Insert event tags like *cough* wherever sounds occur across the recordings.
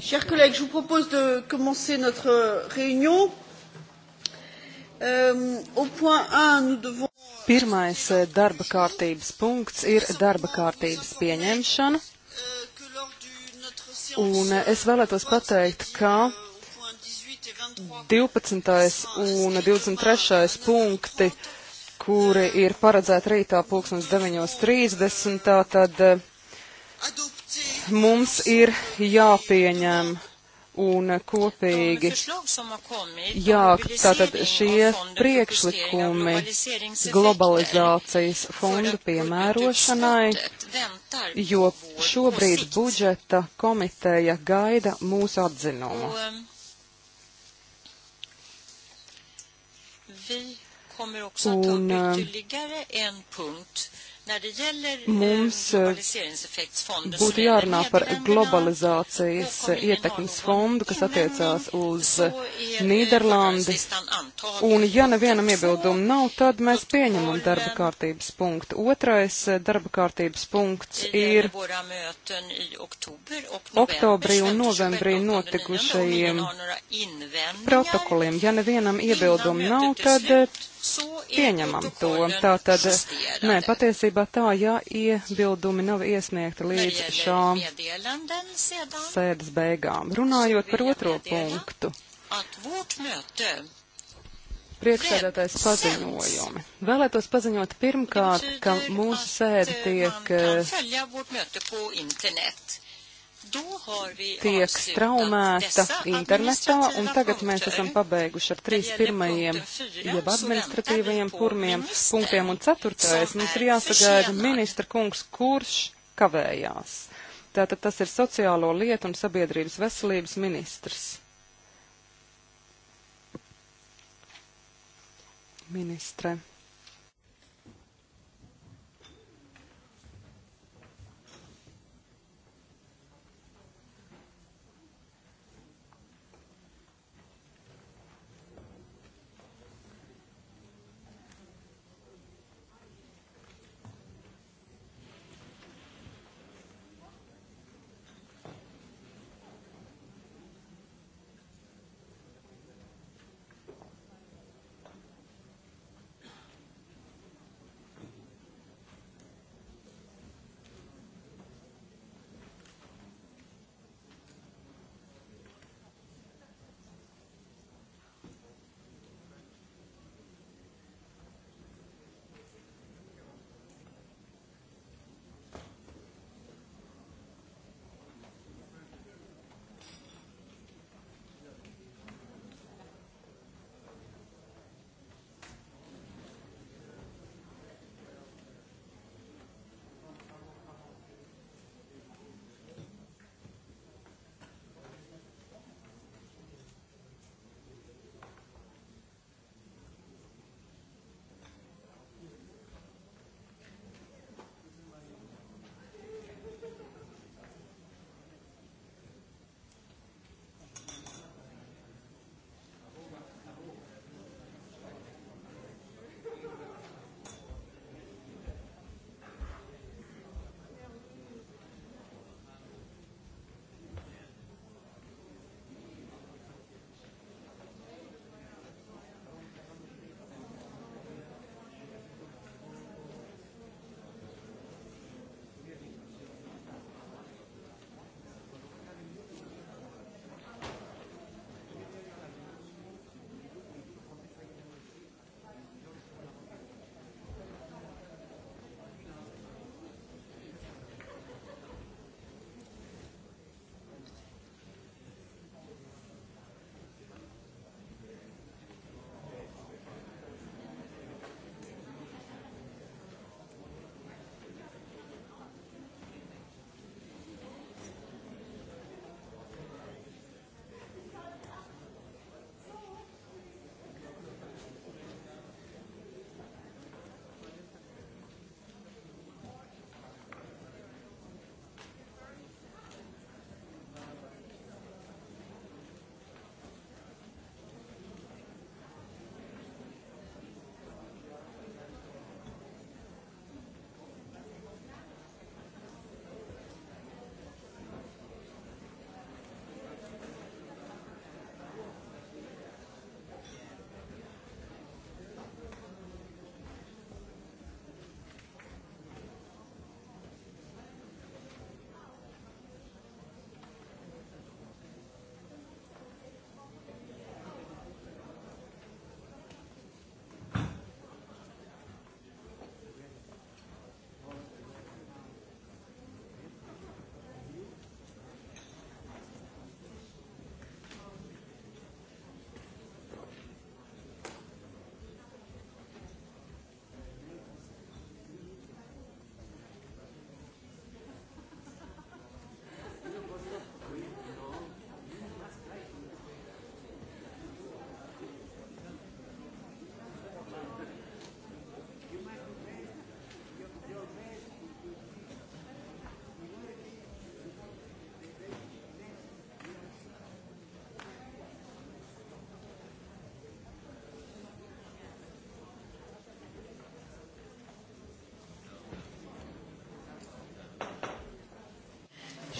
Chers collègues, je vous propose de commencer notre réunion. Um, au point 1, nous devons. Pirmais euh, darba kārtības punkts ir darba kārtības pieņemšana. Un eh, es vēlētos pateikt, ka 12. un 23. punkti, kuri ir paredzēti rītā pulkstens 9.30, tad eh, mums ir jāpieņem un kopīgi jātātad šie priekšlikumi globalizācijas fondu piemērošanai, jo šobrīd budžeta komiteja gaida mūsu atzinumu. Un, eh, Eh, Mums eh, būtu jārunā par globalizācijas eh, ietekmes fondu, kas attiecās uz Nīderlandi. Un ja nevienam iebildumu nav, tad mēs pieņemam darba kārtības punktu. Otrais darba kārtības punkts ir oktobrī un novembrī notikušajiem protokoliem. Ja nevienam iebildumu nav, tad pieņemam to. Tātad, nē, patiesībā tā, ja iebildumi nav iesniegti līdz šā sēdes beigām. Runājot par otro punktu. Priekšsēdētājs paziņojumi. Vēlētos paziņot pirmkārt, ka mūsu sēde tiek eh, tiek straumēta internetā, un tagad mēs esam pabeiguši ar trīs pirmajiem, jeb administratīvajiem purmiem, punktiem, un ceturtais mums ir jāsagaida ministra kungs, kurš kavējās. Tātad tas ir sociālo lietu un sabiedrības veselības ministrs. Ministre.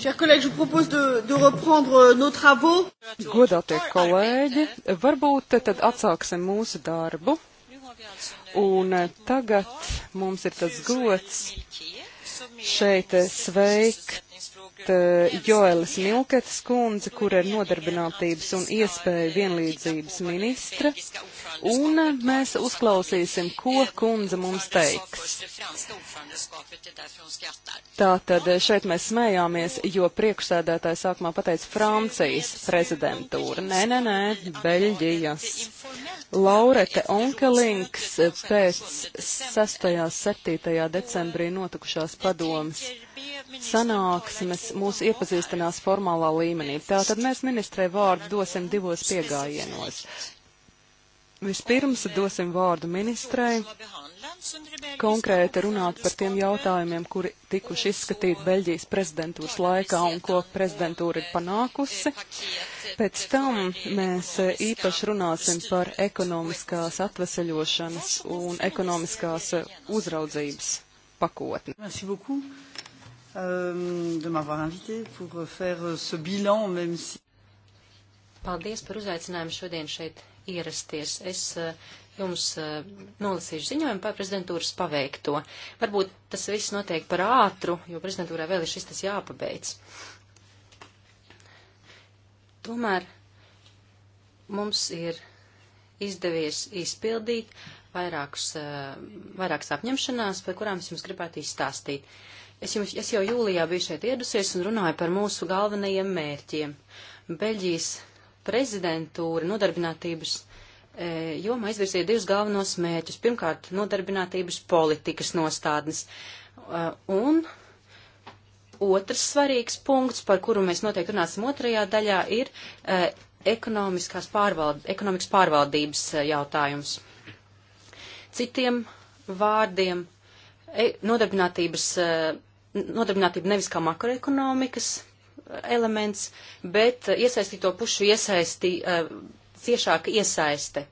Chers collègues, je vous propose de, de reprendre euh, nos travaux. Godātie kolēģi, varbūt tad atsāksim mūsu darbu. Un eh, tagad mums ir tas gods šeit eh, sveikt eh, Joelis Milketes kundze, kur ir nodarbinātības un iespēju vienlīdzības ministra un mēs uzklausīsim, ko kundze mums teiks. Tātad šeit mēs smējāmies, jo priekšsēdētājs sākumā pateica Francijas prezidentūra. Nē, nē, nē, Beļģijas. Laurete Onkelinks pēc 6. 7. decembrī notikušās padomas sanāksmes mūs iepazīstinās formālā līmenī. Tātad mēs ministrē vārdu dosim divos piegājienos. Vispirms dosim vārdu ministrei konkrēti runāt par tiem jautājumiem, kuri tikuši izskatīti Beļģijas prezidentūras laikā un ko prezidentūra ir panākusi. Pēc tam mēs īpaši runāsim par ekonomiskās atveseļošanas un ekonomiskās uzraudzības pakotni. Euh, Paldies par uzaicinājumu šodien šeit ierasties. Es eh, jums eh, nolasīšu ziņojumu par prezidentūras paveikto. Varbūt tas viss notiek par ātru, jo prezidentūrā vēl ir šis tas jāpabeidz. Tomēr mums ir izdevies izpildīt vairākus, eh, vairākas apņemšanās, par kurām es jums gribētu izstāstīt. Es, jums, es jau jūlijā biju šeit ieradusies un runāju par mūsu galvenajiem mērķiem. Beļģijas prezidentūra nodarbinātības e, jomā izvirzīja divus galvenos mēķus. Pirmkārt, nodarbinātības politikas nostādnes. E, un otrs svarīgs punkts, par kuru mēs noteikti runāsim otrajā daļā, ir e, ekonomiskās pārvald, ekonomikas pārvaldības jautājums. Citiem vārdiem, nodarbinātības, nodarbinātība nevis kā makroekonomikas elements, bet iesaistīto pušu iesaisti, eh, ciešāka iesaiste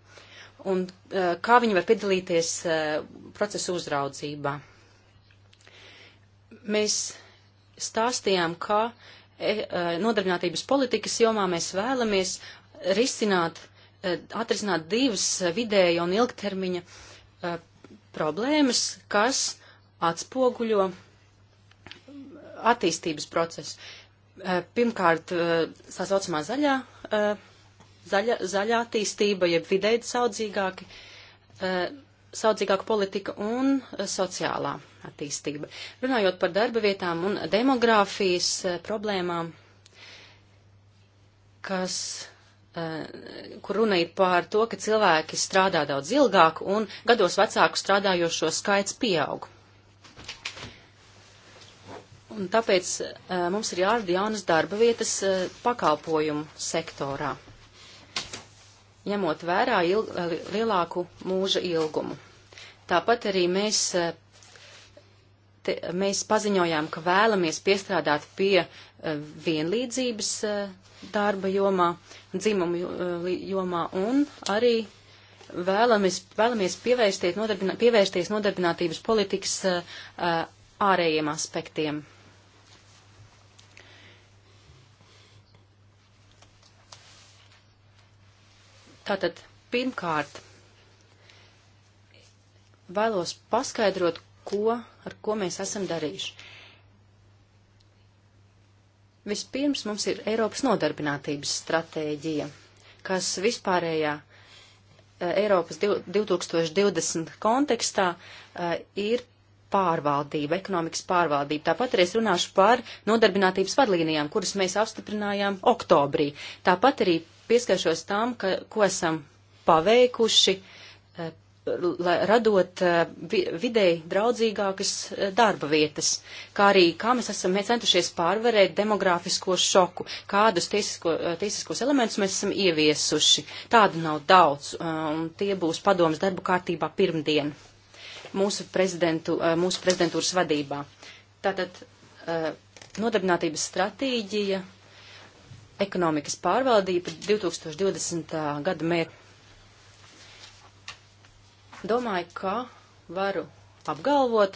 un eh, kā viņi var piedalīties eh, procesu uzraudzībā. Mēs stāstījām, ka nodarbinātības politikas jomā mēs vēlamies risināt, atrisināt divas vidēja un ilgtermiņa problēmas, kas atspoguļo attīstības procesu. Eh, pirmkārt, eh, tā saucamā zaļā, eh, zaļa, zaļā attīstība, jeb vidēji saudzīgāki, saudzīgāka politika un sociālā attīstība. Runājot par darba vietām un demogrāfijas problēmām, kas, kur runa ir par to, ka cilvēki strādā daudz ilgāk un gados vecāku strādājošo skaits pieaug. Un tāpēc uh, mums ir jārada jaunas darba vietas uh, pakalpojumu sektorā, ņemot vērā il, eh, lielāku mūža ilgumu. Tāpat arī mēs, te, mēs paziņojām, ka vēlamies piestrādāt pie uh, vienlīdzības darba jomā, dzimumu jomā un arī vēlamies, vēlamies pievērsties, nodarbinā, pievērsties nodarbinātības politikas ārējiem aspektiem. Tātad, pirmkārt, vēlos paskaidrot, ko, ar ko mēs esam darījuši. Vispirms mums ir Eiropas nodarbinātības stratēģija, kas vispārējā eh, Eiropas 2020 kontekstā eh, ir pārvaldība, ekonomikas pārvaldība. Tāpat arī es runāšu par nodarbinātības vadlīnijām, kuras mēs apstiprinājām oktobrī. Tāpat arī pieskaršos tam, ka, ko esam paveikuši, eh, radot eh, videi draudzīgākas eh, darba vietas, kā arī kā mēs esam mēs centušies pārvarēt demografisko šoku, kādus tiesisko, tiesiskos elementus mēs esam ieviesuši. Tādu nav daudz, un tie būs padomas darbu kārtībā pirmdien mūsu, prezidentu, mūsu prezidentūras vadībā. Tātad nodarbinātības stratēģija ekonomikas pārvaldība 2020. gada mērķi. Domāju, ka varu apgalvot,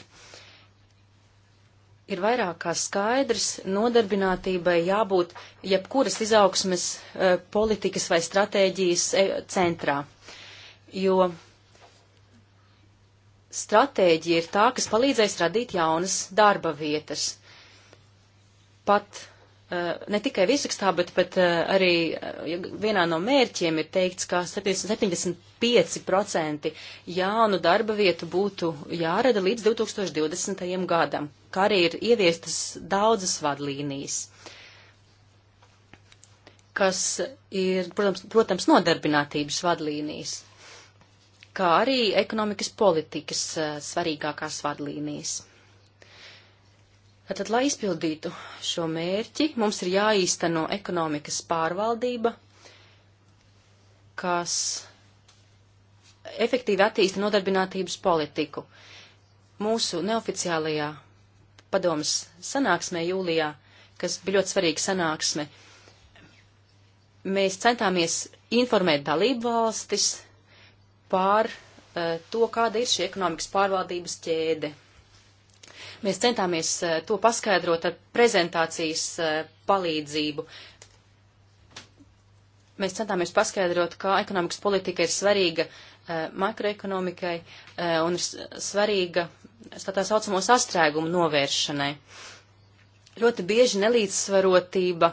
ir vairāk kā skaidrs, nodarbinātībai jābūt jebkuras izaugsmes e, politikas vai stratēģijas e, centrā, jo stratēģija ir tā, kas palīdzēs radīt jaunas darba vietas. Pat Eh, ne tikai virsrakstā, bet, bet eh, arī eh, vienā no mērķiem ir teikts, ka 75% jaunu darba vietu būtu jārada līdz 2020. gadam, kā arī ir ieviestas daudzas vadlīnijas, kas ir, protams, protams nodarbinātības vadlīnijas, kā arī ekonomikas politikas svarīgākās vadlīnijas. Tātad, lai izpildītu šo mērķi, mums ir jāīsteno ekonomikas pārvaldība, kas efektīvi attīsta nodarbinātības politiku. Mūsu neoficiālajā padomas sanāksmē jūlijā, kas bija ļoti svarīga sanāksme, mēs centāmies informēt dalību valstis pār uh, eh, to, kāda ir šī ekonomikas pārvaldības ķēde. Mēs centāmies eh, to paskaidrot ar prezentācijas eh, palīdzību. Mēs centāmies paskaidrot, kā ekonomikas politika ir svarīga eh, makroekonomikai un ir svarīga tā saucamo sastrēgumu novēršanai. Ļoti bieži nelīdzsvarotība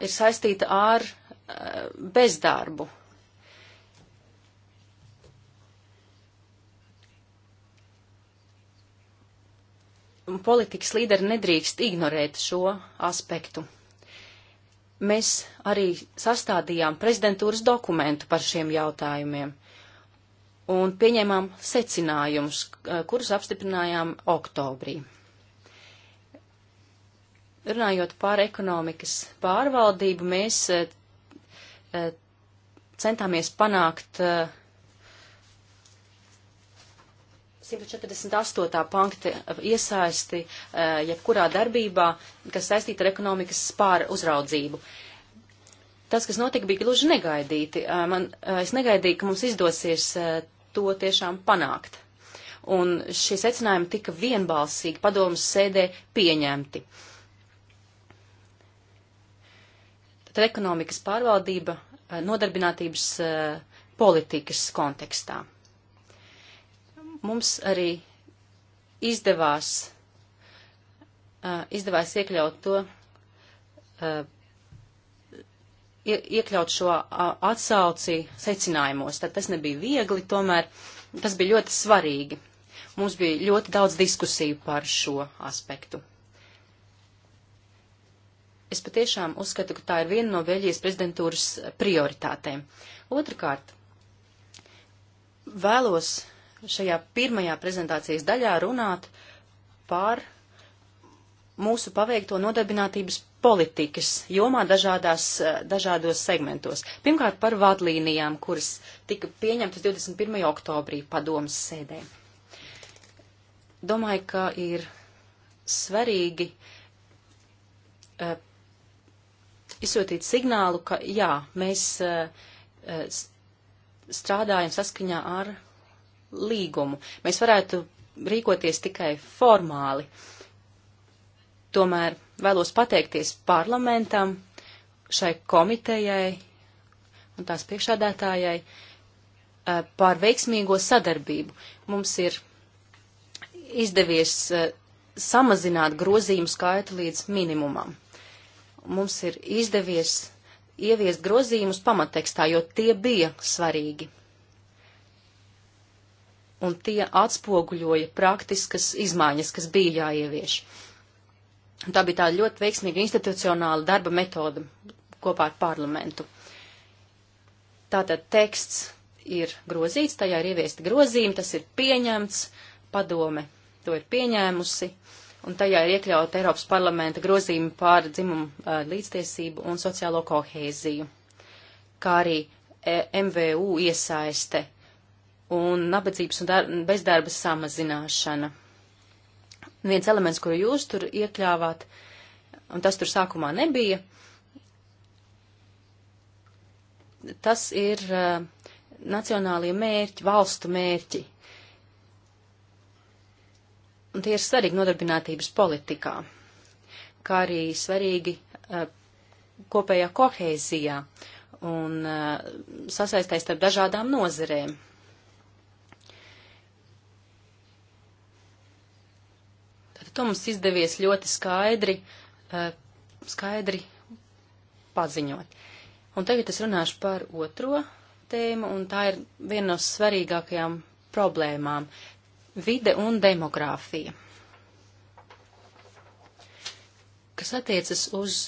ir saistīta ar bezdarbu un politikas līderi nedrīkst ignorēt šo aspektu. Mēs arī sastādījām prezidentūras dokumentu par šiem jautājumiem un pieņēmām secinājumus, eh, kurus apstiprinājām oktobrī. Runājot par ekonomikas pārvaldību, mēs eh, eh, centāmies panākt uh, 148. pankta eh, iesaisti eh, jebkurā darbībā, kas saistīta ar ekonomikas spāra uzraudzību. Tas, kas notika, bija gluži negaidīti. Eh, man, es negaidīju, ka mums izdosies to tiešām panākt. Un šie secinājumi tika vienbalsīgi padomas sēdē pieņemti. Tad ekonomikas pārvaldība nodarbinātības politikas kontekstā. Mums arī izdevās, uh, izdevās iekļaut to, uh, iekļaut šo atsauci secinājumos. Tad tas nebija viegli, tomēr tas bija ļoti svarīgi. Mums bija ļoti daudz diskusiju par šo aspektu. Es patiešām uzskatu, ka tā ir viena no Beļģijas prezidentūras prioritātēm. Otrakārt, vēlos šajā pirmajā prezentācijas daļā runāt par mūsu paveikto nodarbinātības politikas jomā dažādās, eh, dažādos segmentos. Pirmkārt par vadlīnijām, kuras tika pieņemtas 21. oktobrī padomas sēdē. Domāju, ka ir svarīgi uh, izsūtīt signālu, ka jā, mēs uh, strādājam saskaņā ar līgumu. Mēs varētu rīkoties tikai formāli. Tomēr vēlos pateikties parlamentam, šai komitejai un tās priekšādātājai eh, par veiksmīgo sadarbību. Mums ir izdevies eh, samazināt grozījumu skaitu līdz minimumam. Mums ir izdevies ieviest grozījumus pamattekstā, jo tie bija svarīgi un tie atspoguļoja praktiskas izmaiņas, kas bija jāievieš. Un tā bija tāda ļoti veiksmīga institucionāla darba metoda kopā ar parlamentu. Tātad teksts ir grozīts, tajā ir ieviesti grozījumi, tas ir pieņemts, padome to ir pieņēmusi, un tajā ir iekļauta Eiropas parlamenta grozījumi pār dzimumu līdztiesību un sociālo kohēziju, kā arī MVU iesaiste un nabadzības un bezdarba samazināšana. Viens elements, kuru jūs tur iekļāvāt, un tas tur sākumā nebija, tas ir uh, nacionālie mērķi, valstu mērķi. Un tie ir svarīgi nodarbinātības politikā, kā arī svarīgi uh, kopējā kohēzijā un uh, eh, sasaistēs starp dažādām nozerēm. To mums izdevies ļoti skaidri, eh, skaidri paziņot. Un tagad es runāšu par otro tēmu, un tā ir viena no svarīgākajām problēmām - vide un demogrāfija. Kas attiecas uz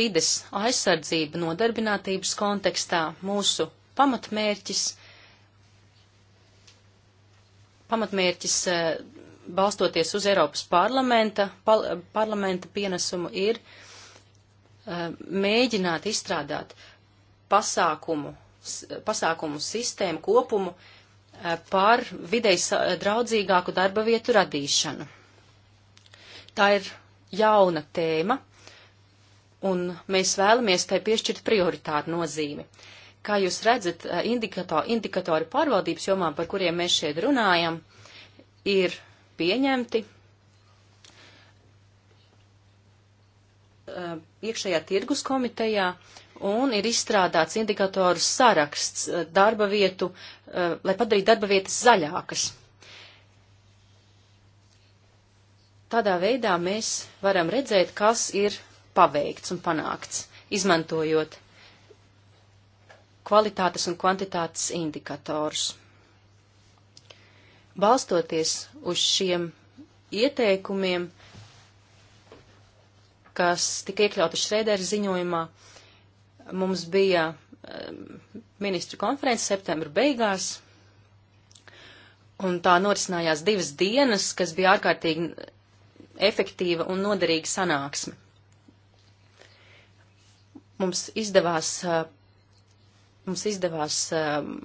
vides aizsardzību nodarbinātības kontekstā mūsu pamatmērķis, pamatmērķis eh, balstoties uz Eiropas parlamenta, pal, parlamenta pienesumu, ir uh, mēģināt izstrādāt pasākumu, pasākumu sistēmu kopumu uh, par videjas draudzīgāku darba vietu radīšanu. Tā ir jauna tēma, un mēs vēlamies tai piešķirt prioritāru nozīmi. Kā jūs redzat, eh, indikatori, indikatori pārvaldības jomā, par kuriem mēs šeit runājam, ir pieņemti. iekšējā tirgus komitejā un ir izstrādāts indikatoru saraksts darba vietu, lai padarītu darba vietas zaļākas. Tādā veidā mēs varam redzēt, kas ir paveikts un panākts, izmantojot kvalitātes un kvantitātes indikatorus. Balstoties uz šiem ieteikumiem, kas tika iekļauti Šrēdēra ziņojumā, mums bija um, ministru konferences septembra beigās, un tā norisinājās divas dienas, kas bija ārkārtīgi efektīva un noderīga sanāksme. Mums izdevās, uh, mums izdevās um,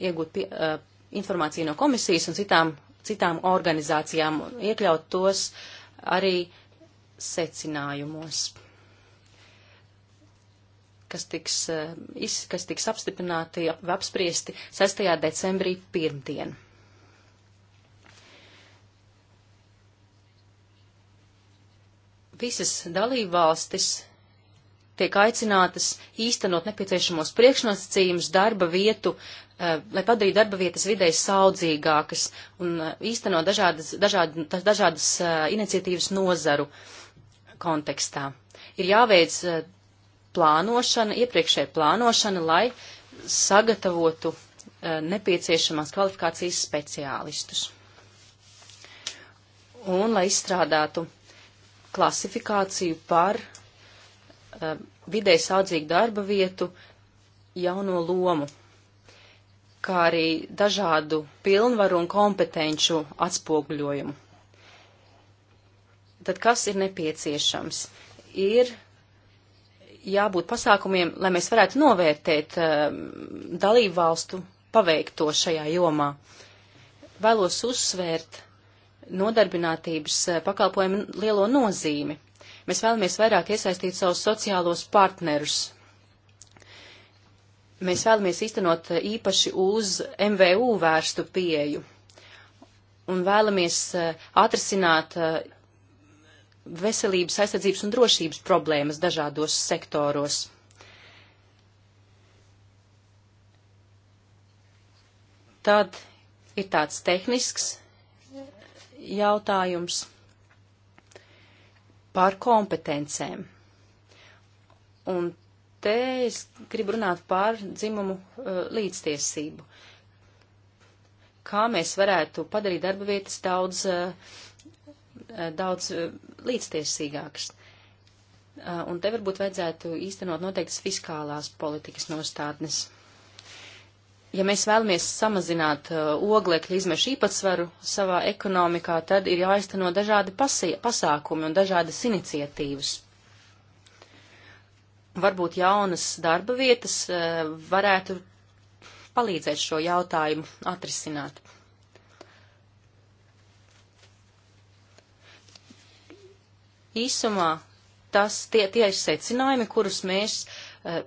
iegūt pie, uh, informāciju no komisijas un citām, citām organizācijām un iekļaut tos arī secinājumos, kas tiks, eh, iz, kas tiks apstiprināti vai apspriesti 6. decembrī pirmdien. Visas dalībvalstis tiek aicinātas īstenot nepieciešamos priekšnosacījumus darba vietu Eh, lai padarītu darba vietas vidēji saudzīgākas un eh, īsteno dažādas, dažādas, dažādas eh, iniciatīvas nozaru kontekstā. Ir jāveic plānošana, iepriekšēja plānošana, lai sagatavotu nepieciešamās kvalifikācijas speciālistus. Un lai izstrādātu klasifikāciju par vidēji saudzīgu darba vietu jauno lomu kā arī dažādu pilnvaru un kompetenču atspoguļojumu. Tad kas ir nepieciešams? Ir jābūt pasākumiem, lai mēs varētu novērtēt um, dalību valstu paveikto šajā jomā. Vēlos uzsvērt nodarbinātības eh, pakalpojumu lielo nozīmi. Mēs vēlamies vairāk iesaistīt savus sociālos partnerus mēs vēlamies īstenot īpaši uz MVU vērstu pieju un vēlamies eh, atrisināt eh, veselības aizsardzības un drošības problēmas dažādos sektoros. Tad ir tāds tehnisks jautājums par kompetencēm. Un te es gribu runāt par dzimumu uh, līdztiesību. Kā mēs varētu padarīt darba vietas daudz, uh, uh, daudz uh, līdztiesīgākas. Uh, un te varbūt vajadzētu īstenot noteiktas fiskālās politikas nostādnes. Ja mēs vēlamies samazināt uh, oglekļa izmešu īpatsvaru savā ekonomikā, tad ir jāizteno dažādi pasākumi un dažādas iniciatīvas varbūt jaunas darba vietas e, varētu palīdzēt šo jautājumu atrisināt. Īsumā tas tie, tie ir secinājumi, kurus mēs, e,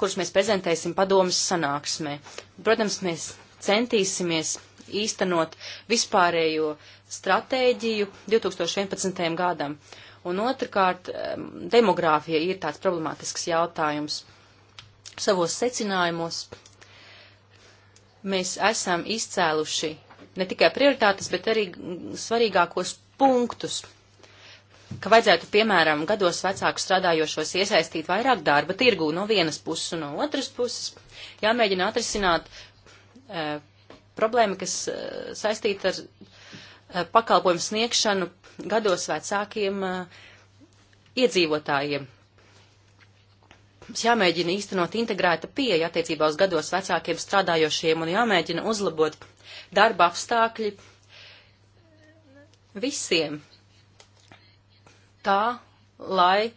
kurus mēs prezentēsim padomas sanāksmē. Protams, mēs centīsimies īstenot vispārējo stratēģiju 2011. gadam. Uh, Un otrkārt, demogrāfija ir tāds problemātisks jautājums. Savos secinājumos mēs esam izcēluši ne tikai prioritātes, bet arī svarīgākos punktus, ka vajadzētu, piemēram, gados vecāku strādājošos iesaistīt vairāk darba tirgū no vienas puses un no otras puses. Jāmēģina atrisināt e, problēma, kas e, saistīta ar Eh, pakalpojumu sniegšanu gados vecākiem eh, iedzīvotājiem. Mums jāmēģina īstenot integrēta pieeja attiecībā uz gados vecākiem strādājošiem un jāmēģina uzlabot darba apstākļi visiem tā, lai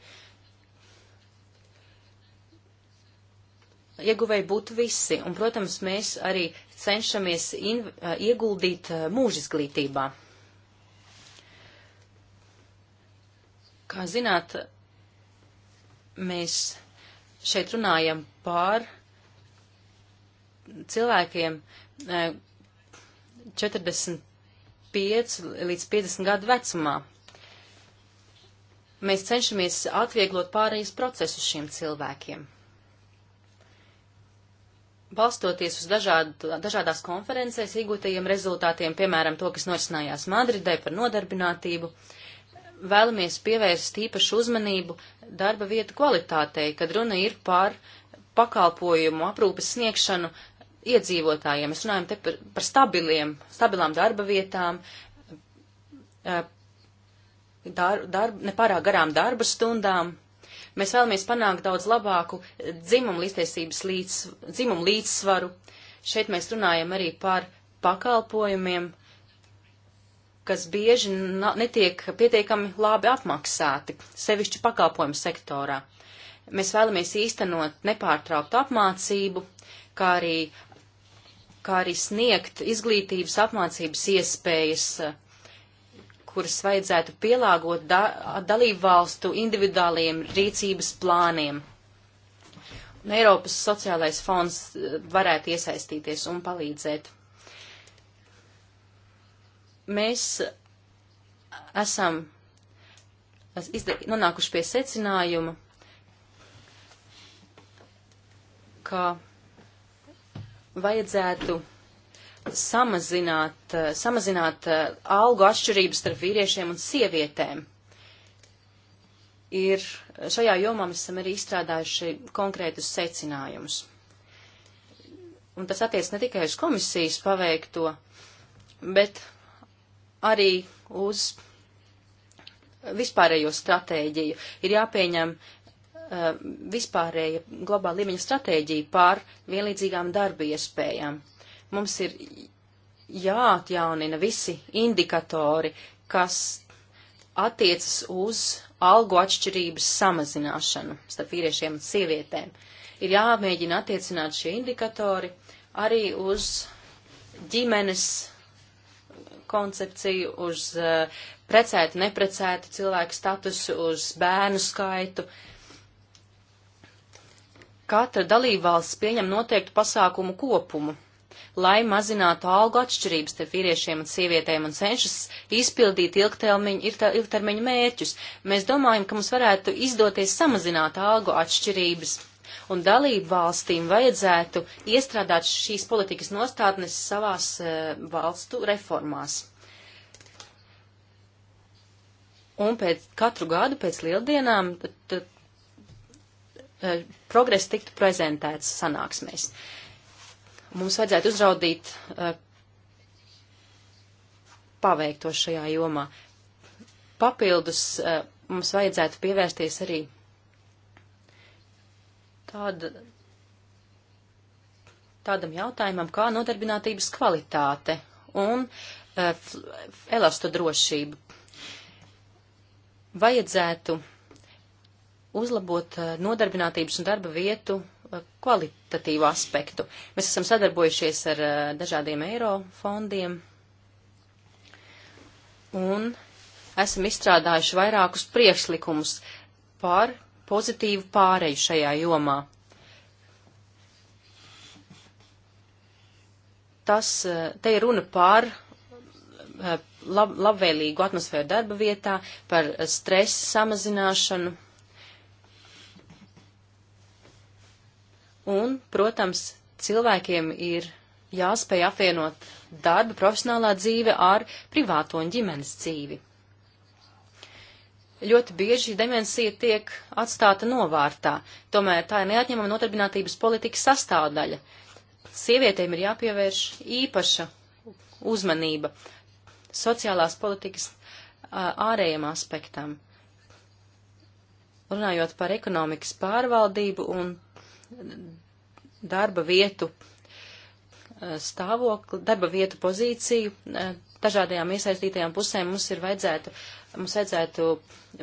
ieguvēji būtu visi. Un, protams, mēs arī cenšamies in, eh, ieguldīt eh, mūžizglītībā. Kā zināt, mēs šeit runājam pār cilvēkiem 45 eh, līdz 50 gadu vecumā. Mēs cenšamies atvieglot pārējais procesus šiem cilvēkiem balstoties uz dažādu, dažādās konferencēs iegūtajiem rezultātiem, piemēram, to, kas norisinājās Madridē par nodarbinātību, vēlamies pievērst īpašu uzmanību darba vietu kvalitātei, kad runa ir par pakalpojumu aprūpes sniegšanu iedzīvotājiem. Mēs runājam te par, par stabiliem, stabilām darba vietām, eh, dar, dar, nepārāk garām darba stundām, Mēs vēlamies panākt daudz labāku dzimumu līdztiesības līdz, dzimumu līdzsvaru. Šeit mēs runājam arī par pakalpojumiem, kas bieži netiek pietiekami labi apmaksāti, sevišķi pakalpojumu sektorā. Mēs vēlamies īstenot nepārtrauktu apmācību, kā arī, kā arī sniegt izglītības apmācības iespējas kuras vajadzētu pielāgot da dalību valstu individuāliem rīcības plāniem. Un Eiropas sociālais fonds eh, varētu iesaistīties un palīdzēt. Mēs esam nonākuši pie secinājuma, ka vajadzētu samazināt, eh, samazināt eh, algu atšķirības starp vīriešiem un sievietēm. Ir šajā jomā mēs esam arī izstrādājuši konkrētus secinājumus. Un tas attiec ne tikai uz komisijas paveikto, bet arī uz vispārējo stratēģiju. Ir jāpieņem eh, vispārēja globāla līmeņa stratēģija pār vienlīdzīgām darba iespējām. Mums ir jāatjaunina visi indikatori, kas attiecas uz algu atšķirības samazināšanu starp vīriešiem un sievietēm. Ir jāmēģina attiecināt šie indikatori arī uz ģimenes koncepciju, uz uh, precētu, neprecētu cilvēku statusu, uz bērnu skaitu. Katra dalībvalsts pieņem noteiktu pasākumu kopumu lai mazinātu algu atšķirības starp vīriešiem un sievietēm un cenšas izpildīt ilgtermiņu, ilgtermiņu mērķus. Mēs domājam, ka mums varētu izdoties samazināt algu atšķirības. Un dalību valstīm vajadzētu iestrādāt šīs politikas nostādnes savās uh, valstu reformās. Un pēc katru gadu pēc lieldienām tad, tad, e, progress tiktu prezentēts sanāksmēs. Uh, Mums vajadzētu uzraudīt uh, paveikto šajā jomā. Papildus uh, mums vajadzētu pievērsties arī tāda, tādam jautājumam, kā nodarbinātības kvalitāte un uh, eh, elastu drošību. Vajadzētu uzlabot nodarbinātības un darba vietu kvalitatīvu aspektu. Mēs esam sadarbojušies ar eh, dažādiem eiro fondiem un esam izstrādājuši vairākus priekšlikumus par pozitīvu pāreju šajā jomā. Tas, eh, te ir runa par eh, lab, labvēlīgu atmosfēru darba vietā, par stresa samazināšanu Un, protams, cilvēkiem ir jāspēj apvienot darba, profesionālā dzīve ar privāto un ģimenes dzīvi. Ļoti bieži demensija tiek atstāta novārtā, tomēr tā ir neatņemama notarbinātības politikas sastāvdaļa. Sievietēm ir jāpievērš īpaša uzmanība sociālās politikas ārējiem aspektam. Runājot par ekonomikas pārvaldību un darba vietu eh, stāvokli, darba vietu pozīciju eh, dažādajām iesaistītajām pusēm mums ir vajadzētu, mums vajadzētu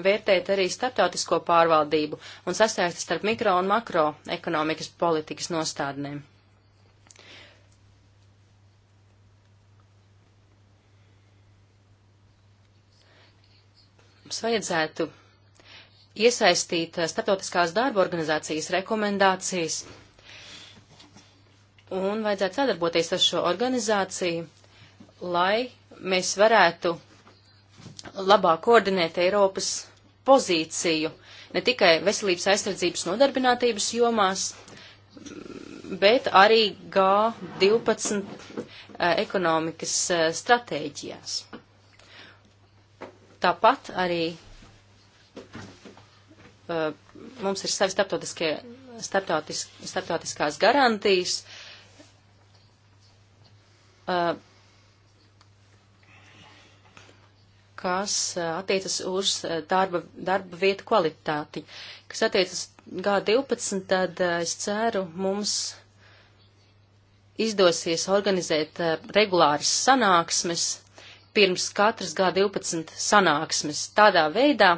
vērtēt arī starptautisko pārvaldību un sasaisti starp mikro un makro ekonomikas politikas nostādnēm. Mums vajadzētu iesaistīt eh, Startautiskās darba organizācijas rekomendācijas un vajadzētu sadarboties ar šo organizāciju, lai mēs varētu labāk koordinēt Eiropas pozīciju ne tikai veselības aizsardzības nodarbinātības jomās, bet arī G12 eh, ekonomikas eh, stratēģijās. Tāpat arī Eh, mums ir savi starptautis, starptautiskās garantijas. Eh, kas eh, attiecas uz darba, darba vietu kvalitāti. Kas attiecas G12, tad es ceru, mums izdosies organizēt regulāras sanāksmes pirms katras G12 sanāksmes. Tādā veidā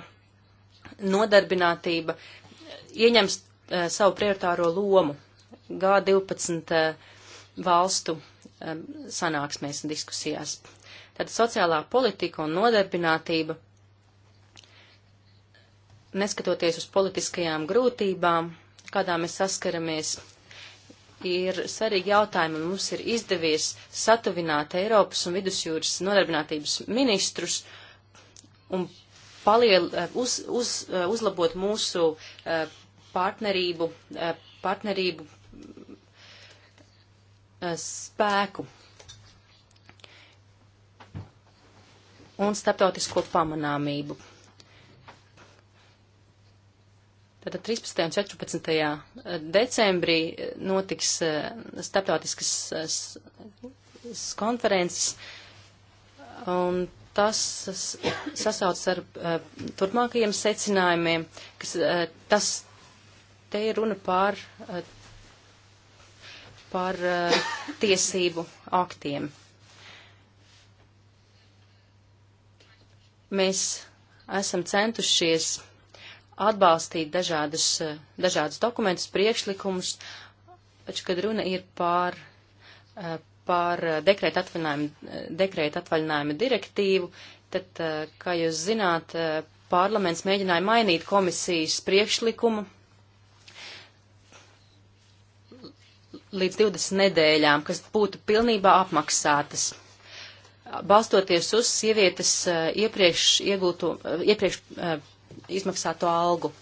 nodarbinātība ieņems uh, savu prioritāro lomu G12 uh, eh, valstu um, sanāksmēs un diskusijās. Tad sociālā politika un nodarbinātība, neskatoties uz politiskajām grūtībām, kādā mēs saskaramies, ir svarīgi jautājumi, un mums ir izdevies satuvināt Eiropas un Vidusjūras nodarbinātības ministrus un paliel, eh, uz, uz, eh, uzlabot mūsu eh, partnerību, partnerību spēku un starptautisko pamanāmību. Tātad 13. un 14. decembrī notiks starptautiskas konferences, un tas sasauc ar uh, turpmākajiem secinājumiem, kas uh, tas te ir runa pār, uh, eh, pār tiesību aktiem. Mēs esam centušies atbalstīt dažādas, dažādas dokumentus, priekšlikumus, taču, kad runa ir pār par dekrēta atvaļinājuma, dekrēta atvaļinājuma direktīvu, tad, eh, kā jūs zināt, eh, parlaments mēģināja mainīt komisijas priekšlikumu līdz 20 nedēļām, kas būtu pilnībā apmaksātas. Balstoties uz sievietes eh, iepriekš iegūto, iepriekš izmaksāto algu.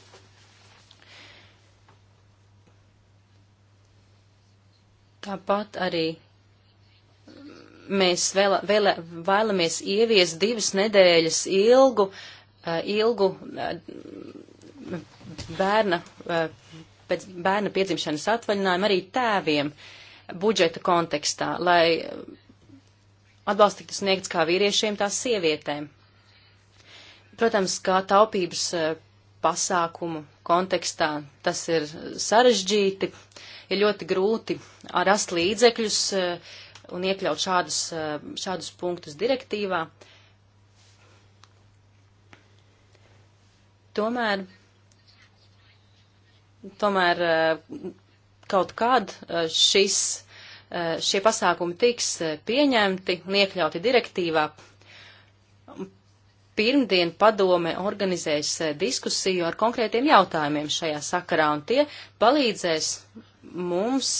Tāpat arī mēs vēl, vēl, vēlamies ievies divas nedēļas ilgu, eh, ilgu eh, bērna, eh, pēc bērna piedzimšanas atvaļinājumu arī tēviem budžeta kontekstā, lai atbalsts tiktu sniegts kā vīriešiem, tā sievietēm. Protams, kā taupības pasākumu kontekstā tas ir sarežģīti, ir ļoti grūti rast līdzekļus uh, un iekļaut šādus, eh, šādus punktus direktīvā. Tomēr, tomēr eh, kaut kad eh, šis, šie pasākumi tiks pieņemti un iekļauti direktīvā. Pirmdien padome organizēs diskusiju ar konkrētiem jautājumiem šajā sakarā, un tie palīdzēs mums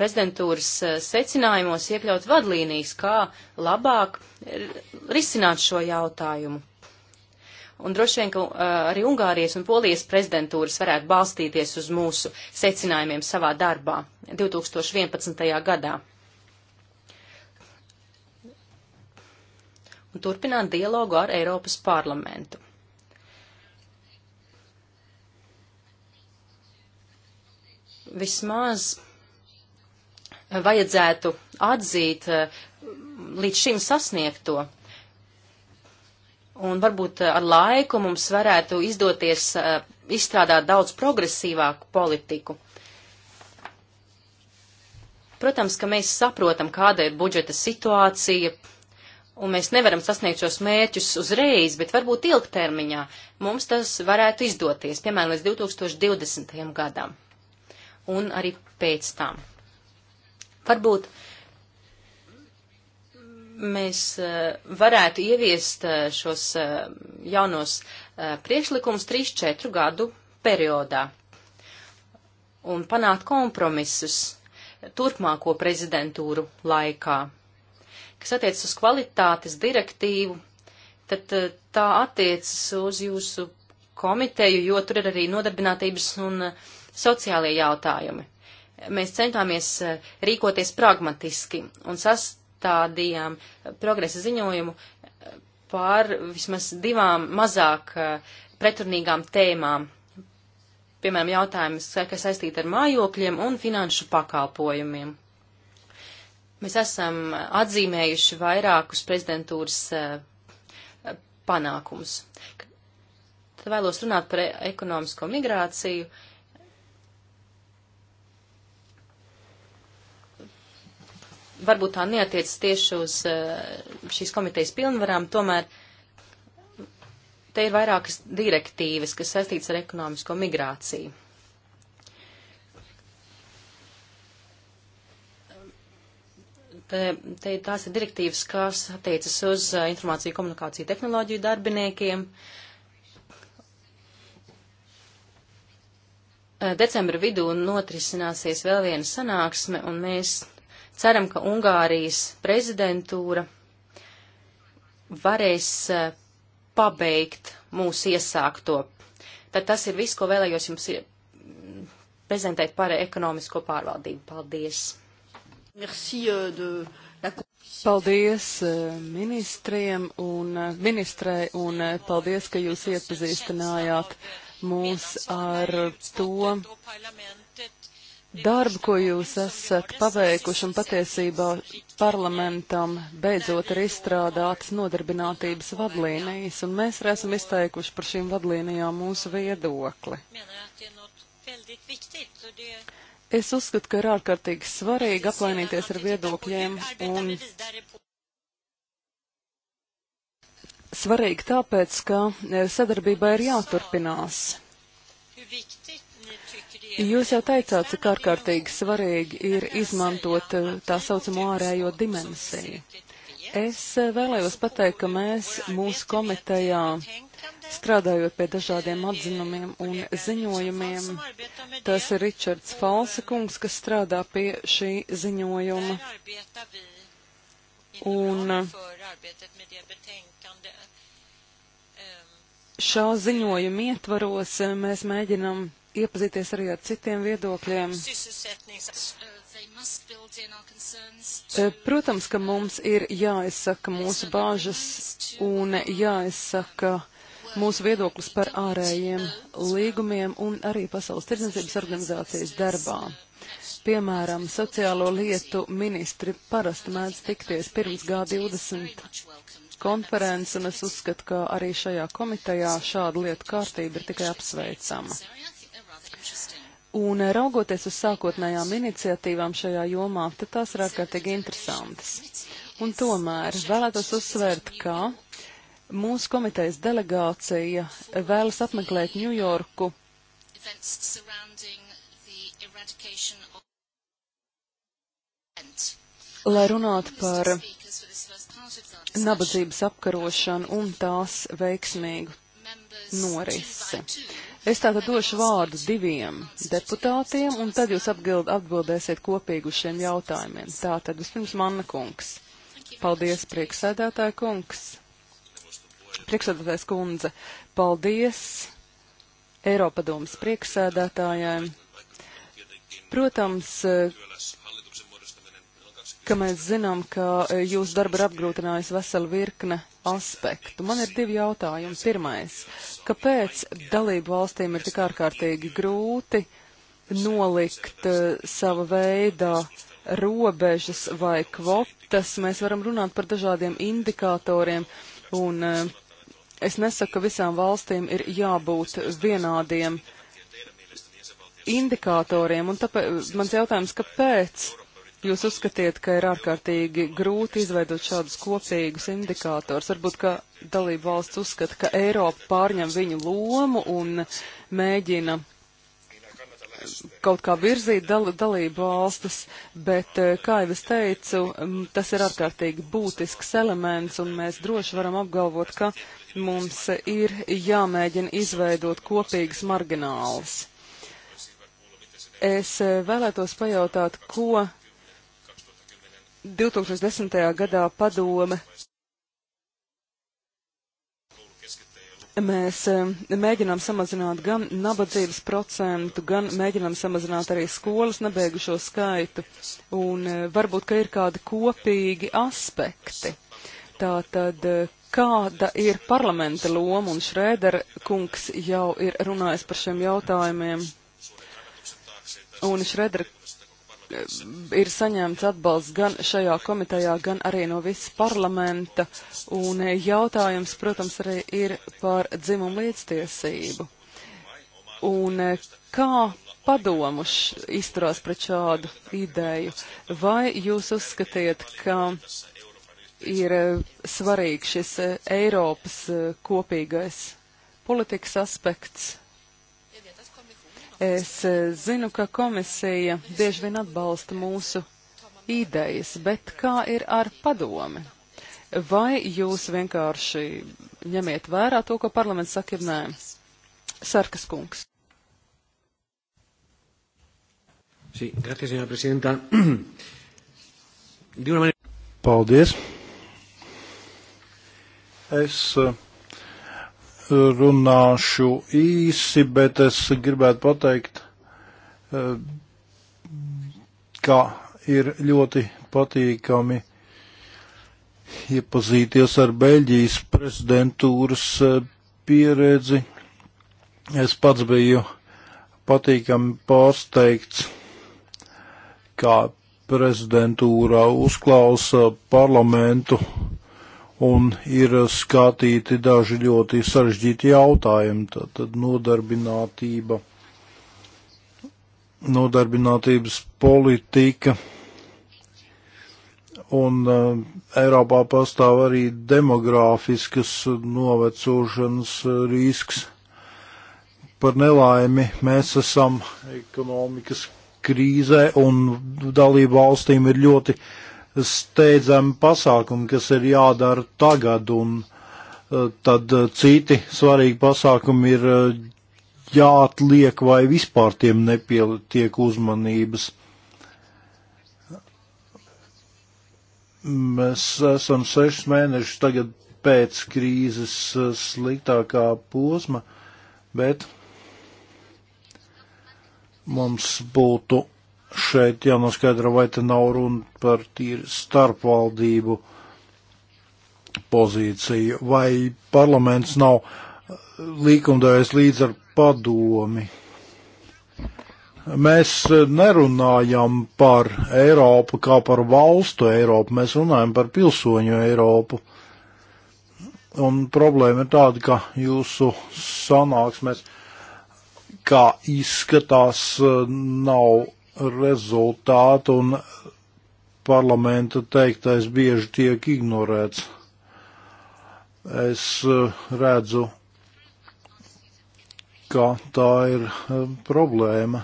prezidentūras eh, secinājumos iekļaut vadlīnijas, kā labāk risināt šo jautājumu. Un droši vien, ka eh, arī Ungārijas un Polijas prezidentūras varētu balstīties uz mūsu secinājumiem savā darbā 2011. gadā. Un turpināt dialogu ar Eiropas parlamentu. Vismaz vajadzētu atzīt eh, līdz šim sasniegto. Un varbūt eh, ar laiku mums varētu izdoties eh, izstrādāt daudz progresīvāku politiku. Protams, ka mēs saprotam, kāda ir budžeta situācija, un mēs nevaram sasniegt šos mērķus uzreiz, bet varbūt ilgtermiņā mums tas varētu izdoties, piemēram, līdz 2020. gadam un arī pēc tam. Varbūt mēs eh, varētu ieviest eh, šos eh, jaunos priekšlikumus 3-4 gadu periodā un panākt kompromisus turpmāko prezidentūru laikā. Kas attiecas uz kvalitātes direktīvu, tad tā attiecas uz jūsu komiteju, jo tur ir arī nodarbinātības un sociālie jautājumi mēs centāmies eh, rīkoties pragmatiski un sastādījām eh, progresa ziņojumu eh, par vismaz divām mazāk pretrunīgām tēmām. Piemēram, jautājums, kas saistīta ar mājokļiem un finanšu pakalpojumiem. Mēs esam atzīmējuši vairākus prezidentūras panākumus. Tad vēlos runāt par ekonomisko migrāciju. Uh, varbūt tā neatiec tieši uz eh, šīs komitejas pilnvarām, tomēr te ir vairākas direktīvas, kas saistīts ar ekonomisko migrāciju. Te, tās ir direktīvas, kas attiecas uz eh, informāciju komunikāciju tehnoloģiju darbiniekiem. Eh, decembra vidū notrisināsies vēl viena sanāksme, un mēs Ceram, ka Ungārijas prezidentūra varēs eh, pabeigt mūsu iesākto. Tad tas ir viss, ko vēlējos jums eh, prezentēt par ekonomisko pārvaldību. Paldies! Merci, uh, Paldies ministriem un ministrei un paldies, ka jūs iepazīstinājāt mūs ar to, darbu, ko jūs esat paveikuši, un patiesībā parlamentam beidzot ir izstrādātas nodarbinātības vadlīnijas, un mēs arī esam izteikuši par šīm vadlīnijām mūsu viedokli. Es uzskatu, ka ir ārkārtīgi svarīgi aplainīties ar viedokļiem un svarīgi tāpēc, ka eh, sadarbībai ir jāturpinās. Jūs jau teicāt, cik ārkārtīgi svarīgi ir izmantot eh, tā saucamo ārējo dimensiju. Es eh, vēlējos pateikt, ka mēs mūsu komitejā strādājot pie dažādiem atzinumiem un ziņojumiem. Tas ir Ričards Falsakungs, kas strādā pie šī ziņojuma. Un eh, šā ziņojuma ietvaros mēs mēģinam iepazīties arī ar citiem viedokļiem. Eh, protams, ka mums ir jāizsaka mūsu bāžas un jāizsaka mūsu viedoklis par ārējiem līgumiem un arī Pasaules tirdzniecības organizācijas darbā. Piemēram, sociālo lietu ministri parasti mēdz tikties pirms G20 konferences, un es uzskatu, ka arī šajā komitejā šāda lietu kārtība ir tikai apsveicama. Un raugoties uz sākotnējām iniciatīvām šajā jomā, tad tās ir ārkārtīgi interesantas. Un tomēr vēlētos uzsvērt, ka mūsu komitejas delegācija vēlas apmeklēt Ņujorku. Lai runātu par nabadzības apkarošanu un tās veiksmīgu norisi. Es tātad došu vārdu diviem deputātiem, un tad jūs atbild, atbildēsiet kopīgi uz šiem jautājumiem. Tātad vispirms Manna kungs. Paldies, priekšsēdētāja kungs. Priekšsēdētājs kundze, paldies Eiropadomas priekšsēdētājiem. Protams, ka mēs zinām, ka e, jūsu darba ir apgrūtinājusi vesela virkne aspektu. Man ir divi jautājumi. Pirmais, kāpēc dalību valstīm ir tik ārkārtīgi grūti nolikt uh, sava veida robežas vai kvotas? Mēs varam runāt par dažādiem indikatoriem un uh, es nesaku, ka visām valstīm ir jābūt vienādiem indikatoriem, un tāpēc mans jautājums, kāpēc Jūs uzskatiet, ka ir ārkārtīgi grūti izveidot šādus kopīgus indikātors. Varbūt, ka dalība valsts uzskata, ka Eiropa pārņem viņu lomu un mēģina kaut kā virzīt dal dalību valstis, bet, eh, kā jau es teicu, tas ir ārkārtīgi būtisks elements, un mēs droši varam apgalvot, ka mums ir jāmēģina izveidot kopīgas marginālas. Es eh, vēlētos pajautāt, ko 2010. gadā padome. Mēs eh, mēģinām samazināt gan nabadzības procentu, gan mēģinām samazināt arī skolas nebeigušo skaitu, un eh, varbūt, ka ir kādi kopīgi aspekti. Tātad, eh, kāda ir parlamenta loma, un Šrēder kungs jau ir runājis par šiem jautājumiem. Un Šrēder ir saņemts atbalsts gan šajā komitejā, gan arī no visas parlamenta, un jautājums, protams, arī ir par dzimumu līdztiesību. Un eh, kā padomuš izturās pret šādu ideju? Vai jūs uzskatiet, ka ir eh, svarīgs šis eh, Eiropas kopīgais politikas aspekts? Es e, zinu, ka komisija bieži vien atbalsta mūsu idejas, bet kā ir ar padomi? Vai jūs vienkārši ņemiet vērā to, ko parlaments saka, ir nē? Sarkas kungs. Sí, gracias, señora presidenta. *clears throat* De una manera... Paldies. Es uh, runāšu īsi, bet es gribētu pateikt, eh, ka ir ļoti patīkami iepazīties ar Beļģijas prezidentūras eh, pieredzi. Es pats biju patīkami pārsteigts, kā prezidentūra uzklausa parlamentu uh, un ir skatīti daži ļoti sarežģīti jautājumi. Tad nodarbinātība, nodarbinātības politika, un uh, Eiropā pastāv arī demogrāfiskas novecošanas eh, risks. Par nelaimi mēs esam ekonomikas krīzē, un dalību valstīm ir ļoti uh, steidzami pasākumi, kas ir jādara tagad, un eh, tad eh, citi svarīgi pasākumi ir eh, jāatliek vai vispār tiem nepietiek uzmanības. Mēs esam sešus mēnešus tagad pēc krīzes sliktākā posma, bet mums būtu šeit jānoskaidro, vai te nav runa par tīri starpvaldību pozīciju, vai parlaments nav likumdevējs līdz ar padomi. Mēs nerunājam par Eiropu kā par valstu Eiropu, mēs runājam par pilsoņu Eiropu. Un problēma ir tāda, ka jūsu sanāksmēs, kā izskatās, nav rezultātu un parlamenta teiktais bieži tiek ignorēts. Es eh, redzu, ka tā ir eh, problēma.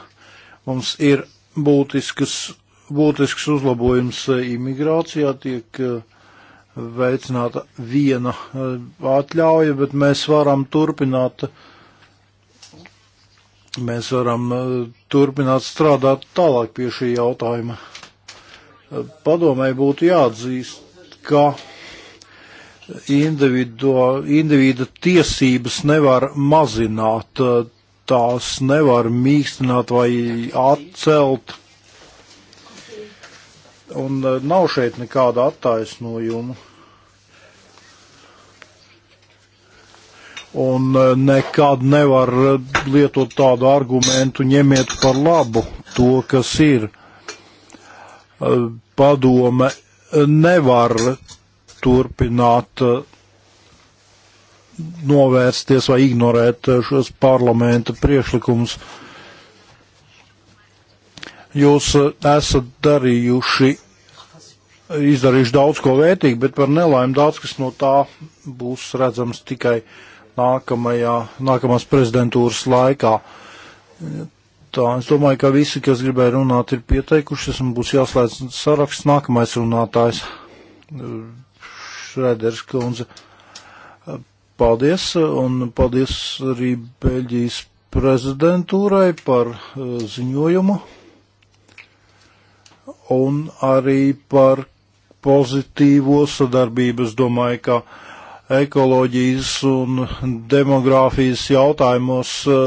Mums ir būtiskas, būtisks uzlabojums eh, imigrācijā, tiek veicināta viena atļauja, bet mēs varam turpināt uh, mēs varam uh, turpināt strādāt tālāk pie šī jautājuma. Uh, Padomai būtu jāatzīst, ka individu tiesības nevar mazināt, uh, tās nevar mīkstināt vai atcelt. Un nav šeit nekāda attaisnojuma. un e, nekad nevar e, lietot tādu argumentu, ņemiet par labu to, kas ir. E, padome nevar turpināt novērsties vai ignorēt šos parlamenta priekšlikumus. Jūs esat darījuši, izdarījuši daudz ko vērtīgu, bet par nelaimi daudz, kas no tā būs redzams tikai uh, nākamajā, nākamās prezidentūras laikā. Tā, es domāju, ka visi, kas gribēja runāt, ir pieteikušies un būs jāslēdz saraksts nākamais runātājs. Šrēders Kunze. Paldies, un paldies arī Beļģijas prezidentūrai par eh, ziņojumu un arī par pozitīvo sadarbību. Es domāju, ka ekoloģijas un demogrāfijas jautājumos eh,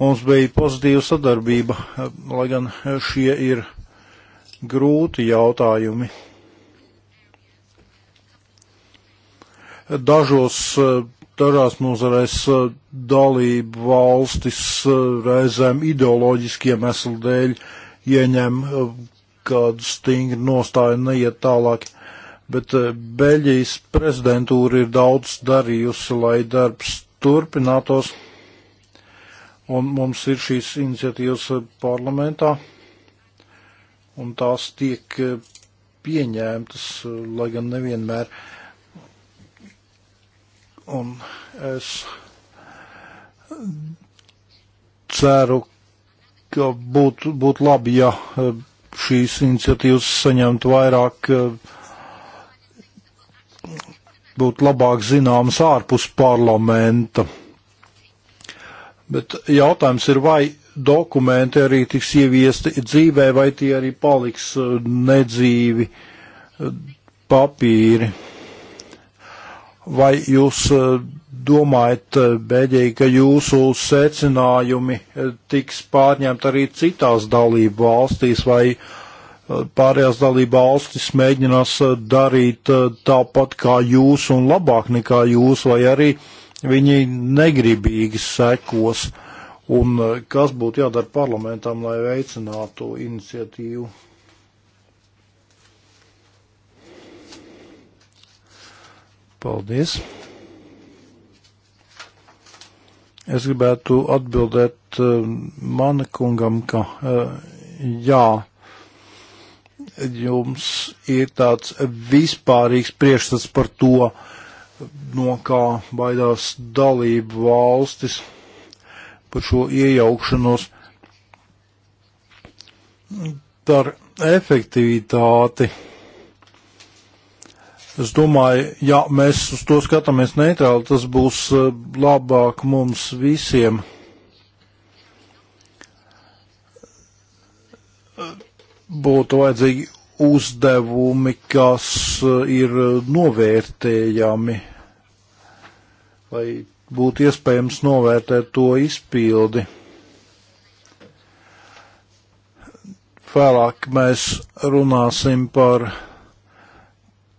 mums bija pozitīva sadarbība, eh, lai gan šie ir grūti jautājumi. Dažos, eh, dažās nozarēs dalību valstis reizēm ideoloģiskiem eslu dēļ ieņem kādu stingru nostāju neiet tālāk bet eh, Beļģijas prezidentūra ir daudz darījusi, lai darbs turpinātos, un mums ir šīs iniciatīvas eh, parlamentā, un tās tiek eh, pieņēmtas, lai gan nevienmēr. Un es ceru, ka būtu būt labi, ja šīs iniciatīvas saņemtu vairāk uh, būtu labāk zināmas ārpus parlamenta. Bet jautājums ir, vai dokumenti arī tiks ieviesti dzīvē, vai tie arī paliks eh, nedzīvi eh, papīri. Vai jūs eh, domājat, bēdīgi, ka jūsu secinājumi tiks pārņemt arī citās dalību valstīs, vai pārējās dalība valstis mēģinās eh, darīt eh, tāpat kā jūs un labāk nekā jūs, vai arī viņi negribīgi sekos. Un eh, kas būtu jādara parlamentam, lai veicinātu iniciatīvu? Paldies. Es gribētu atbildēt mana kungam, ka jā jums ir tāds vispārīgs priekšstats par to, no kā baidās dalību valstis par šo iejaukšanos par efektivitāti. Es domāju, ja mēs uz to skatāmies neitrāli, tas būs eh, labāk mums visiem. būtu vajadzīgi uzdevumi, kas eh, ir novērtējami, lai būtu iespējams novērtēt to izpildi. Vēlāk mēs runāsim par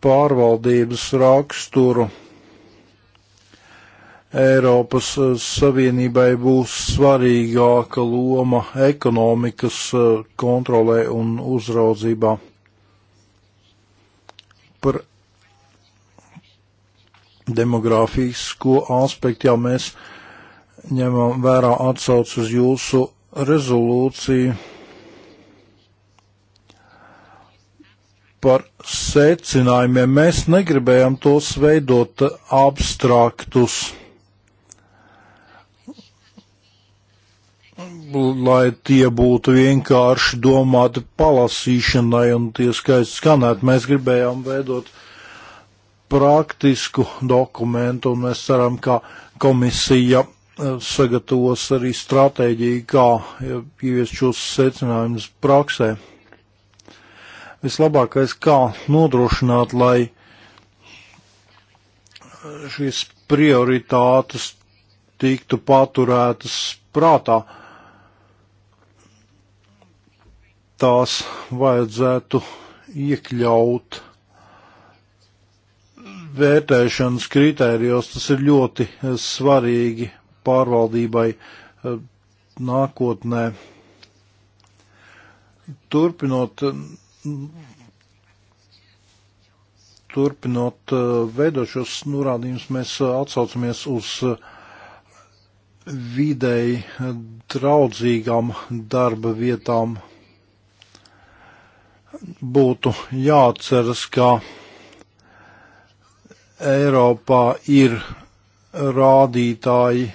pārvaldības raksturu. Eiropas eh, Savienībai būs svarīgāka loma ekonomikas eh, kontrolē un uzraudzībā. Par demogrāfisko aspektu jau mēs ņemam vērā atsauc uz jūsu rezolūciju par secinājumiem. Mēs negribējam tos veidot abstraktus lai tie būtu vienkārši domāti palasīšanai un tie skaisti skanēt. Mēs gribējām veidot praktisku dokumentu un mēs ceram, ka komisija e, sagatavos arī stratēģiju, kā e, ieviest šos secinājumus praksē. Vislabākais, kā nodrošināt, lai e, šīs prioritātes tiktu paturētas prātā tās vajadzētu iekļaut vērtēšanas kritērijos. Tas ir ļoti eh, svarīgi pārvaldībai eh, nākotnē. Turpinot, turpinot eh, veidošos norādījumus, mēs atsaucamies uz vidēji draudzīgām darba vietām būtu jāatceras, ka Eiropā ir rādītāji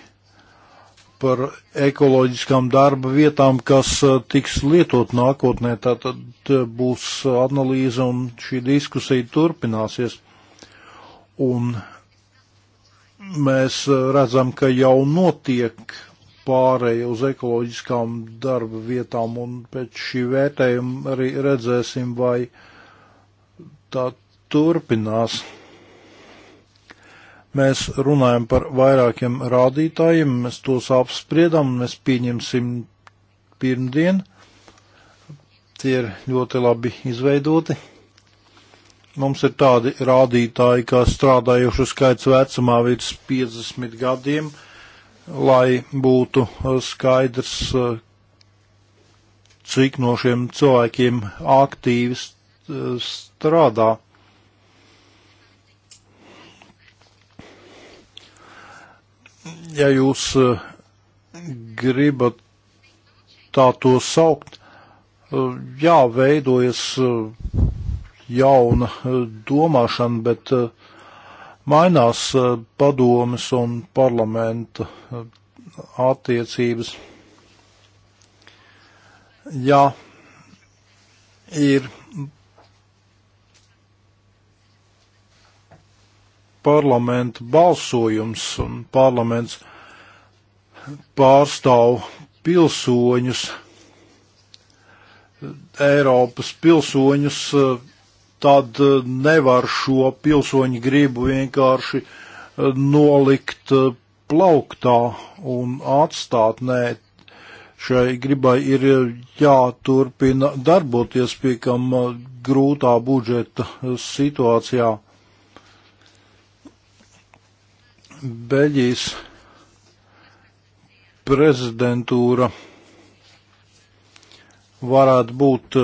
par ekoloģiskām darba vietām, kas eh, tiks lietot nākotnē. Tātad eh, būs analīze un šī diskusija turpināsies. Un mēs eh, redzam, ka jau notiek pārēja uz ekoloģiskām darba vietām, un pēc šī vērtējuma arī redzēsim, vai tā turpinās. Mēs runājam par vairākiem rādītājiem, mēs tos apspriedam, mēs pieņemsim pirmdien. Tie ir ļoti labi izveidoti. Mums ir tādi rādītāji, kā strādājušu skaits vecumā virs 50 gadiem lai būtu uh, skaidrs, uh, cik no šiem cilvēkiem aktīvi uh, strādā. Ja jūs gribat tā to saukt, jāveidojas jauna domāšana, bet uh, mainās eh, padomas un parlamenta eh, attiecības. Ja ir parlamenta balsojums un parlaments pārstāv pilsoņus, eh, Eiropas pilsoņus tad eh, nevar šo pilsoņu gribu vienkārši eh, nolikt eh, plauktā un atstāt. Nē, šai gribai ir jāturpina darboties piekam grūtā budžeta situācijā. Beļģijas prezidentūra varētu būt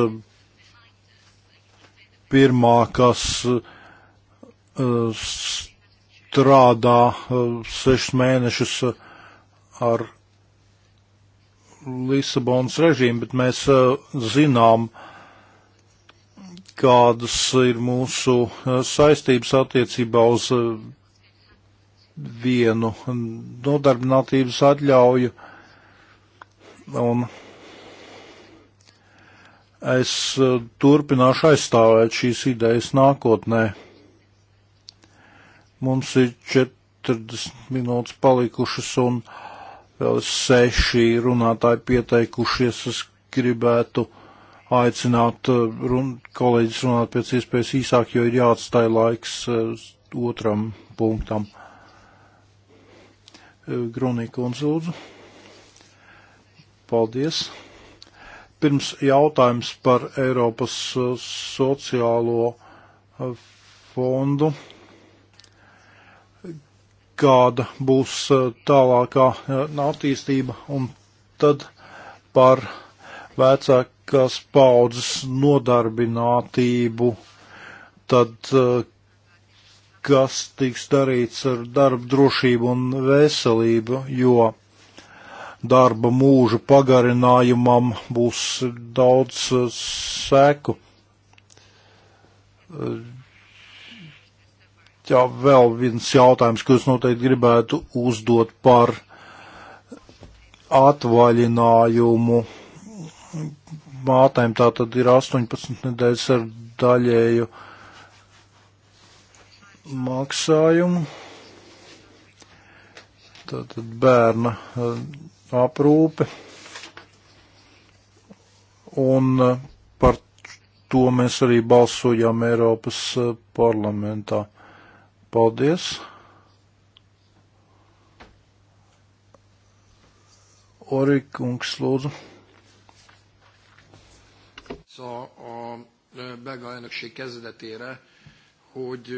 pirmā, kas eh, strādā eh, sešus mēnešus eh, ar Lisabonas režīmu, bet mēs zinām, kādas ir mūsu saistības attiecībā uz vienu nodarbinātības atļauju. Un Es e, turpināšu aizstāvēt šīs idejas nākotnē. Mums ir 40 minūtes palikušas un vēl seši runātāji pieteikušies. Es gribētu aicināt e, run, kolēģis runāt pēc iespējas īsāk, jo ir jāatstāja laiks e, otram punktam. Grunīka un Zūdzu. Paldies! Pirms jautājums par Eiropas uh, sociālo uh, fondu. Kāda būs uh, tālākā attīstība un tad par vecākās paudzes nodarbinātību, tad kas tiks darīts ar darba drošību un veselību, jo darba mūža pagarinājumam būs daudz uh, seku. Uh, jā, vēl viens jautājums, ko es noteikti gribētu uzdot par atvaļinājumu. Mātēm tā tad ir 18 nedēļas ar daļēju maksājumu. Tātad bērna uh, aprūpe. Un eh, par to mēs arī balsojām Eiropas eh, parlamentā. Paldies! Orikungs, lūdzu. Szóval a belga elnökség kezdetére, hogy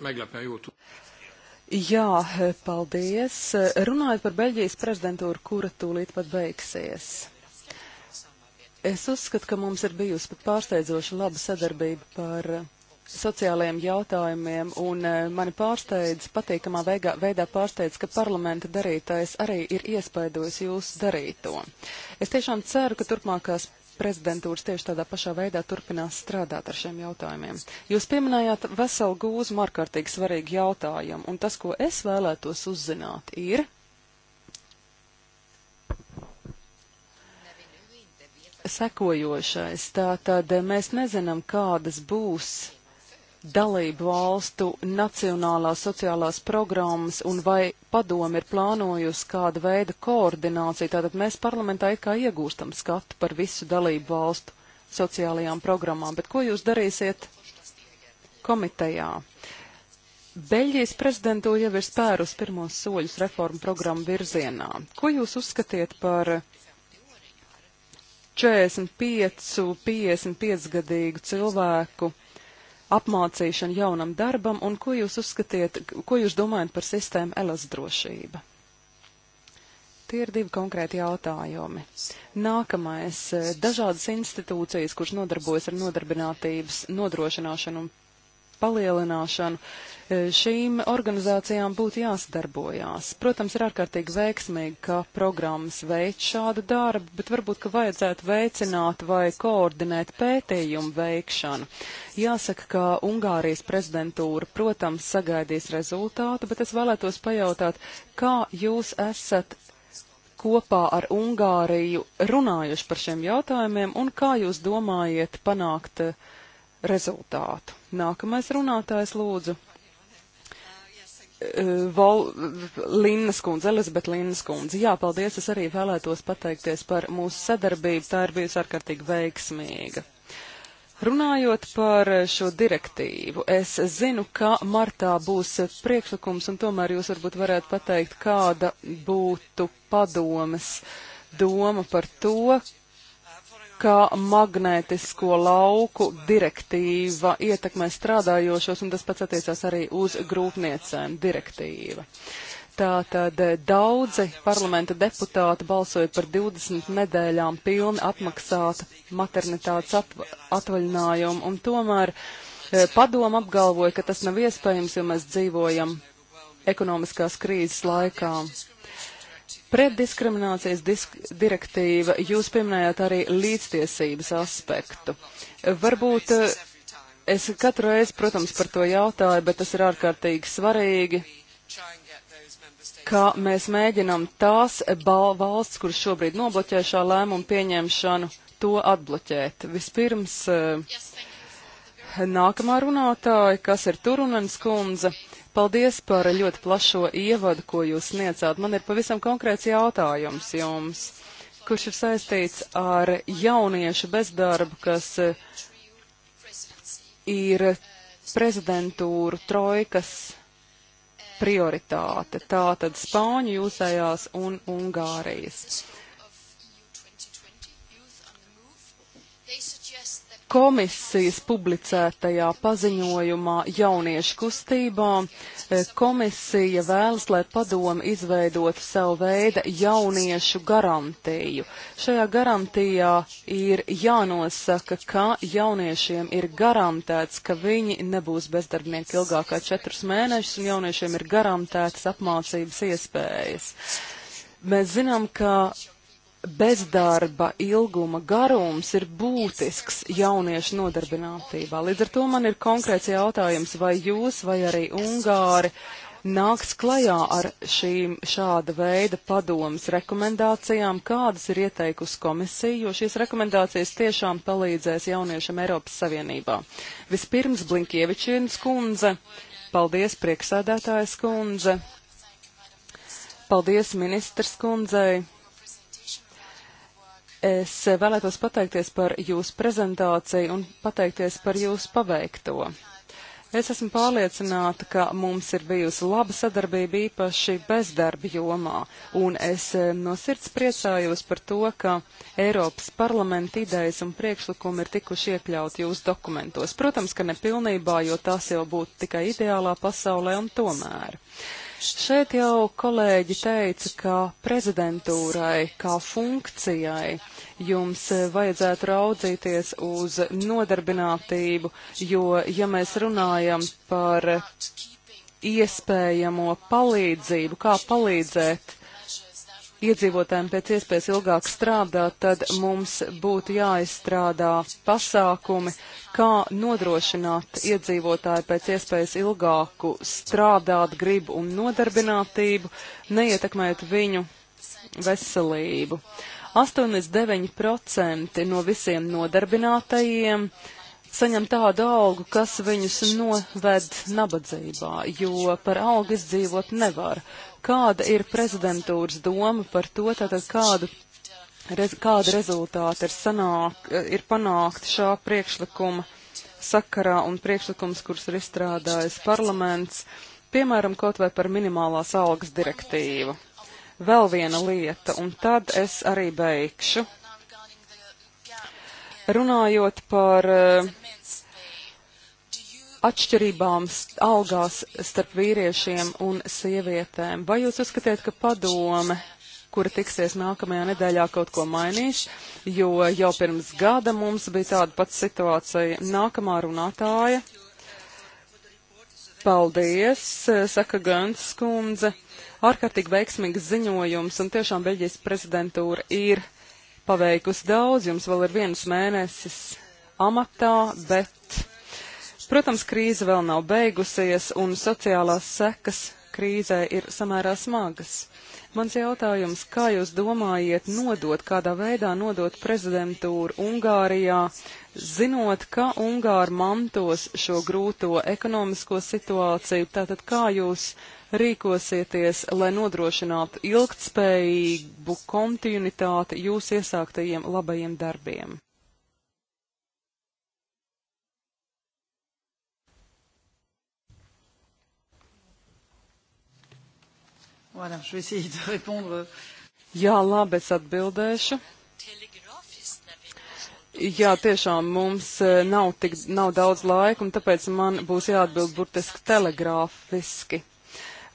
meglepően jól tud. Jā, paldies. Runājot par Beļģijas prezidentūru, kura tūlīt pat beigsies. Es uzskatu, ka mums ir bijusi pat pārsteidzoši laba sadarbība par sociālajiem jautājumiem, un eh, mani pārsteidz, patīkamā veigā, veidā pārsteidz, ka parlamenta darītājs arī ir iespaidojis jūsu darīto. Es tiešām ceru, ka turpmākās prezidentūras tieši tādā pašā veidā turpinās strādāt ar šiem jautājumiem. Jūs pieminējāt veselu gūzu markārtīgi svarīgu jautājumu, un tas, ko es vēlētos uzzināt, ir. Sekojošais, tātad mēs nezinām, kādas būs dalību valstu nacionālās sociālās programmas un vai padome ir plānojusi kādu veidu koordināciju, tātad mēs parlamentā it kā iegūstam skatu par visu dalību valstu sociālajām programmām, bet ko jūs darīsiet komitejā? Beļģijas prezidento jau ir spērus pirmos soļus reformu programmu virzienā. Ko jūs uzskatiet par 45, 55 gadīgu cilvēku apmācīšanu jaunam darbam, un ko jūs uzskatiet, ko jūs domājat par sistēmu elas drošība? Tie ir divi konkrēti jautājumi. Nākamais eh, - dažādas institūcijas, kuras nodarbojas ar nodarbinātības nodrošināšanu un palielināšanu. Uh, E, šīm organizācijām būtu jāsadarbojās. Protams, ir ārkārtīgi veiksmīgi, ka programmas veic šādu darbu, bet varbūt, ka vajadzētu veicināt vai koordinēt pētījumu veikšanu. Jāsaka, ka Ungārijas prezidentūra, protams, sagaidīs rezultātu, bet es vēlētos pajautāt, kā jūs esat kopā ar Ungāriju runājuši par šiem jautājumiem un kā jūs domājat panākt e, rezultātu? Nākamais runātājs lūdzu. Eh, Vol, Linnas kundze, Elizabet Linnas kundze. Jā, paldies, es arī vēlētos pateikties par mūsu sadarbību, tā ir bijusi ārkārtīgi veiksmīga. Runājot par šo direktīvu, es zinu, ka martā būs priekšlikums, un tomēr jūs varbūt varētu pateikt, kāda būtu padomes doma par to, kā magnētisko lauku direktīva ietekmē strādājošos, un tas pats attiecās arī uz grūtniecēm direktīva. Tātad eh, daudzi parlamenta deputāti balsoja par 20 nedēļām pilni apmaksāta maternitātes atva atvaļinājumu, un tomēr e, padoma apgalvoja, ka tas nav iespējams, jo mēs dzīvojam ekonomiskās krīzes laikā. Preddiskriminācijas disk direktīva, jūs pieminējāt arī līdztiesības aspektu. Varbūt eh, es katru reizi, protams, par to jautāju, bet tas ir ārkārtīgi svarīgi, ka mēs mēģinam tās valsts, kuras šobrīd nobloķē šā lēmuma pieņemšanu, to atbloķēt. Vispirms eh, nākamā runātāja, kas ir Turunens kundze. Paldies par ļoti plašo ievadu, ko jūs sniedzāt. Man ir pavisam konkrēts jautājums jums, kurš ir saistīts ar jauniešu bezdarbu, kas eh, ir prezidentūru trojkas prioritāte. Tātad Spāņu jūsējās un Ungārijas. komisijas publicētajā paziņojumā jauniešu kustībā e, komisija vēlas, lai padomi izveidotu savu veidu jauniešu garantiju. Šajā garantijā ir jānosaka, ka jauniešiem ir garantēts, ka viņi nebūs bezdarbnieki ilgākā četrus mēnešus un jauniešiem ir garantētas apmācības iespējas. Mēs zinām, ka bezdarba ilguma garums ir būtisks jauniešu nodarbinātībā. Līdz ar to man ir konkrēts jautājums, vai jūs vai arī Ungāri nāks klajā ar šīm šāda veida padomas rekomendācijām, kādas ir ieteikusi komisija, jo šīs rekomendācijas tiešām palīdzēs jauniešiem Eiropas Savienībā. Vispirms Blinkievičīnas kundze, paldies prieksēdētājas kundze, paldies ministrs kundzei Es vēlētos pateikties par jūsu prezentāciju un pateikties par jūsu paveikto. Es esmu pārliecināta, ka mums ir bijusi laba sadarbība īpaši bezdarba jomā, un es eh, no sirds priecājos par to, ka Eiropas parlamenta idejas un priekšlikumi ir tikuši iekļaut jūsu dokumentos. Protams, ka nepilnībā, jo tas jau būtu tikai ideālā pasaulē un tomēr. Uh, Šeit jau kolēģi teica, ka prezidentūrai kā funkcijai jums vajadzētu raudzīties uz nodarbinātību, jo, ja mēs runājam par iespējamo palīdzību, kā palīdzēt iedzīvotājiem pēc iespējas ilgāk strādāt, tad mums būtu jāizstrādā pasākumi, kā nodrošināt iedzīvotāju pēc iespējas ilgāku strādāt gribu un nodarbinātību, neietekmēt viņu veselību. 89% no visiem nodarbinātajiem saņem tādu algu, kas viņus noved nabadzībā, jo par algu izdzīvot nevar. Kāda ir prezidentūras doma par to, tātad kādu, rez, kāda rezultāta ir, sanāk, ir panākt šā priekšlikuma sakarā un priekšlikums, kurus ir izstrādājis parlaments, piemēram, kaut vai par minimālās algas direktīvu. Vēl viena lieta, un tad es arī beigšu. Runājot par uh, atšķirībām algās starp vīriešiem un sievietēm. Vai jūs uzskatiet, ka padome kura tiksies nākamajā nedēļā, kaut ko mainīs, jo jau pirms gada mums bija tāda pati situācija. Nākamā runātāja. Paldies, saka Gants Skundze. Ārkārtīgi veiksmīgs ziņojums un tiešām Beļģijas prezidentūra ir paveikusi daudz. Jums vēl ir viens mēnesis amatā, bet Protams, krīze vēl nav beigusies, un sociālās sekas krīzē ir samērā smagas. Mans jautājums, kā jūs domājiet nodot, kādā veidā nodot prezidentūru Ungārijā, zinot, ka Ungāri mantos šo grūto ekonomisko situāciju, tātad kā jūs rīkosieties, lai nodrošinātu ilgtspējīgu kontinuitāti jūs iesāktajiem labajiem darbiem? Voilà, je vais essayer de répondre. Jā, labi, es atbildēšu. Jā, tiešām mums e, nav, tik, nav daudz laika, un tāpēc man būs jāatbild burtiski telegrāfiski.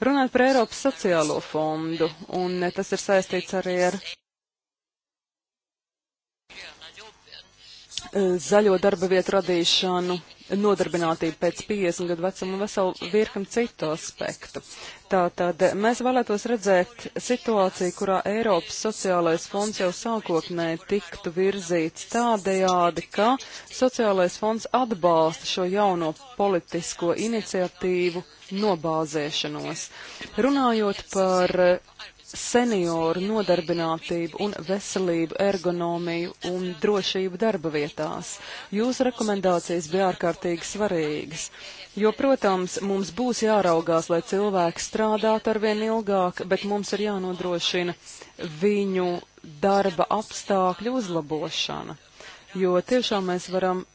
Runājot par Eiropas sociālo fondu, un e, tas ir saistīts arī ar e, zaļo darba vietu radīšanu, nodarbinātību pēc 50 gadu vecuma un veselu virkam citu aspektu. Tātad mēs vēlētos redzēt situāciju, kurā Eiropas sociālais fonds jau sākotnēji tiktu virzīts tādējādi, ka sociālais fonds atbalsta šo jauno politisko iniciatīvu nobāzēšanos. Runājot par senioru nodarbinātību un veselību, ergonomiju un drošību darba vietās. Jūsu rekomendācijas bija ārkārtīgi svarīgas, jo, protams, mums būs jāraugās, lai cilvēki strādātu arvien ilgāk, bet mums ir jānodrošina viņu darba apstākļu uzlabošana, jo tiešām mēs varam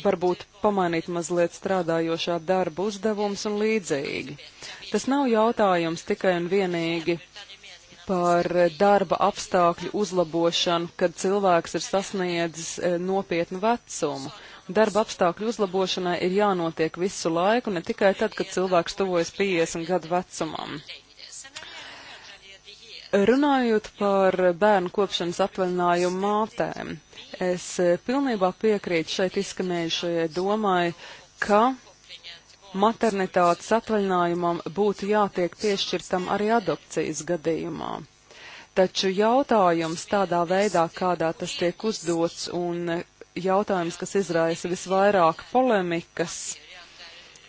varbūt pamainīt mazliet strādājošā darba uzdevums un līdzīgi. Tas nav jautājums tikai un vienīgi par darba apstākļu uzlabošanu, kad cilvēks ir sasniedzis e, nopietnu vecumu. Darba apstākļu uzlabošanai ir jānotiek visu laiku, ne tikai tad, kad cilvēks tuvojas 50 gadu vecumam. Runājot par bērnu kopšanas atvaļinājumu mātēm, es pilnībā piekrītu šeit izskanējušajai domai, ka maternitātes atvaļinājumam būtu jātiek piešķirtam arī adopcijas gadījumā. Taču jautājums tādā veidā, kādā tas tiek uzdots, un jautājums, kas izraisa visvairāk polemikas,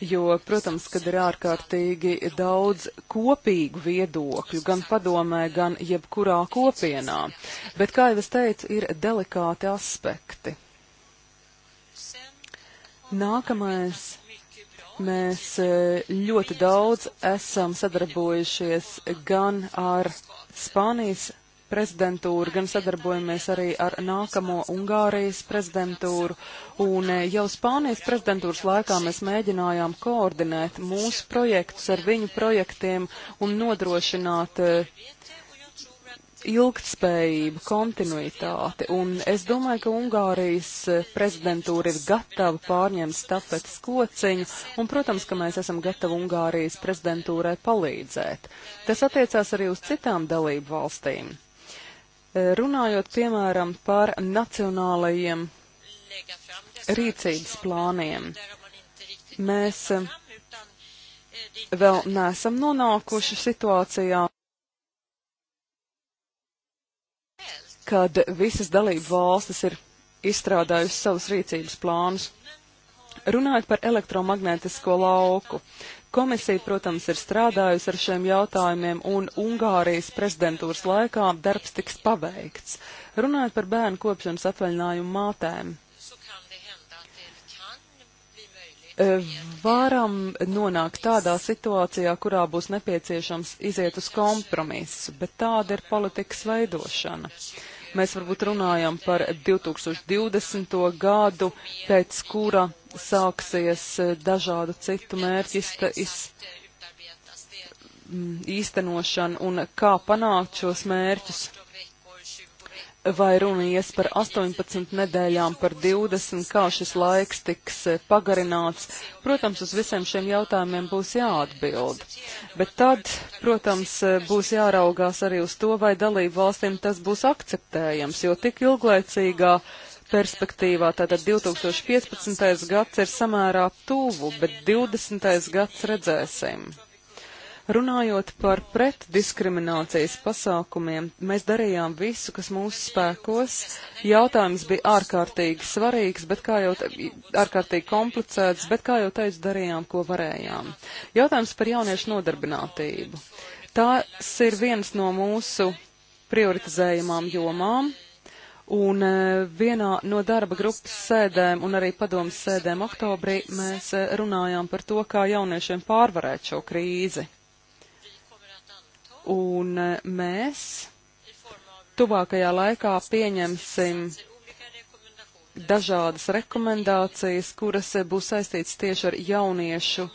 jo, protams, kad ir ārkārtīgi daudz kopīgu viedokļu, gan padomē, gan jebkurā kopienā. Bet, kā jau es teicu, ir delikāti aspekti. Nākamais. Mēs e, ļoti daudz esam sadarbojušies gan ar Spānijas prezidentūru, gan sadarbojamies arī ar nākamo Ungārijas prezidentūru. Un e, jau Spānijas prezidentūras laikā mēs mēģinājām koordinēt mūsu projektus ar viņu projektiem un nodrošināt e, ilgtspējību, kontinuitāti, un es domāju, ka Ungārijas e, prezidentūra ir gatava pārņemt stafetes kociņu, un, protams, ka mēs esam gatavi Ungārijas prezidentūrai palīdzēt. Tas attiecās arī uz citām dalību valstīm. Runājot, piemēram, par nacionālajiem rīcības plāniem, mēs eh, vēl neesam nonākuši situācijā, kad visas dalību valstis ir izstrādājusi savus rīcības plānus. Runājot par elektromagnētisko lauku, Komisija, protams, ir strādājusi ar šiem jautājumiem, un Ungārijas prezidentūras laikā darbs tiks paveikts. Runājot par bērnu kopšanas atvaļinājumu mātēm. E, varam nonākt tādā situācijā, kurā būs nepieciešams iziet uz kompromisu, bet tāda ir politikas veidošana. Uh, Mēs varbūt runājam par 2020. gadu, pēc kura sāksies eh, dažādu citu mērķu īstenošana un kā panākt šos mērķus vai runa ies par 18 nedēļām, par 20, kā šis laiks tiks eh, pagarināts. Protams, uz visiem šiem jautājumiem būs jāatbild. Bet tad, protams, eh, būs jāraugās arī uz to, vai dalību valstīm tas būs akceptējams, jo tik ilglaicīgā perspektīvā, tātad 2015. gads ir samērā tuvu, bet 20. gads redzēsim. Runājot par pretdiskriminācijas pasākumiem, mēs darījām visu, kas mūsu spēkos. Jautājums bija ārkārtīgi svarīgs, bet kā jau ārkārtīgi komplicēts, bet kā jau teicu, darījām, ko varējām. Jautājums par jauniešu nodarbinātību. Tās ir viens no mūsu prioritizējumām jomām. Un e, vienā no darba grupas sēdēm un arī padomas sēdēm oktobrī mēs e, runājām par to, kā jauniešiem pārvarēt šo krīzi un e, mēs tuvākajā laikā pieņemsim dažādas rekomendācijas, kuras e, būs saistītas tieši ar jauniešu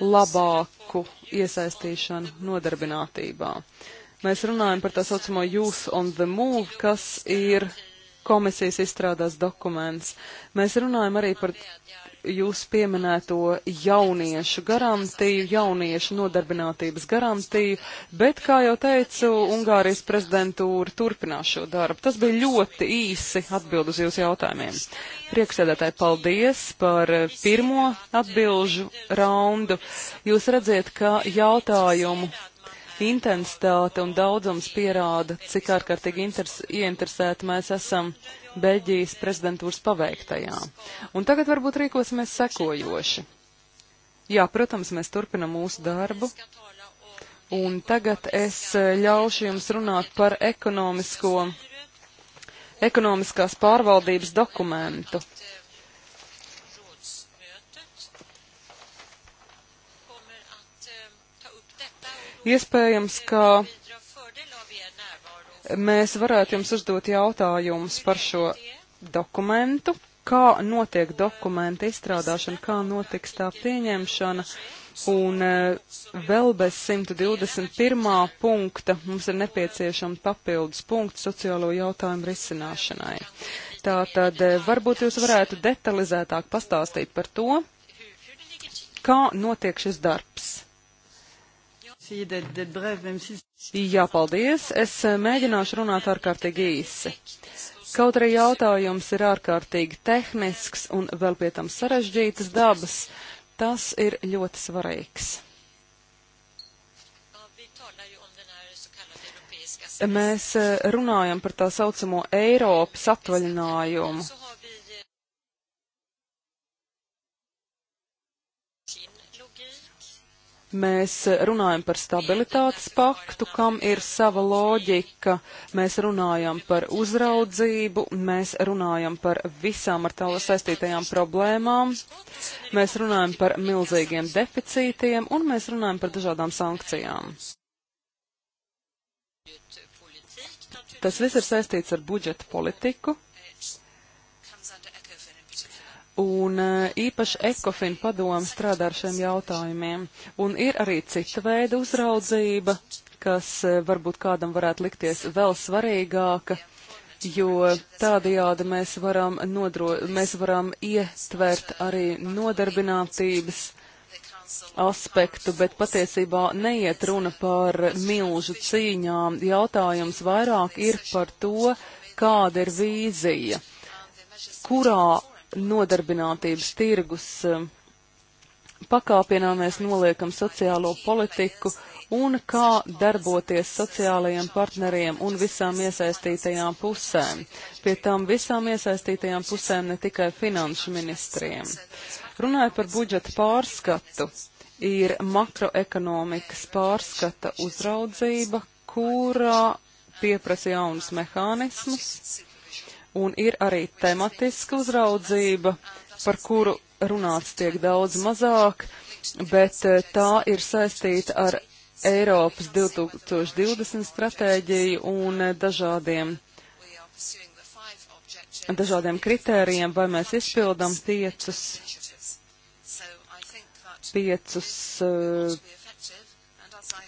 labāku iesaistīšanu nodarbinātībā. Mēs runājam par tā saucamo Youth on the Move, kas ir komisijas izstrādās dokuments. Mēs runājam arī par jūs pieminēto jauniešu garantiju, jauniešu nodarbinātības garantiju, bet, kā jau teicu, Ungārijas prezidentūra turpinās šo darbu. Tas bija ļoti īsi atbild uz jūsu jautājumiem. Prieksēdētāji, paldies par pirmo atbilžu raundu. Jūs redziet, ka jautājumu intensitāte un daudzums pierāda, cik ārkārtīgi ieinteresēti mēs esam Beļģijas prezidentūras paveiktajā. Un tagad varbūt rīkosimies sekojoši. Jā, protams, mēs turpinam mūsu darbu. Un tagad es eh, ļaušu jums runāt par ekonomisko, ekonomiskās pārvaldības dokumentu. Iespējams, ka mēs varētu jums uzdot jautājumus par šo dokumentu, kā notiek dokumenta izstrādāšana, kā notiks tā pieņemšana. Un eh, vēl bez 121. punkta mums ir nepieciešama papildus punkta sociālo jautājumu risināšanai. Tātad eh, varbūt jūs varētu detalizētāk pastāstīt par to, kā notiek šis darbs. Jā, paldies. Es eh, mēģināšu runāt ārkārtīgi īsi. Kaut arī jautājums ir ārkārtīgi tehnisks un vēl pie tam sarežģītas dabas, tas ir ļoti svarīgs. Mēs eh, runājam par tā saucamo Eiropas atvaļinājumu. Mēs runājam par stabilitātes paktu, kam ir sava loģika, mēs runājam par uzraudzību, mēs runājam par visām ar tālu saistītajām problēmām, mēs runājam par milzīgiem deficītiem un mēs runājam par dažādām sankcijām. Tas viss ir saistīts ar budžeta politiku, un eh, īpaši ekofin padomu strādā ar šiem jautājumiem. Un ir arī cita veida uzraudzība, kas eh, varbūt kādam varētu likties vēl svarīgāka, jo tādajādi mēs varam, nodro, mēs varam ietvert arī nodarbinātības aspektu, bet patiesībā neiet runa par milzu cīņām. Jautājums vairāk ir par to, kāda ir vīzija, kurā nodarbinātības tirgus um, pakāpienā mēs noliekam sociālo politiku un kā darboties sociālajiem partneriem un visām iesaistītajām pusēm. Pie tām visām iesaistītajām pusēm ne tikai finanšu ministriem. Runājot par budžeta pārskatu, ir makroekonomikas pārskata uzraudzība, kurā pieprasa jaunus mehānismus un ir arī tematiska uzraudzība, par kuru runāts tiek daudz mazāk, bet eh, tā ir saistīta ar Eiropas 2020 stratēģiju un eh, dažādiem, dažādiem kritērijiem, vai mēs izpildam piecus, piecus uh,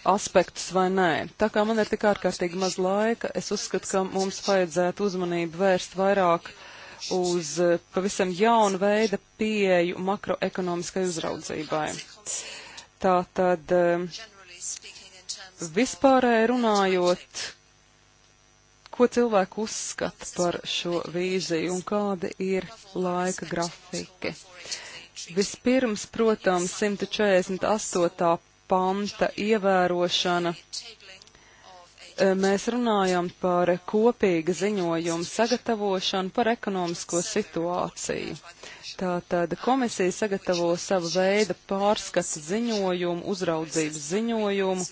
aspektus vai nē. Tā kā man ir tik ārkārtīgi maz laika, es uzskatu, ka mums vajadzētu uzmanību vērst vairāk uz eh, pavisam jaunu veidu pieeju makroekonomiskai uzraudzībai. Tā tad eh, vispārēji runājot, ko cilvēku uzskata par šo vīziju un kādi ir laika grafiki. Vispirms, protams, 148 panta ievērošana. E, mēs runājam par kopīga ziņojuma sagatavošanu par ekonomisko situāciju. Tātad komisija sagatavo savu veidu pārskatu ziņojumu, uzraudzības ziņojumu,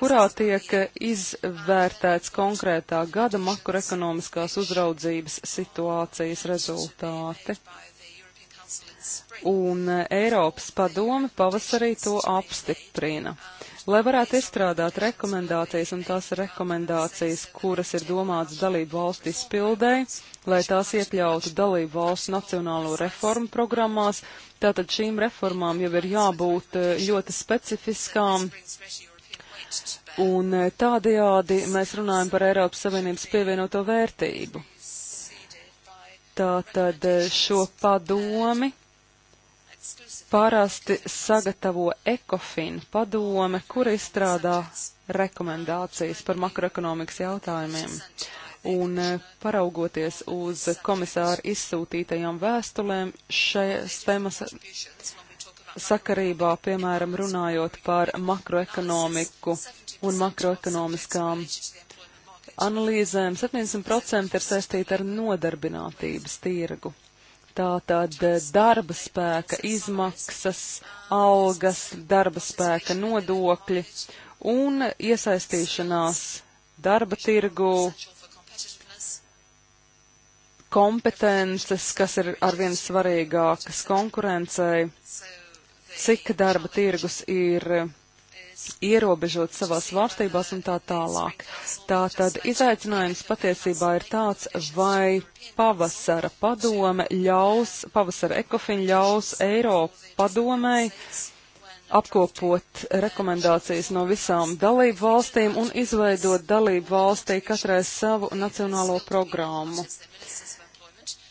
kurā tiek izvērtēts konkrētā gada makroekonomiskās uzraudzības situācijas rezultāti un e, Eiropas padome pavasarī to apstiprina. Lai varētu izstrādāt rekomendācijas un tās rekomendācijas, kuras ir domātas dalību valstu izpildēji, lai tās iekļautu dalību valstu nacionālo reformu programmās, tātad šīm reformām jau ir jābūt e, ļoti specifiskām. Un e, tādajādi mēs runājam par Eiropas Savienības pievienoto vērtību. Tātad šo padomi parasti sagatavo ECOFIN padome, kura izstrādā rekomendācijas par makroekonomikas jautājumiem. Un eh, paraugoties uz komisāru izsūtītajām vēstulēm šajās temas sakarībā, piemēram, runājot par makroekonomiku un makroekonomiskām analīzēm, 70% ir saistīta ar nodarbinātības tirgu. Tātad eh, darba spēka izmaksas, algas, darba spēka nodokļi un iesaistīšanās darba tirgu kompetences, kas ir arvien svarīgākas konkurencei, cik darba tirgus ir ierobežot savās vārstībās un tā tālāk. Tātad izaicinājums patiesībā ir tāds, vai pavasara padome ļaus, pavasara ekofin ļaus Eiro padomei apkopot rekomendācijas no visām dalību valstīm un izveidot dalību valstī katrai savu nacionālo programmu.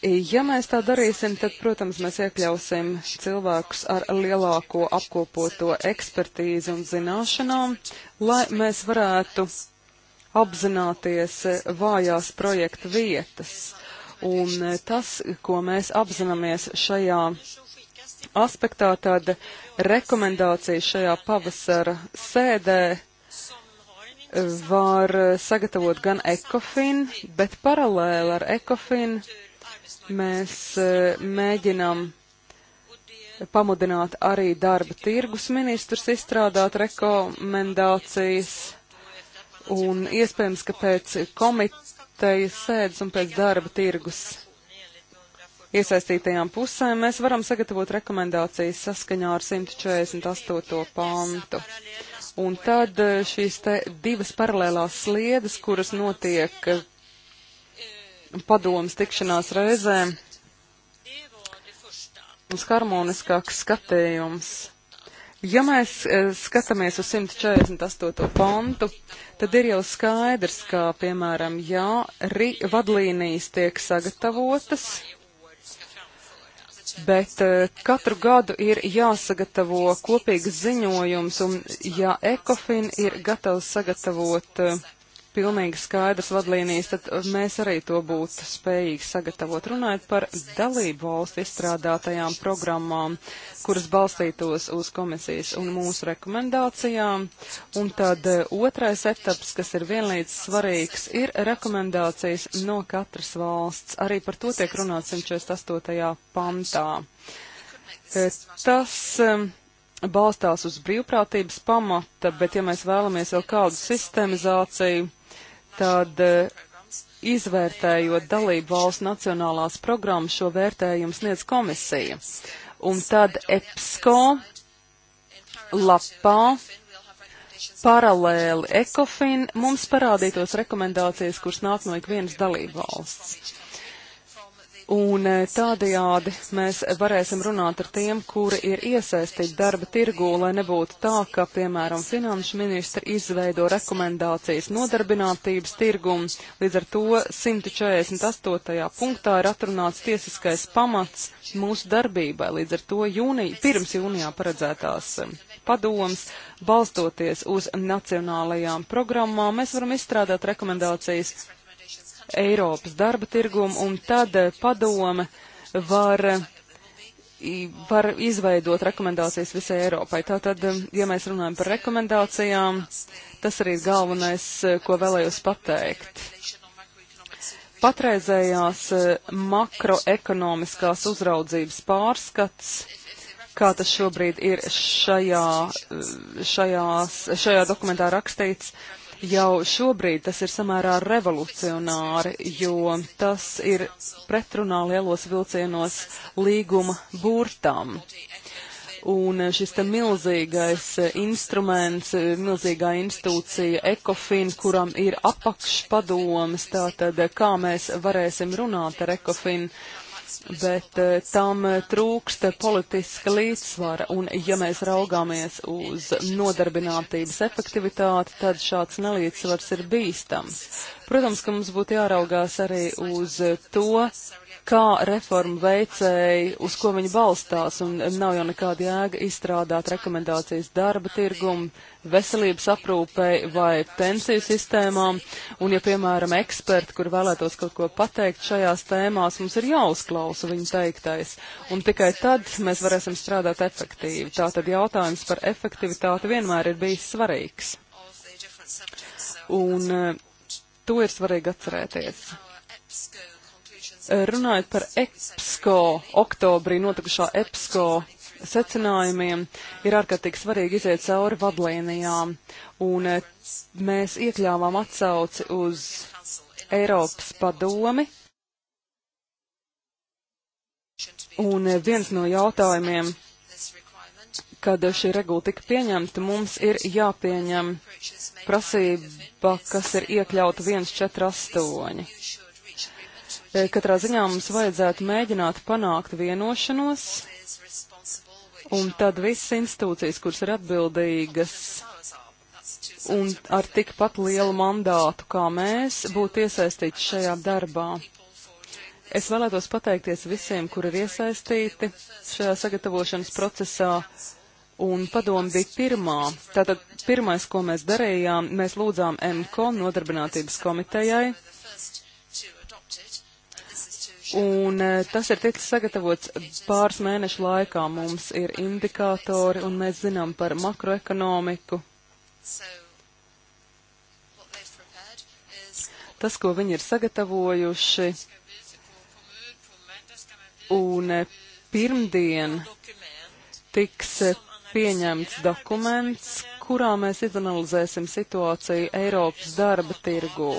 Ja mēs tā darīsim, tad, protams, mēs iekļausim cilvēkus ar lielāko apkopoto ekspertīzi un zināšanām, lai mēs varētu apzināties vājās projekta vietas. Un tas, ko mēs apzināmies šajā aspektā, tad rekomendācijas šajā pavasara sēdē var sagatavot gan ECOFIN, bet paralēli ar ECOFIN Mēs eh, mēģinam pamudināt arī darba tirgus ministrus izstrādāt rekomendācijas, un iespējams, ka pēc komitejas sēdes un pēc darba tirgus iesaistītajām pusēm mēs varam sagatavot rekomendācijas saskaņā ar 148. pantu. Un tad eh, šīs te divas paralēlās sliedas, kuras notiek eh, padomas tikšanās reizēm uz harmoniskāks skatījums. Ja mēs e, skatāmies uz 148. pantu, tad ir jau skaidrs, ka, piemēram, ja ri, vadlīnijas tiek sagatavotas, bet e, katru gadu ir jāsagatavo kopīgs ziņojums, un ja ECOFIN ir gatavs sagatavot uh, pilnīgi skaidrs vadlīnijas, tad mēs arī to būtu spējīgi sagatavot. Runājot par dalību valstu izstrādātajām programmām, kuras balstītos uz komisijas un mūsu rekomendācijām. Un tad eh, otrais etaps, kas ir vienlīdz svarīgs, ir rekomendācijas no katras valsts. Arī par to tiek runāts 148. pantā. Eh, tas eh, balstās uz brīvprātības pamata, bet ja mēs vēlamies vēl kādu sistemizāciju, tad eh, izvērtējot dalību valsts nacionālās programmas, šo vērtējumu sniedz komisija. Un tad EPSCO lapā paralēli ECOFIN mums parādītos rekomendācijas, kuras nāk no ikvienas dalību valsts. Un eh, tādajādi mēs varēsim runāt ar tiem, kuri ir iesaistīti darba tirgū, lai nebūtu tā, ka, piemēram, finanšu ministra izveido rekomendācijas nodarbinātības tirgums. Līdz ar to 148. punktā ir atrunāts tiesiskais pamats mūsu darbībai. Līdz ar to jūnija, pirms jūnijā paredzētās eh, padomas, balstoties uz nacionālajām programmām, mēs varam izstrādāt rekomendācijas Eiropas darba tirgumu, un tad eh, padome var, var izveidot rekomendācijas visai Eiropai. Tātad, eh, ja mēs runājam par rekomendācijām, tas arī ir galvenais, eh, ko vēlējos pateikt. Patreizējās makroekonomiskās uzraudzības pārskats kā tas šobrīd ir šajā, šajās, šajā dokumentā rakstīts, Jau šobrīd tas ir samērā revolucionāri, jo tas ir pretrunā lielos vilcienos līguma burtām. Un šis te milzīgais instruments, milzīgā institūcija ECOFIN, kuram ir apakšpadomas, tātad kā mēs varēsim runāt ar ECOFIN bet eh, tam trūkst politiska līdzsvara, un ja mēs raugāmies uz nodarbinātības efektivitāti, tad šāds nelīdzsvars ir bīstams. Protams, ka mums būtu jāraugās arī uz to, kā reformu veicēji, uz ko viņi balstās, un nav jau nekāda jēga izstrādāt rekomendācijas darba tirgumu, veselības aprūpei vai pensiju sistēmām, un ja, piemēram, eksperti, kur vēlētos kaut ko pateikt šajās tēmās, mums ir jāuzklausa viņu teiktais, un tikai tad mēs varēsim strādāt efektīvi. Tātad jautājums par efektivitāti vienmēr ir bijis svarīgs. Un, to ir svarīgi atcerēties. Runājot par EPSCO, oktobrī notikušā EPSCO secinājumiem, ir ārkārtīgi svarīgi iziet cauri vadlīnijām, un eh, mēs iekļāvām atsauci uz Eiropas padomi. Un eh, viens no jautājumiem, kad šī regula tika pieņemta, mums ir jāpieņem prasība, kas ir iekļauta 148. E, katrā ziņā mums vajadzētu mēģināt panākt vienošanos, un tad visas institūcijas, kuras ir atbildīgas un ar tikpat lielu mandātu kā mēs, būtu iesaistīti šajā darbā. Es vēlētos pateikties visiem, kuri ir iesaistīti šajā sagatavošanas procesā, un padomu bija pirmā. Tātad pirmais, ko mēs darījām, mēs lūdzām MKO nodarbinātības komitejai. Un e, tas ir ticis sagatavots pāris mēnešu laikā. Mums ir indikātori un mēs zinām par makroekonomiku. Tas, ko viņi ir sagatavojuši, un e, pirmdien tiks e, pieņemts dokuments, kurā mēs izanalizēsim situāciju Eiropas darba tirgū.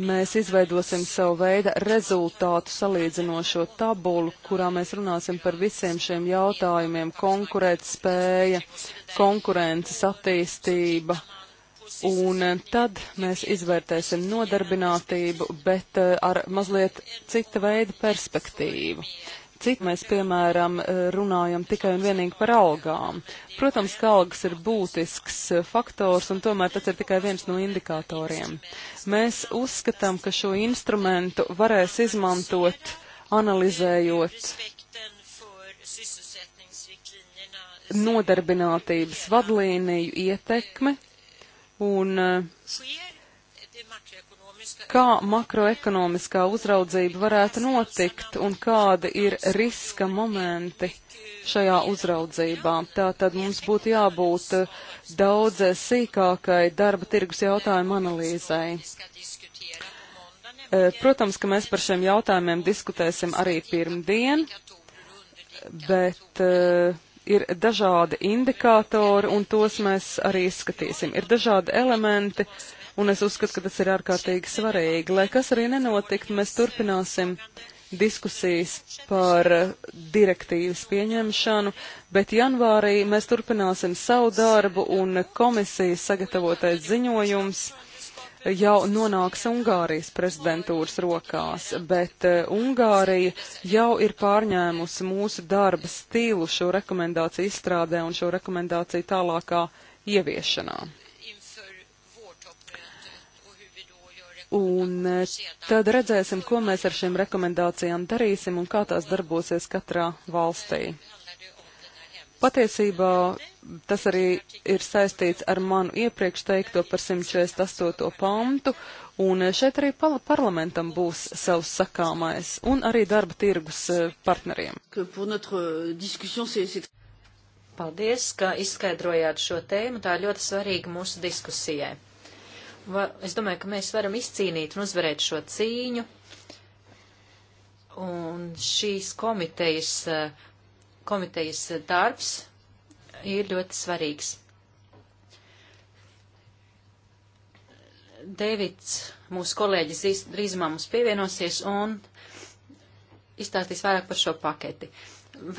Mēs izveidosim savu veidu rezultātu salīdzinošo tabulu, kurā mēs runāsim par visiem šiem jautājumiem - konkurēt spēja, konkurences attīstība, Un eh, tad mēs izvērtēsim nodarbinātību, bet eh, ar mazliet cita veida perspektīvu. Citi mēs, piemēram, runājam tikai un vienīgi par algām. Protams, ka algas ir būtisks eh, faktors, un tomēr tas ir tikai viens no indikatoriem. Mēs uzskatām, ka šo instrumentu varēs izmantot analizējot nodarbinātības vadlīniju ietekme un uh, kā makroekonomiskā uzraudzība varētu notikt un kādi ir riska momenti šajā uzraudzībā. Tātad mums būtu jābūt eh, daudz eh, sīkākai darba tirgus jautājumu analīzai. Eh, protams, ka mēs par šiem jautājumiem diskutēsim arī pirmdien, bet uh, ir dažādi indikātori, un tos mēs arī skatīsim. Ir dažādi elementi, uh, un es uzskatu, ka tas ir ārkārtīgi svarīgi. Lai kas arī nenotiktu, mēs turpināsim diskusijas par direktīvas pieņemšanu, bet janvārī mēs turpināsim savu darbu un komisijas sagatavotais ziņojums jau nonāks Ungārijas prezidentūras rokās, bet eh, Ungārija jau ir pārņēmusi mūsu darba stīlu šo rekomendāciju izstrādē un šo rekomendāciju tālākā ieviešanā. Un eh, tad redzēsim, ko mēs ar šīm rekomendācijām darīsim un kā tās darbosies katrā valstī. Patiesībā tas arī ir saistīts ar manu iepriekš teikto par 148. pantu, un eh, šeit arī parlamentam būs savs sakāmais, un arī darba tirgus eh, partneriem. Euh, Paldies, ka izskaidrojāt šo tēmu, tā ļoti svarīga mūsu diskusijai va, es domāju, ka mēs varam izcīnīt un uzvarēt šo cīņu. Un šīs komitejas, eh, komitejas darbs ir ļoti svarīgs. Dēvids, mūsu kolēģis, drīzumā mums pievienosies un izstāstīs vairāk par šo paketi.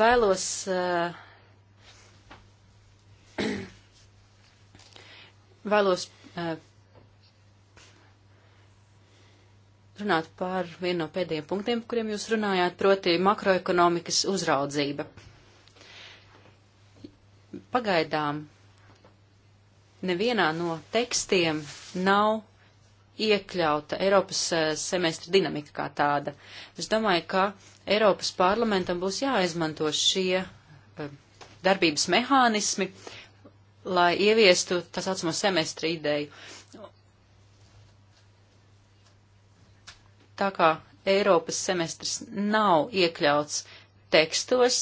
Vēlos uh, *clears throat* vēlos uh, runāt par vienu no pēdējiem punktiem, par kuriem jūs runājāt, proti makroekonomikas uzraudzība. Pagaidām nevienā no tekstiem nav iekļauta Eiropas eh, semestra dinamika kā tāda. Es domāju, ka Eiropas parlamentam būs jāizmanto šie eh, darbības mehānismi, lai ieviestu tā saucamo semestra ideju. tā kā Eiropas semestrs nav iekļauts tekstos,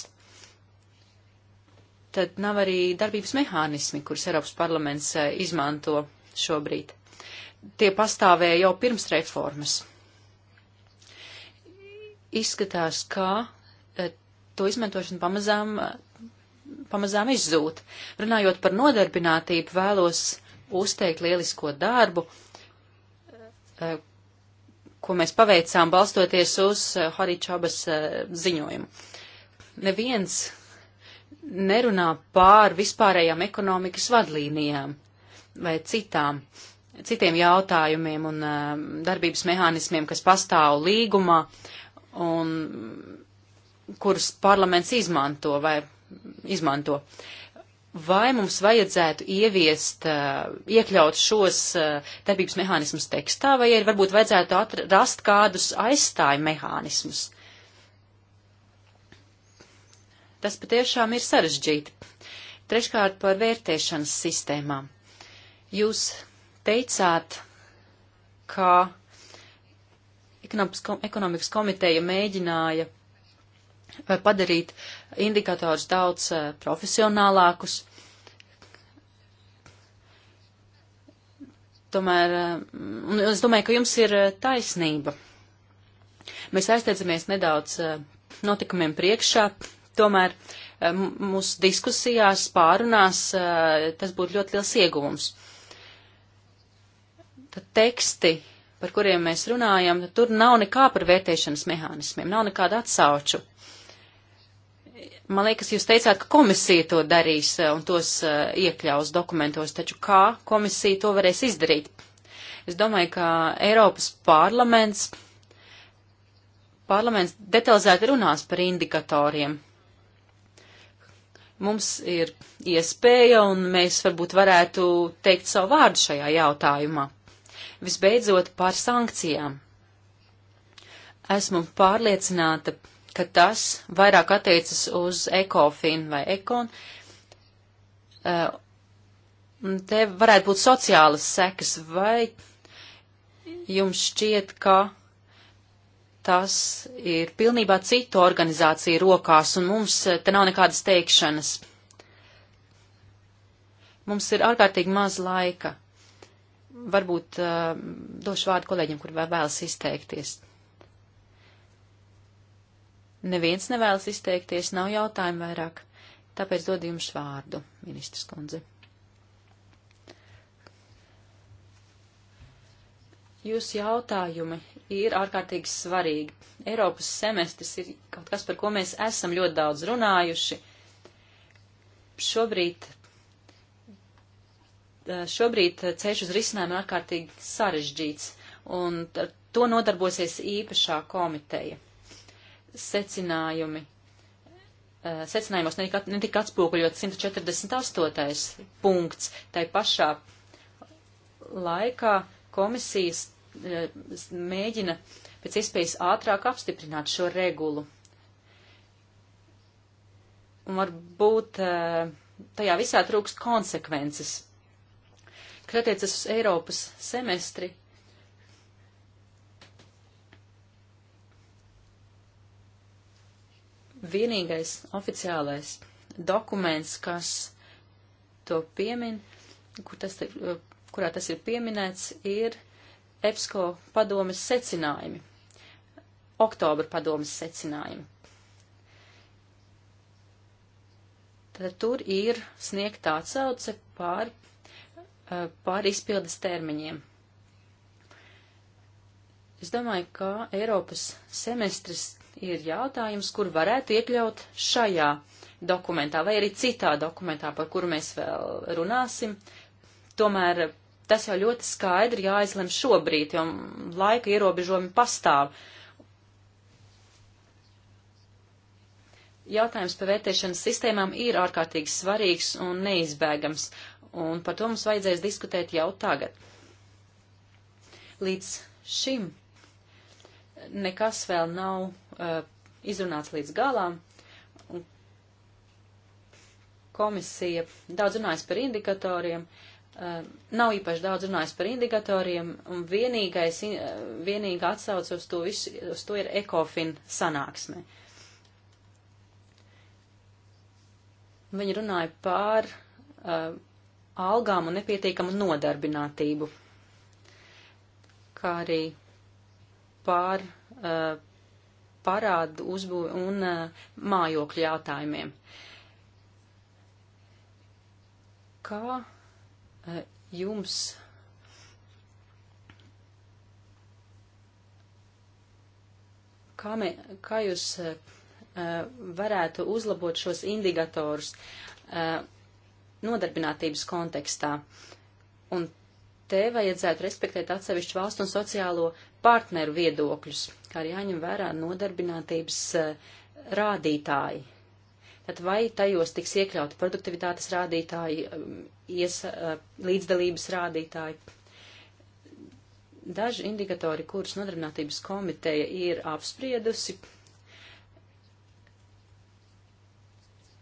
tad nav arī darbības mehānismi, kurus Eiropas parlaments eh, izmanto šobrīd. Tie pastāvēja jau pirms reformas. Izskatās, ka eh, to izmantošana pamazām, eh, pamazām izzūt. Runājot par nodarbinātību, vēlos uzteikt lielisko darbu, ko mēs paveicām balstoties uz eh, Haričabas eh, ziņojumu. Neviens nerunā pār vispārējām ekonomikas vadlīnijām vai citām, citiem jautājumiem un eh, darbības mehānismiem, kas pastāv līgumā un kurus parlaments izmanto vai izmanto. Uh, vai mums vajadzētu ieviest, eh, iekļaut šos eh, darbības mehānismus tekstā, vai arī varbūt vajadzētu atrast kādus aizstāju mehānismus. Tas patiešām ir sarežģīti. Treškārt par vērtēšanas sistēmām. Jūs teicāt, ka ekonomikas komiteja mēģināja padarīt indikatorus daudz eh, profesionālākus. Tomēr eh, es domāju, ka jums ir eh, taisnība. Mēs aizteicamies nedaudz notikumiem priekšā, tomēr mūsu diskusijās, pārunās tas būtu ļoti liels ieguvums. Tad teksti, par kuriem mēs runājam, tur nav nekā par vērtēšanas mehānismiem, nav nekāda atsauču Man liekas, jūs teicāt, ka komisija to darīs eh, un tos eh, iekļaus dokumentos, taču kā komisija to varēs izdarīt? Es domāju, ka Eiropas parlaments, parlaments detalizēti runās par indikatoriem. Mums ir iespēja un mēs varbūt varētu teikt savu vārdu šajā jautājumā. Visbeidzot, par sankcijām. Esmu pārliecināta, ka tas vairāk attiecas uz ekofin vai ekon. Uh, te varētu būt sociālas sekas, vai jums šķiet, ka tas ir pilnībā citu organizāciju rokās, un mums eh, te nav nekādas teikšanas. Mums ir ārkārtīgi maz laika. Varbūt uh, došu vārdu kolēģiem, kur vēl vēlas izteikties. Neviens nevēlas izteikties, nav jautājumu vairāk. Tāpēc dod jums vārdu, ministrs kundze. Jūsu jautājumi ir ārkārtīgi svarīgi. Eiropas semestris ir kaut kas, par ko mēs esam ļoti daudz runājuši. Šobrīd, eh, šobrīd ceļš uz risinājumu ir ārkārtīgi sarežģīts, un to nodarbosies īpašā komiteja secinājumi. Eh, secinājumos netika atspoguļot 148. punkts. Tai pašā laikā komisijas eh, mēģina pēc iespējas ātrāk apstiprināt šo regulu. Un varbūt eh, tajā visā trūkst konsekvences. Kad attiecas uz Eiropas semestri, vienīgais oficiālais dokuments, kas to piemin, kur tas, eh, kurā tas ir pieminēts, ir EPSCO padomes secinājumi, oktobra padomes secinājumi. Tad tur ir sniegta atsauce pār, eh, pār izpildes termiņiem. Es domāju, ka Eiropas semestris ir jautājums, kur varētu iekļaut šajā dokumentā vai arī citā dokumentā, par kuru mēs vēl runāsim. Tomēr tas jau ļoti skaidri jāizlem šobrīd, jo laika ierobežojumi pastāv. Jautājums par vērtēšanas sistēmām ir ārkārtīgi svarīgs un neizbēgams, un par to mums vajadzēs diskutēt jau tagad. Līdz šim nekas vēl nav Uh, izrunāts līdz galām. Komisija daudz runājas par indikatoriem, uh, nav īpaši daudz runājis par indikatoriem, un vienīgais, uh, vienīga atsauce uz to visu, uz to ir ekofin sanāksme. Viņi runāja pār uh, algām un nepietiekamu nodarbinātību, kā arī pār uh, parādu uzbū un uh, mājokļu jautājumiem. Kā uh, jums kā, mē, kā jūs uh, uh varētu uzlabot šos indikatorus uh, nodarbinātības kontekstā? Un te vajadzētu respektēt atsevišķu valstu un sociālo partneru viedokļus kā arī jāņem vērā nodarbinātības eh, rādītāji. Tad vai tajos tiks iekļauti produktivitātes rādītāji, um, iesa, eh, līdzdalības rādītāji? Daži indikatori, kurus nodarbinātības komiteja ir apspriedusi,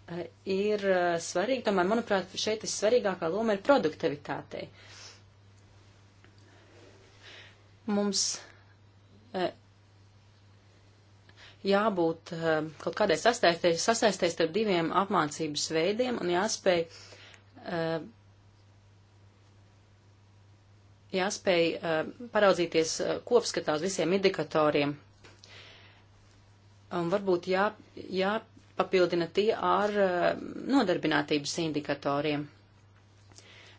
eh, ir svarīgi. Tomēr, manuprāt, šeit vissvarīgākā loma ir produktivitātei. Mums jābūt eh, kaut kādai sasaistēs, sasaistēs ar diviem apmācības veidiem un jāspēj, eh, jāspēj eh, paraudzīties kopskatā uz visiem indikatoriem. Un varbūt jā, jāpapildina tie ar nodarbinātības indikatoriem.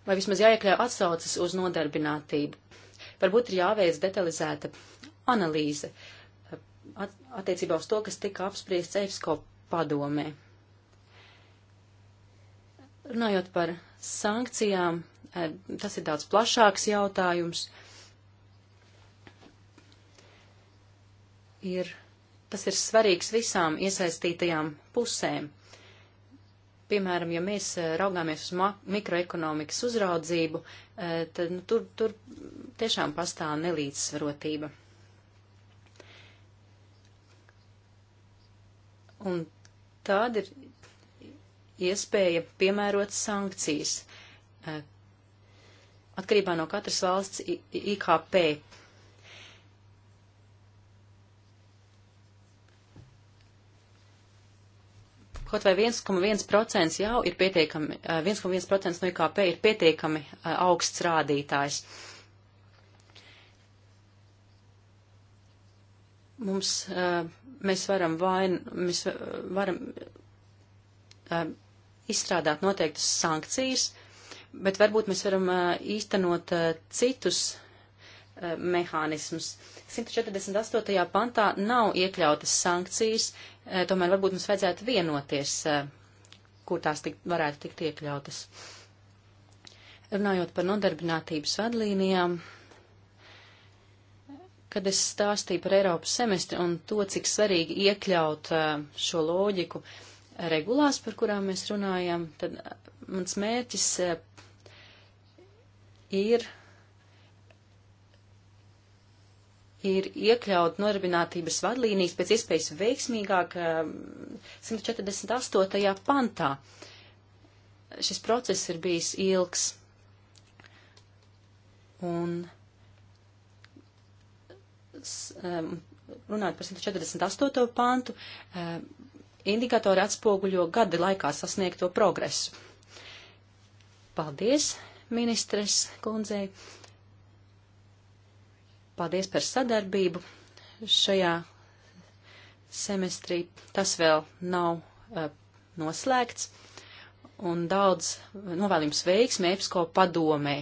Vai vismaz jāiekļauj atsaucas uz nodarbinātību. Varbūt ir jāveic detalizēta analīze. Uh, at, attiecībā uz to, kas tika apspriests EFSCO padomē. Runājot par sankcijām, eh, tas ir daudz plašāks jautājums. Ir, tas ir svarīgs visām iesaistītajām pusēm. Piemēram, ja mēs eh, raugāmies uz mikroekonomikas uzraudzību, eh, tad nu, tur, tur tiešām pastāv nelīdzsvarotība. Un tāda ir iespēja piemērot sankcijas atkarībā no katras valsts IKP. Kaut vai 1,1% jau ir pietiekami, 1,1% no IKP ir pietiekami augsts rādītājs. Uh, Mums, mēs varam vain, mēs varam izstrādāt noteiktas sankcijas, bet varbūt mēs varam īstenot citus mehānismus. 148. pantā nav iekļautas sankcijas, tomēr varbūt mums vajadzētu vienoties, kur tās tik, varētu tikt iekļautas. Runājot par nodarbinātības vadlīnijām, Kad es stāstīju par Eiropas semestri un to, cik svarīgi iekļaut eh, šo loģiku regulās, par kurām mēs runājam, tad eh, mans mērķis eh, ir, ir iekļaut nodarbinātības vadlīnijas pēc iespējas veiksmīgāk 148. pantā. Šis process ir bijis ilgs. Un runājot par 148. pantu, indikatori atspoguļo gada laikā sasniegto progresu. Paldies, ministres kundzei. Paldies par sadarbību šajā semestrī. Tas vēl nav uh, noslēgts. Un daudz novēlījums veiksmi EPSCO padomē.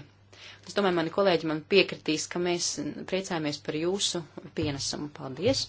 Es domāju, mani kolēģi man piekritīs, ka mēs priecājamies par jūsu pienesumu. Paldies!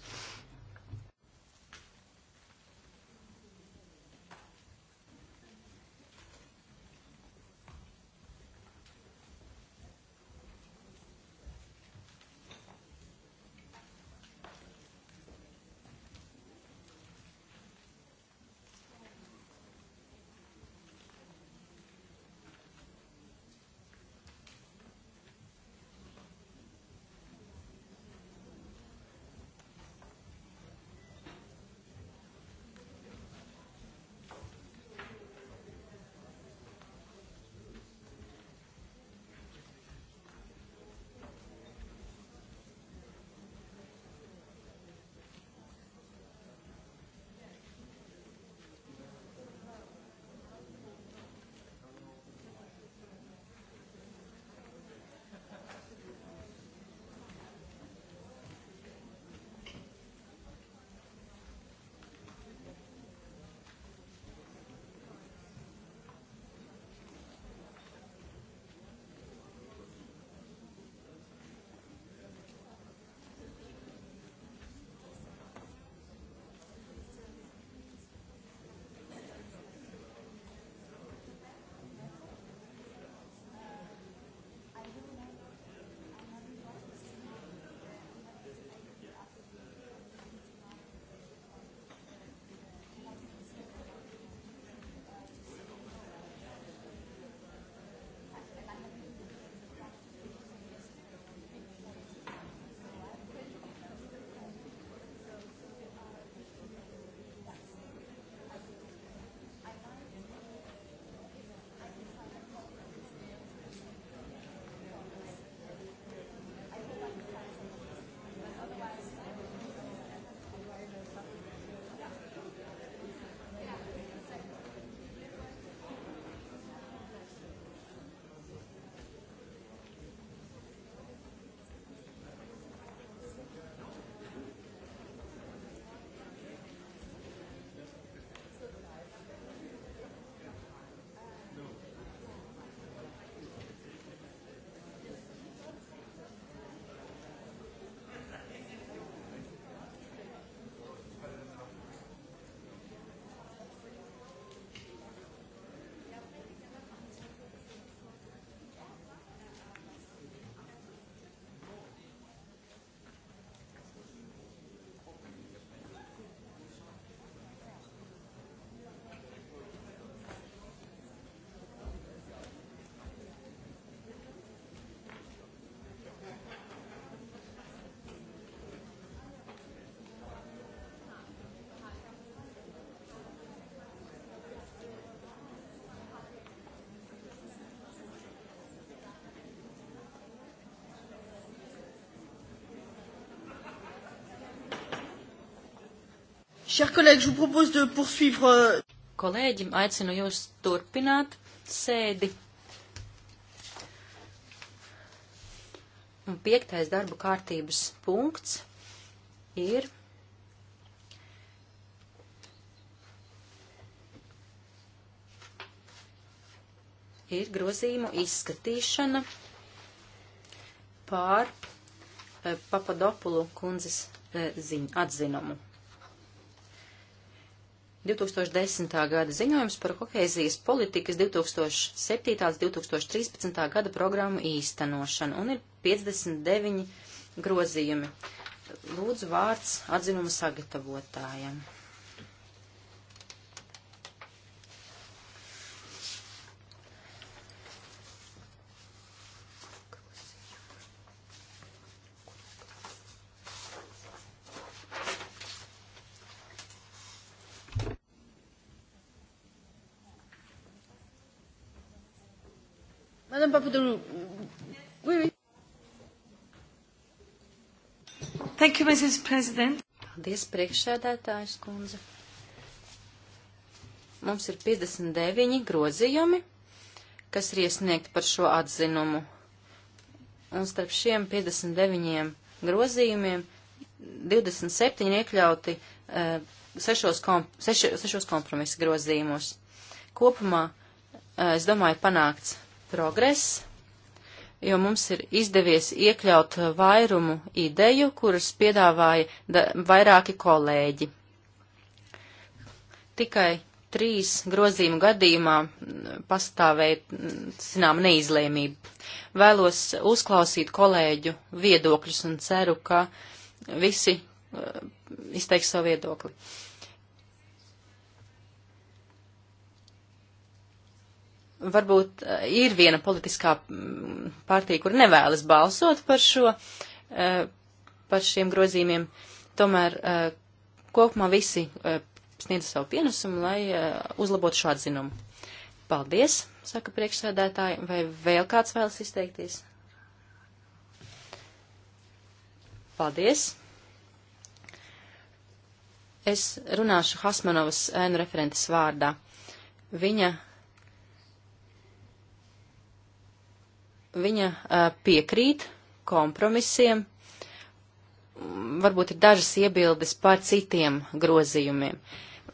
Chers collègues, je vous propose de poursuivre. Euh, Kolēģi, aicinu jūs turpināt sēdi. Un piektais darbu kārtības punkts ir ir grozījumu izskatīšana pār eh, Papadopulu kundzes eh, ziņu atzinumu. 2010. gada ziņojums par kohēzijas politikas 2007.-2013. gada programmu īstenošanu un ir 59 grozījumi. Lūdzu vārds atzinuma sagatavotājiem. Mrs. President. Paldies, priekšsēdētājs kundze. Mums ir 59 grozījumi, kas ir iesniegti par šo atzinumu. Un starp šiem 59 grozījumiem 27 iekļauti uh, sešos, kom, seši, sešos kompromisa grozījumos. Kopumā, uh, es domāju, panākts progress jo mums ir izdevies iekļaut vairumu ideju, kuras piedāvāja da, vairāki kolēģi. Tikai trīs grozījumu gadījumā pastāvēja, zinām, neizlēmība. Vēlos uzklausīt kolēģu viedokļus un ceru, ka visi uh, izteiks savu viedokli. Uh, varbūt eh, ir viena politiskā mm, partija, kur nevēlas balsot par šo, eh, par šiem grozījumiem. Tomēr eh, kopumā visi sniedz savu pienesumu, lai uzlabotu šo atzinumu. Paldies, saka priekšsēdētāji, vai vēl kāds vēlas izteikties? Paldies. Es runāšu Hasmanovas ēnu referentes vārdā. Viņa viņa piekrīt kompromisiem, varbūt ir dažas iebildes par citiem grozījumiem.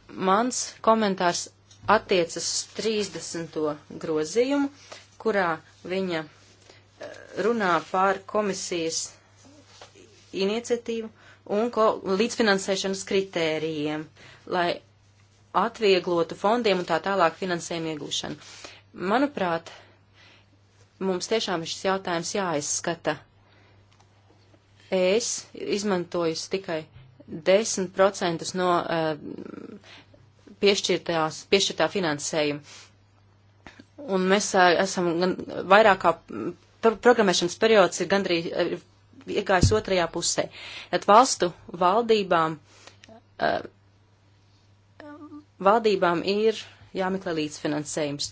Mans komentārs attiecas uz 30. grozījumu, kurā viņa runā par komisijas iniciatīvu un ko, līdzfinansēšanas kritērijiem, lai atvieglotu fondiem un tā tālāk finansējumu iegūšanu. Manuprāt, uh, mums tiešām šis jautājums jāizskata. Es izmantoju tikai 10% no uh, piešķirtās, piešķirtā finansējuma. Un mēs uh, esam gan vairāk kā pro programmēšanas periods ir gandrīz uh, iegājis otrajā pusē. Tad valstu valdībām, valdībām ir jāmeklē līdzfinansējums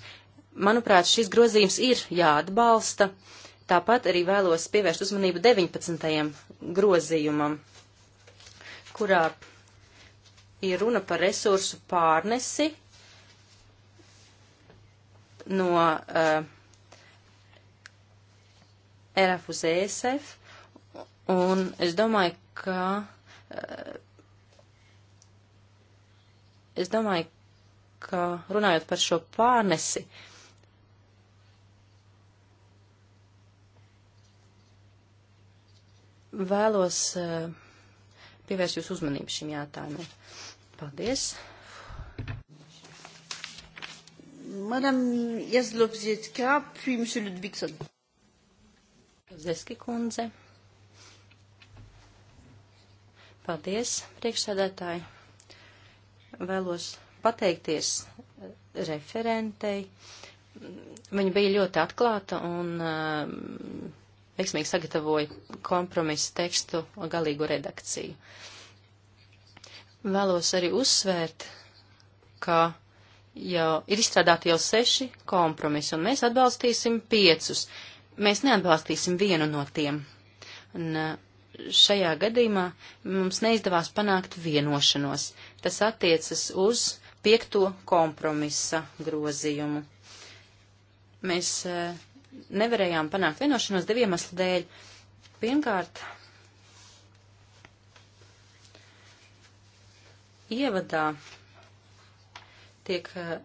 manuprāt, šis grozījums ir jāatbalsta. Tāpat arī vēlos pievērst uzmanību 19. grozījumam, kurā ir runa par resursu pārnesi no uh, eh, RF uz ESF, un es domāju, ka uh, es domāju, ka runājot par šo pārnesi, uh, vēlos eh, pievērst jūs uzmanību šim jātājumam. Paldies. Madame Jazlovzietka, puis Monsieur Ludvigson. Zeski kundze. Paldies, priekšsēdētāji. Vēlos pateikties eh, referentei. Viņa bija ļoti atklāta un uh, veiksmīgi sagatavoja kompromisu tekstu galīgo redakciju. Vēlos arī uzsvērt, ka jau ir izstrādāti jau seši kompromisi, un mēs atbalstīsim piecus. Mēs neatbalstīsim vienu no tiem. Un uh, šajā gadījumā mums neizdevās panākt vienošanos. Tas attiecas uz piekto kompromisa grozījumu. Mēs uh, nevarējām panākt vienošanos diviem aslu dēļ. Pirmkārt, ievadā tiek eh,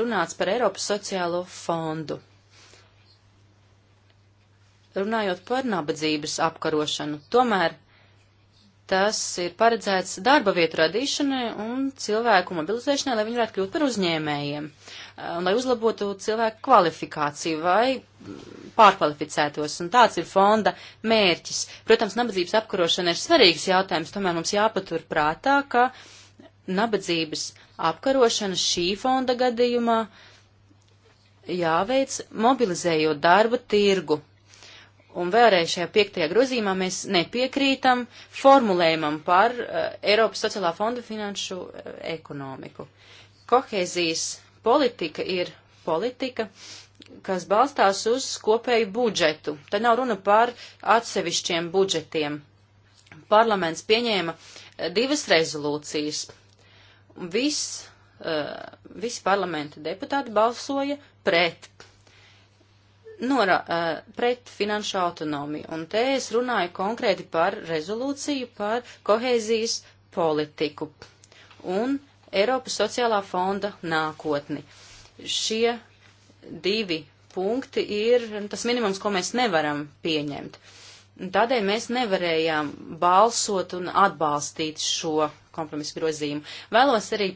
runāts par Eiropas sociālo fondu. Runājot par nabadzības apkarošanu, tomēr Tas ir paredzēts darba vietu radīšanai un cilvēku mobilizēšanai, lai viņi varētu kļūt par uzņēmējiem eh, un lai uzlabotu cilvēku kvalifikāciju vai pārkvalificētos. Un tāds ir fonda mērķis. Protams, nabadzības apkarošana ir svarīgs jautājums, tomēr mums jāpatur prātā, ka nabadzības apkarošana šī fonda gadījumā jāveic mobilizējot darba tirgu Un vēlreiz šajā piektajā grozījumā mēs nepiekrītam formulējumam par uh, Eiropas sociālā fonda finanšu uh, ekonomiku. Kohēzijas politika ir politika, kas balstās uz kopēju budžetu. Te nav runa par atsevišķiem budžetiem. Parlaments pieņēma eh, divas rezolūcijas. Vis, uh, visi parlamenta deputāti balsoja pret nora, uh, pret finanšu autonomiju. Un te es runāju konkrēti par rezolūciju par kohēzijas politiku un Eiropas sociālā fonda nākotni. Šie divi punkti ir tas minimums, ko mēs nevaram pieņemt. Tādēļ mēs nevarējām balsot un atbalstīt šo kompromisu grozījumu. Vēlos arī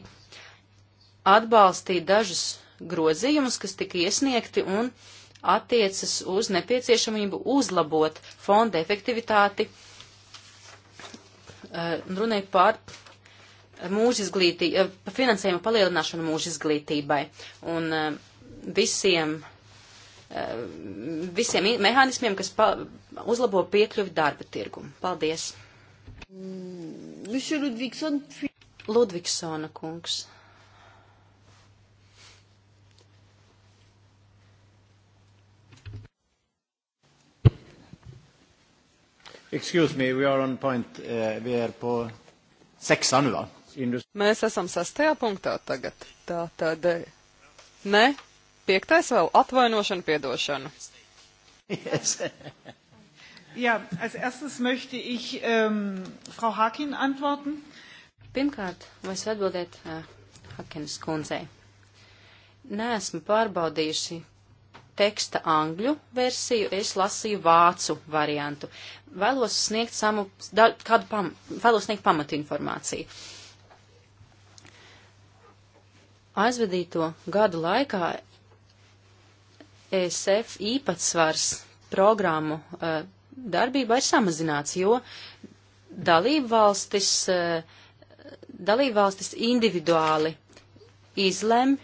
atbalstīt dažus grozījumus, kas tika iesniegti un uh, attiecas uz nepieciešamību uzlabot fonda efektivitāti, eh, runājot par mūža izglītību, eh, par finansējumu palielināšanu mūža izglītībai. Un eh, visiem, visiem mehānismiem, kas pa, uzlabo piekļuvi darba tirgumu. Paldies! Mm, Ludvigsona kungs. Excuse me, we are on point. Uh, eh, vi är på sexa nu, va? Indus Mēs esam sastajā punktā tagad. Tā tad, eh, ne, piektais vēl atvainošana, piedošana. Yes. *laughs* ja, als erstes möchte ich ähm, Frau Hakin antworten. Pirmkārt, es atbildēt uh, eh, Hakinas kundzei. Nē, esmu pārbaudījusi teksta angļu versiju, es lasīju vācu variantu. Vēlos sniegt, samu, da, kādu pam, vēlos sniegt pamatu informāciju. Aizvedīto gadu laikā ESF īpatsvars programmu uh, e, darbībā ir samazināts, jo dalību valstis, uh, dalību valstis individuāli izlem,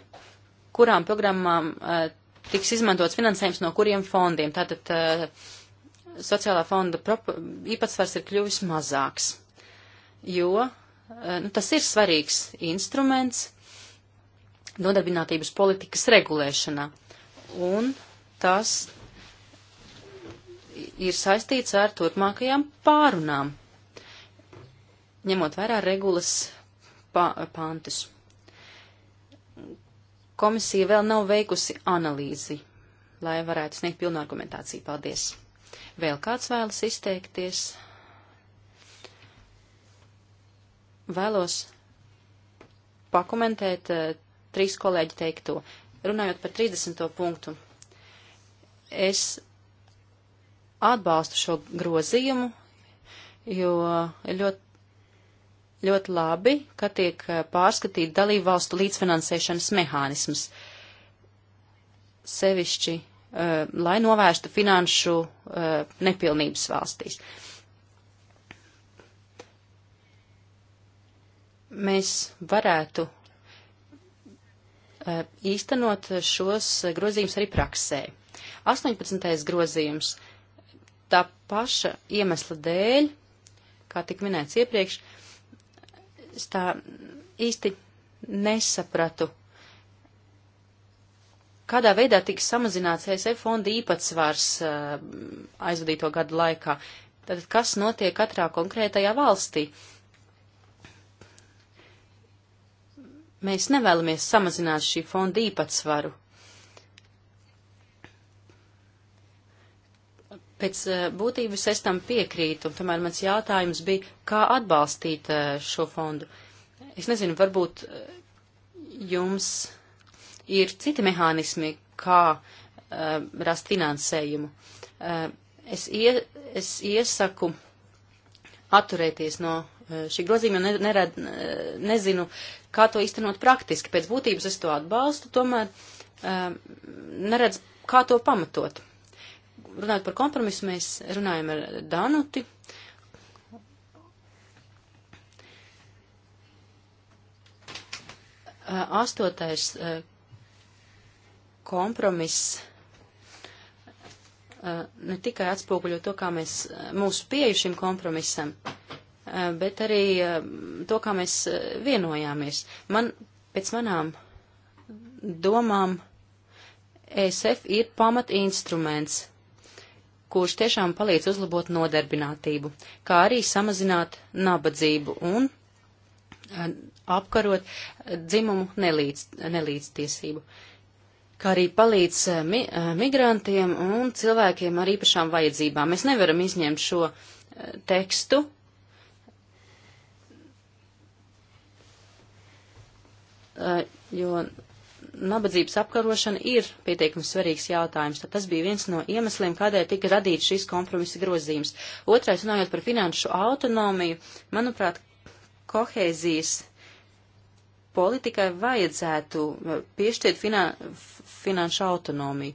kurām programmām uh, tiks izmantots finansējums no kuriem fondiem. Tātad uh, sociālā fonda īpatsvars ir kļuvis mazāks, jo uh, nu, tas ir svarīgs instruments nodarbinātības politikas regulēšanā. Un tas ir saistīts ar turpmākajām pārunām, ņemot vērā regulas pā, pantus. Pa komisija vēl nav veikusi analīzi, lai varētu sniegt pilnu argumentāciju. Paldies! Vēl kāds vēlas izteikties? Vēlos pakomentēt uh, trīs kolēģi teikto. Runājot par 30. punktu, es atbalstu šo grozījumu, jo ļoti ļoti labi, ka tiek eh, pārskatīt dalību valstu līdzfinansēšanas mehānismus. Sevišķi, uh, lai novērstu finanšu uh, nepilnības valstīs. Mēs varētu uh, īstenot šos grozījumus arī praksē. 18. grozījums tā paša iemesla dēļ, kā tik minēts iepriekš, sitä īsti nesapratu, kādā veidā tiks samazināts ESF fonda īpatsvars uh, aizvadīto gadu laikā. Tātad, kas notiek katrā konkrētajā valstī? Mēs nevēlamies samazināt šī fonda īpatsvaru. Pēc eh, būtības es tam piekrītu, tomēr mans jautājums bija, kā atbalstīt eh, šo fondu. Es nezinu, varbūt eh, jums ir citi mehānismi, kā uh, rast finansējumu. Uh, es, ie, es iesaku atturēties no uh, šī grozījuma, ne, nered, nezinu, kā to īstenot praktiski. Pēc būtības es to atbalstu, tomēr neredz, kā to pamatot runājot par kompromisu, mēs runājam ar Danuti. Eh, astotais eh, kompromiss eh, ne tikai atspoguļo to, kā mēs mūsu pieeju šim kompromisam, bet arī to, kā mēs vienojāmies. Man, pēc manām domām, ESF ir pamat instruments kurš tiešām palīdz uzlabot nodarbinātību, kā arī samazināt nabadzību un eh, apkarot eh, dzimumu nelīdz, nelīdztiesību, kā arī palīdz eh, mi, migrantiem un cilvēkiem ar īpašām vajadzībām. Mēs nevaram izņemt šo tekstu. Jo nabadzības apkarošana ir pietiekami svarīgs jautājums, tad tas bija viens no iemesliem, kādēļ tika radīts šis kompromisa grozījums. Otrais, runājot par finanšu autonomiju, manuprāt, kohēzijas politikai vajadzētu eh, piešķirt finan finanšu autonomiju.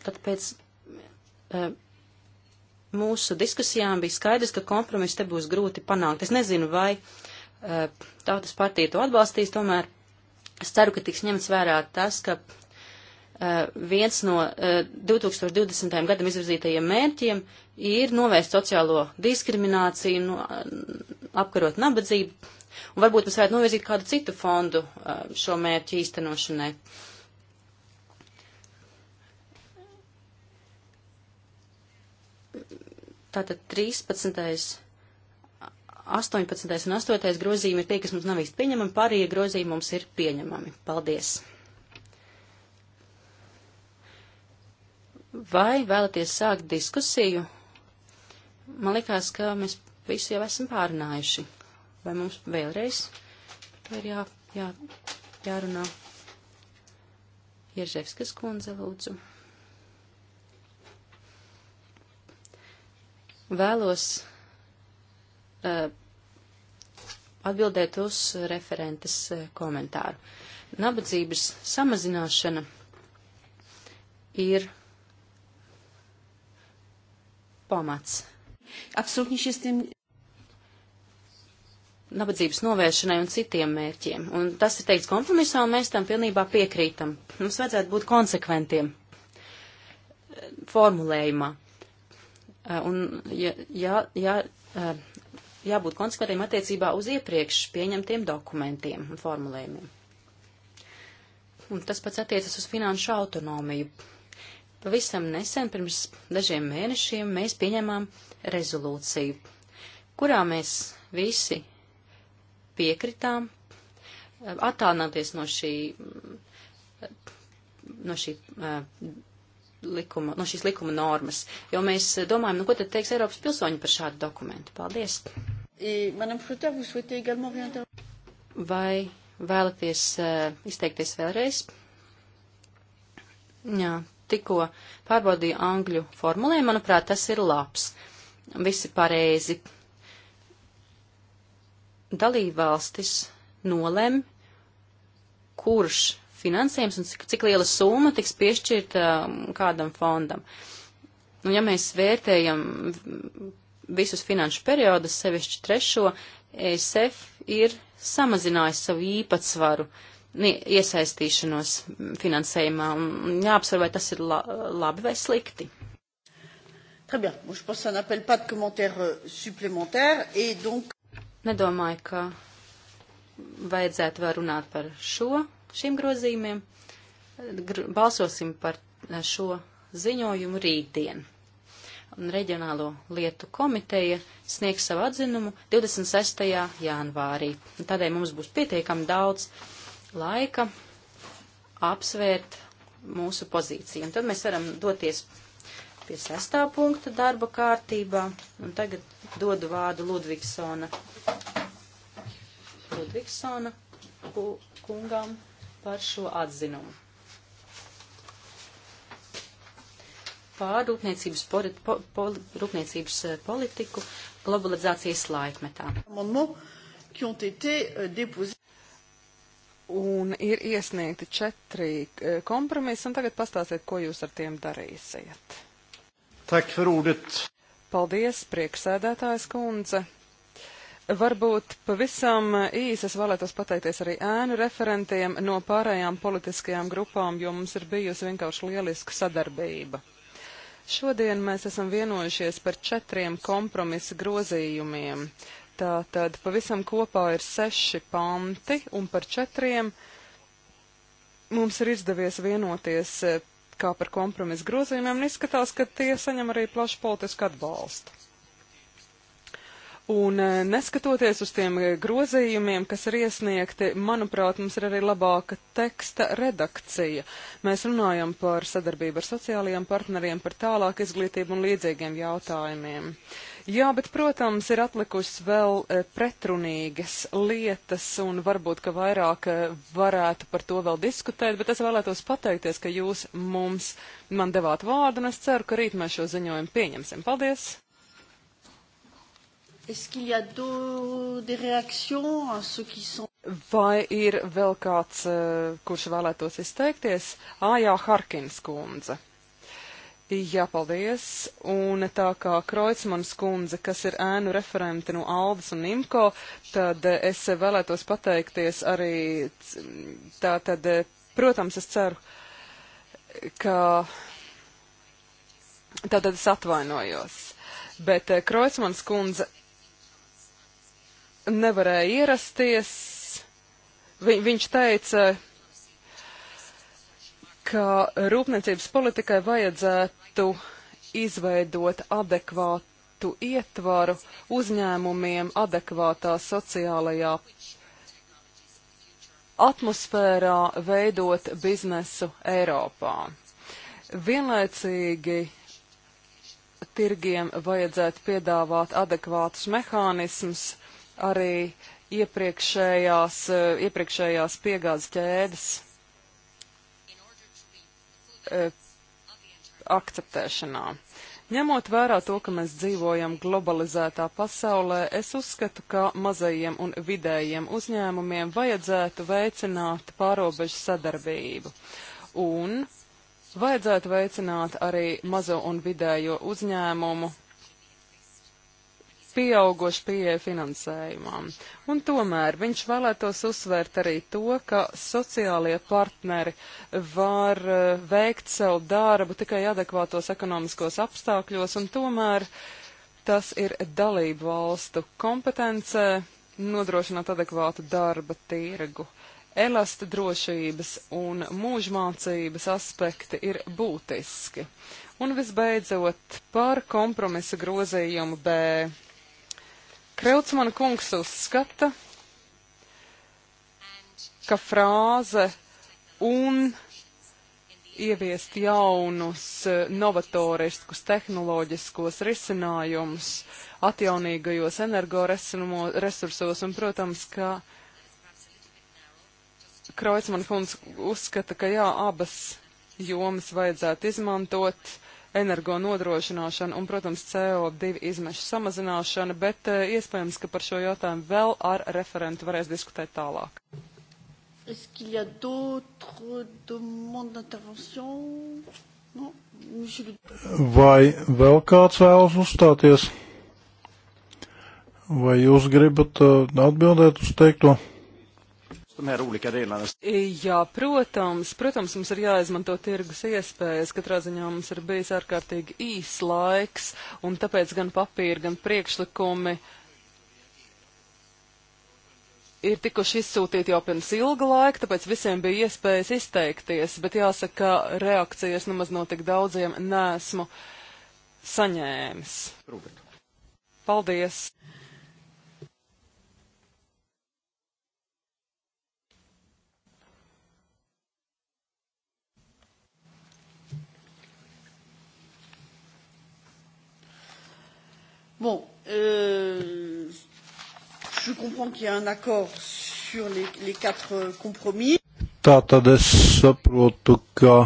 Tad pēc uh, mūsu diskusijām bija skaidrs, ka kompromiss te būs grūti panākt. Es nezinu, vai uh, eh, tautas partija to atbalstīs, tomēr es ceru, ka tiks ņemts vērā tas, ka uh, viens no uh, eh, 2020. gadam izvirzītajiem mērķiem ir novērst sociālo diskrimināciju, no, apkarot nabadzību, un varbūt mēs varētu novirzīt kādu citu fondu šo mērķu īstenošanai. Uh, Tātad 13. 18. un 8. grozījumi ir tie, kas mums nav īsti pieņemami, pārējie grozījumi mums ir pieņemami. Paldies! Vai vēlaties sākt diskusiju? Man likās, ka mēs visu jau esam pārunājuši. Vai mums vēlreiz par to ir jā, jā, jārunā? Ierževskas kundze, lūdzu. Vēlos uh, atbildēt uz referentes eh, komentāru. Nabadzības samazināšana ir pamats. Absolūti šis tiem. Nabadzības novēršanai un citiem mērķiem. Un tas ir teikts kompromisā, un mēs tam pilnībā piekrītam. Mums vajadzētu būt konsekventiem eh, formulējumā. Uh, Eh, un jā, jā, jā, jābūt konsekventiem attiecībā uz iepriekš pieņemtiem dokumentiem un formulējumiem. Un tas pats attiecas uz finanšu autonomiju. Pavisam nesen, pirms dažiem mēnešiem, mēs pieņemām rezolūciju, kurā mēs visi piekritām eh, attālināties no šī, no šī eh, likuma, no šīs likuma normas, jo mēs eh, domājam, nu ko tad teiks Eiropas pilsoņi par šādu dokumentu. Paldies! Vai vēlaties uh, izteikties vēlreiz? Jā, tikko pārbaudīju angļu formulēju, manuprāt, tas ir labs. Visi pareizi. Dalībvalstis nolem, kurš finansējums un cik, cik liela summa tiks piešķirta um, kādam fondam. Un ja mēs vērtējam visus finanšu periodus, sevišķi trešo, ESF ir samazinājis savu īpatsvaru iesaistīšanos finansējumā. Un jāapsver, vai tas ir la labi vai slikti. Très bien. Moi, je pense que ça n'appelle pas de commentaires euh, supplémentaires et donc. Nedomāju, ka vajadzētu vēl runāt par šo šiem grozījumiem. Gr balsosim par šo ziņojumu rītdien. Un reģionālo lietu komiteja sniegs savu atzinumu 26. janvārī. Tādēļ mums būs pietiekami daudz laika apsvērt mūsu pozīciju. Un tad mēs varam doties pie sestā punkta darba kārtībā. Un tagad dodu vārdu Ludvigsona. Ludvigsona kungam par šo atzinumu. Pār rūpniecības, poli, po, po, rūpniecības eh, politiku globalizācijas laikmetā. Eh, un ir iesniegti četri eh, kompromisi, un tagad pastāstiet, ko jūs ar tiem darīsiet. Tak, Paldies, prieksēdētājs kundze. Varbūt pavisam īsi es vēlētos pateikties arī ēnu referentiem no pārējām politiskajām grupām, jo mums ir bijusi vienkārši lieliska sadarbība. Šodien mēs esam vienojušies par četriem kompromisa grozījumiem. Tātad pavisam kopā ir seši panti un par četriem mums ir izdevies vienoties eh, kā par kompromisa grozījumiem un izskatās, ka tie saņem arī plašu politisku atbalstu. Un e, neskatoties uz tiem grozījumiem, kas ir iesniegti, manuprāt, mums ir arī labāka teksta redakcija. Mēs runājam par sadarbību ar sociālajiem partneriem, par tālāk izglītību un līdzīgiem jautājumiem. Jā, bet, protams, ir atlikusi vēl e, pretrunīgas lietas, un varbūt, ka vairāk e, varētu par to vēl diskutēt, bet es vēlētos pateikties, ka jūs mums man devāt vārdu, un es ceru, ka rīt mēs šo ziņojumu pieņemsim. Paldies! Est-ce qu'il y a des réactions à ceux qui sont? Vai ir vēl kāds, eh, kurš vēlētos izteikties? Ā, jā, Harkins kundze. Jā, paldies. Un tā kā Kreutzmanas kundze, kas ir ēnu referente no Aldas un Imko, tad eh, es vēlētos pateikties arī tā tad, eh, protams, es ceru, ka tātad es atvainojos. Bet Kreutzmanas kundze nevarēja ierasties. Vi, viņš teica, ka rūpniecības politikai vajadzētu izveidot adekvātu ietvaru uzņēmumiem adekvātā sociālajā atmosfērā veidot biznesu Eiropā. Vienlaicīgi tirgiem vajadzētu piedāvāt adekvātus mehānismus, arī iepriekšējās, eh, iepriekšējās piegādes ķēdes eh, akceptēšanā. Ņemot vērā to, ka mēs dzīvojam globalizētā pasaulē, es uzskatu, ka mazajiem un vidējiem uzņēmumiem vajadzētu veicināt pārobežu sadarbību. Un vajadzētu veicināt arī mazo un vidējo uzņēmumu pieaugoši pieeja finansējumam. Un tomēr viņš vēlētos uzsvērt arī to, ka sociālie partneri var eh, veikt savu darbu tikai adekvātos ekonomiskos apstākļos, un tomēr tas ir dalību valstu kompetencē nodrošināt adekvātu darba tirgu. Elasta drošības un mūžmācības aspekti ir būtiski. Un visbeidzot par kompromisa grozījumu B. Kreutzmana kungs uzskata, ka frāze un ieviest jaunus eh, novatoriskus tehnoloģiskos risinājumus atjaunīgajos energoresursos un, protams, ka Kreutzmann kungs uzskata, ka jā, abas jomas vajadzētu izmantot energo nodrošināšana un, protams, CO2 izmešu samazināšana, bet eh, iespējams, ka par šo jautājumu vēl ar referentu varēs diskutēt tālāk. Est-ce qu'il y a d'autres demandes d'intervention Non Monsieur le... Vai vēl kāds vēlas uzstāties? Vai jūs gribat eh, atbildēt uz teikto? de här olika delarna? Jā, protams, protams, mums ir jāizmanto tirgus iespējas. Katrā ziņā mums ir bijis ārkārtīgi īs laiks, un tāpēc gan papīri, gan priekšlikumi ir tikuši izsūtīti jau pirms ilga laika, tāpēc visiem bija iespējas izteikties, bet jāsaka, ka reakcijas nemaz no tik daudziem nesmu saņēmis. Rūbek. Paldies! Bon, euh, je comprends qu'il y a un accord sur les, les quatre compromis. Tātad es saprotu, ka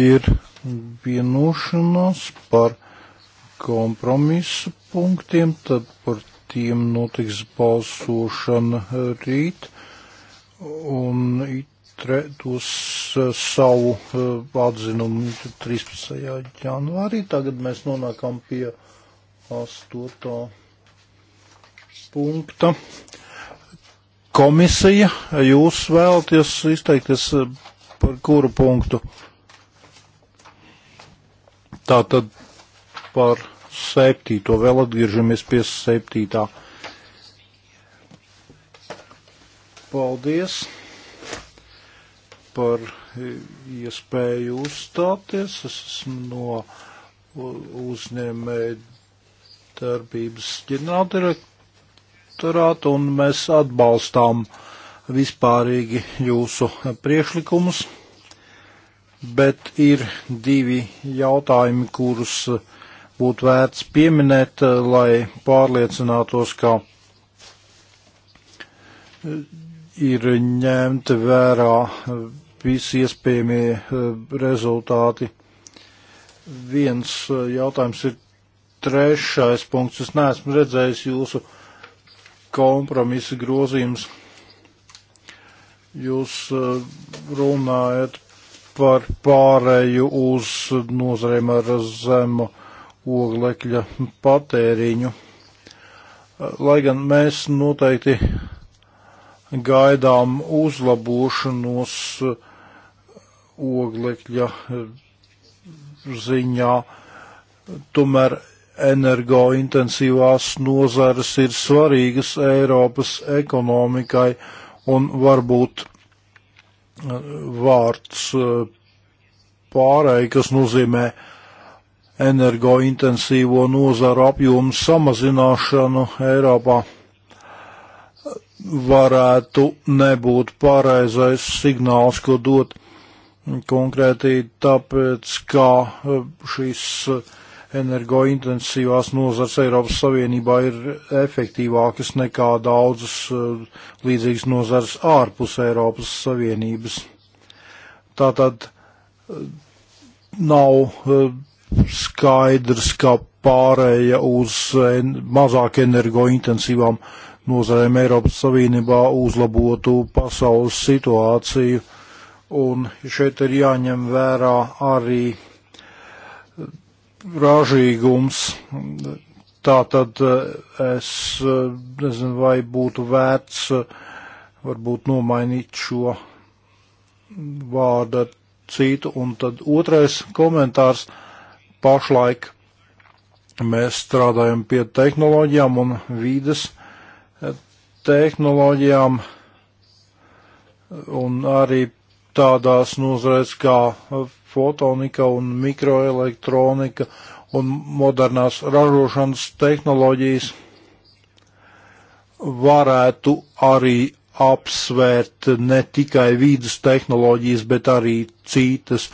ir vienošanās par kompromisu punktiem, tad par tiem notiks balsošana rīt, un itre dos uh, savu uh, atzinumu 13. janvārī. Tagad mēs nonākam pie astoto punkta. Komisija, jūs vēlaties izteikties eh, par kuru punktu? Tātad par septīto, vēl atgriežamies pie septītā. Paldies par iespēju uzstāties. Es esmu no uzņēmēju darbības ģenerāldirektorātu, un mēs atbalstām vispārīgi jūsu priekšlikumus, bet ir divi jautājumi, kurus būtu vērts pieminēt, lai pārliecinātos, ka ir ņemti vērā visi iespējamie rezultāti. Viens jautājums ir trešais punkts. Es neesmu redzējis jūsu kompromisa grozījums. Jūs eh, runājat par pārēju uz nozarēm ar zemu oglekļa patēriņu. Eh, lai gan mēs noteikti gaidām uzlabošanos eh, oglekļa ziņā, tomēr energointensīvās nozares ir svarīgas Eiropas ekonomikai un varbūt eh, vārds eh, pārēj, kas nozīmē energointensīvo nozaru apjomu samazināšanu Eiropā varētu nebūt pareizais signāls, ko dot konkrētī tāpēc, kā eh, šīs uh, energointensīvās nozars Eiropas Savienībā ir efektīvākas nekā daudzas eh, līdzīgas nozars ārpus Eiropas Savienības. Tātad eh, nav eh, skaidrs, ka pārēja uz mazāk energointensīvām nozarēm Eiropas Savienībā uzlabotu pasaules situāciju. Un šeit ir jāņem vērā arī ražīgums. Tā tad eh, es eh, nezinu, vai būtu vērts eh, varbūt nomainīt šo vārdu ar citu. Un tad otrais komentārs pašlaik mēs strādājam pie tehnoloģijām un vīdes tehnoloģijām un arī tādās nozarēs kā fotonika un mikroelektronika un modernās ražošanas tehnoloģijas varētu arī apsvērt ne tikai vīdas tehnoloģijas, bet arī citas.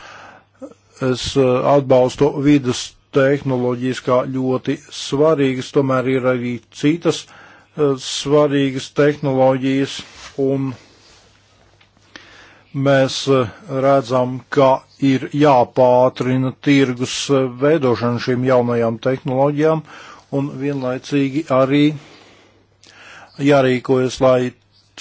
Es eh, atbalstu vīdas tehnoloģijas kā ļoti svarīgas, tomēr ir arī citas eh, svarīgas tehnoloģijas, un mēs eh, redzam, ka ir jāpātrina tirgus veidošana šīm jaunajām tehnoloģijām un vienlaicīgi arī jārīkojas, lai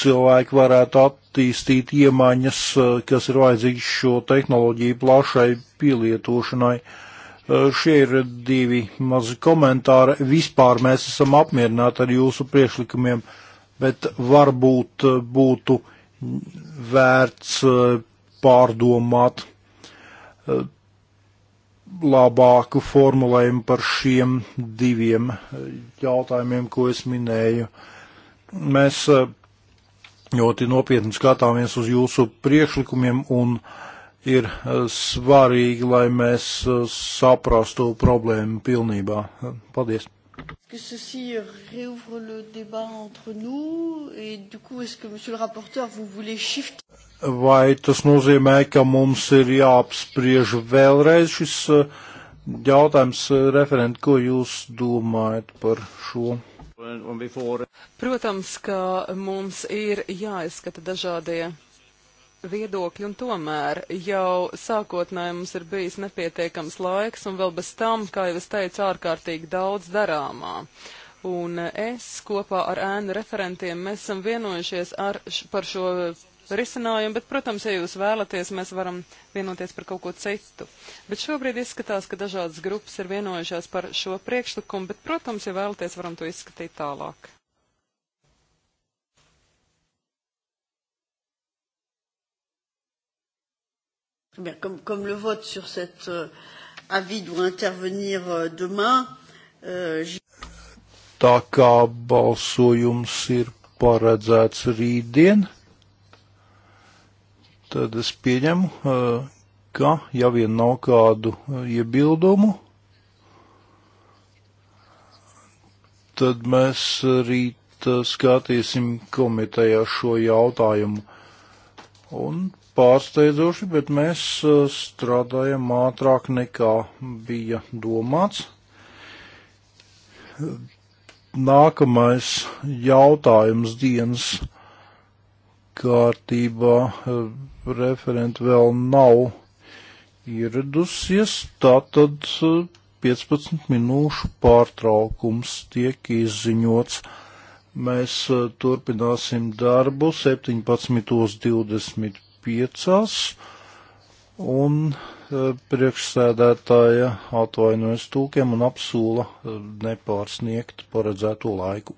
cilvēki varētu attīstīt iemaņas, kas ir vajadzīgas šo tehnoloģiju plašai pielietošanai. Šie ir divi mazi komentāri. Vispār mēs esam apmierināti ar jūsu priekšlikumiem, bet varbūt būtu vērts pārdomāt Eh, labāku formulējumu par šiem diviem eh, jautājumiem, ko es minēju. Mēs eh, ļoti nopietni skatāmies uz jūsu priekšlikumiem un ir svarīgi, lai mēs saprastu problēmu pilnībā. Paldies! que ceci réouvre le débat entre nous et du coup est-ce que monsieur le rapporteur vous voulez shift Vai tas nozīmē, ka mums ir jāapspriež vēlreiz šis eh, jautājums eh, referent, ko jūs domājat par šo? Protams, ka mums ir jāizskata dažādie viedokļi, un tomēr jau sākotnēji mums ir bijis nepietiekams laiks, un vēl bez tam, kā jau es teicu, ārkārtīgi daudz darāmā. Un es kopā ar ēnu referentiem mēs esam vienojušies ar, par šo risinājumu, bet, protams, ja jūs vēlaties, mēs varam vienoties par kaut ko citu. Bet šobrīd izskatās, ka dažādas grupas ir vienojušās par šo priekšlikumu, bet, protams, ja vēlaties, varam to izskatīt tālāk. Bien, comme, comme le vote sur cet euh, avis doit intervenir euh, demain, euh, tā kā balsojums ir paredzēts rītdien, tad es pieņemu, uh, ka ja vien nav kādu uh, iebildumu, tad mēs rīt uh, skatīsim komitejā šo jautājumu. Un pārsteidzoši, bet mēs uh, strādājam ātrāk nekā bija domāts. Nākamais jautājums dienas kārtībā uh, referenti vēl nav ieradusies, tātad 15 uh, minūšu pārtraukums tiek izziņots. Mēs turpināsim darbu 17.25 piecās, un e, priekšsēdētāja atvainojas tūkiem un apsūla e, nepārsniegt paredzēto laiku.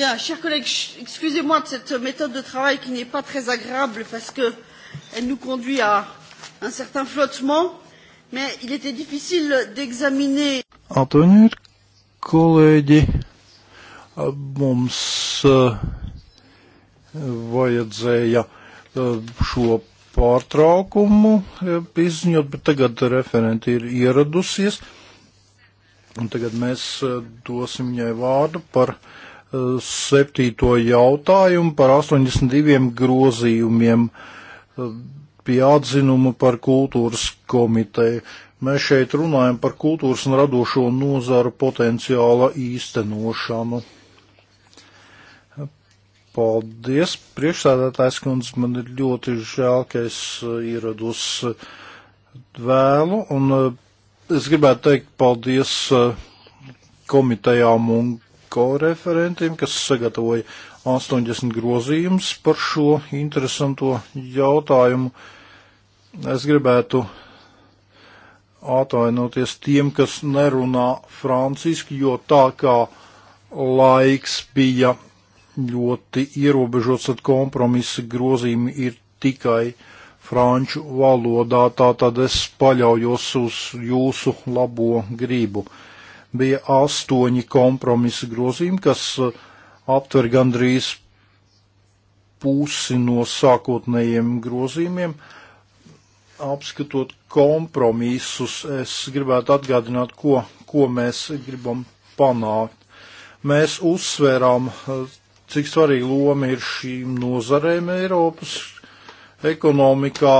Bien, chers collègues, excusez-moi de cette méthode de travail qui n'est pas très agréable parce qu'elle nous conduit à un certain flottement, mais il était difficile d'examiner. Atvainojiet, kolēģi, mums vajadzēja šo pārtraukumu izziņot, bet tagad referenti ir ieradusies, un tagad mēs dosim viņai vārdu par uh, septīto jautājumu par 82 grozījumiem pie atzinuma par kultūras komiteju. Mēs šeit runājam par kultūras un radošo nozaru potenciāla īstenošanu. Paldies, priekšsēdētājs kundze, man ir ļoti žēl, ka es uh, ierados uh, vēlu, un uh, es gribētu teikt paldies komitejām un koreferentiem, kas sagatavoja 80 grozījumus par šo interesanto jautājumu. Es gribētu atvainoties tiem, kas nerunā franciski, jo tā kā laiks bija ļoti ierobežots, tad kompromisa grozījumi ir tikai franču valodā, tātad es paļaujos uz jūsu labo gribu bija astoņi kompromisa grozījumi, kas uh, aptver gandrīz pusi no sākotnējiem grozījumiem. Apskatot kompromisus, es gribētu atgādināt, ko, ko mēs gribam panākt. Mēs uzsvērām, uh, cik svarīga loma ir šīm nozarēm Eiropas ekonomikā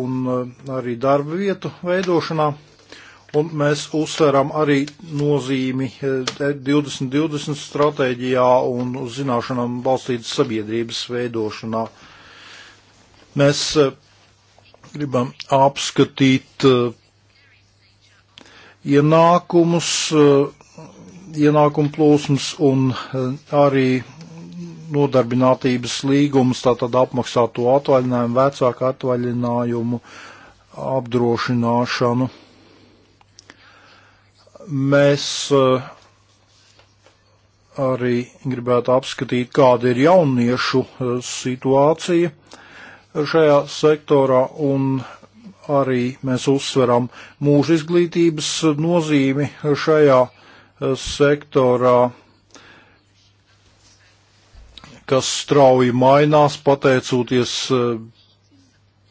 un uh, arī darba vietu veidošanā. Un mēs uzsveram arī nozīmi eh, 2020 stratēģijā un uz zināšanām balstītas sabiedrības veidošanā. Mēs eh, gribam apskatīt eh, ienākumus, ienākumu plūsmas un arī nodarbinātības līgumus, tātad apmaksāto atvaļinājumu, vecāku atvaļinājumu, apdrošināšanu. Mēs eh, arī gribētu apskatīt, kāda ir jauniešu eh, situācija šajā sektorā, un arī mēs uzsveram mūža izglītības nozīmi šajā eh, sektorā, kas strauji mainās pateicoties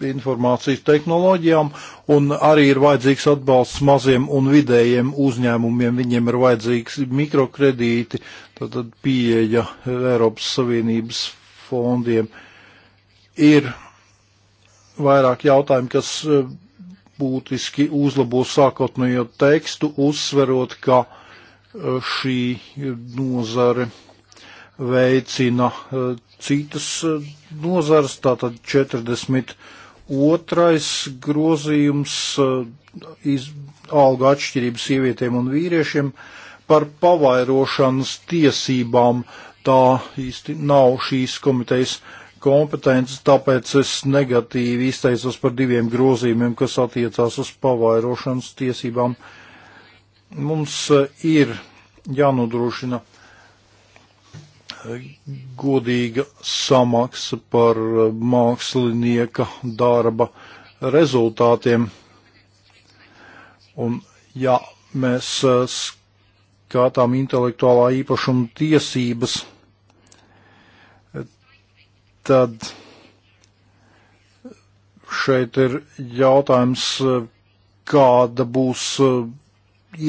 informācijas tehnoloģijām, un arī ir vajadzīgs atbalsts maziem un vidējiem uzņēmumiem. Viņiem ir vajadzīgs mikrokredīti, tātad pieeja eh, Eiropas Savienības fondiem. Ir vairāk jautājumu, kas eh, būtiski uzlabo sākotnējo tekstu, uzsverot, ka eh, šī nozare veicina citas nozares, tātad 40 Otrais grozījums eh, iz, alga atšķirība sievietēm un vīriešiem par pavairošanas tiesībām. Tā īsti nav šīs komitejas kompetence, tāpēc es negatīvi izteicos par diviem grozījumiem, kas attiecās uz pavairošanas tiesībām. Mums eh, ir jānodrošina godīga samaksa par eh, mākslinieka darba rezultātiem. Un, ja mēs eh, skatām intelektuālā īpašuma tiesības, tad šeit ir jautājums, kāda būs eh,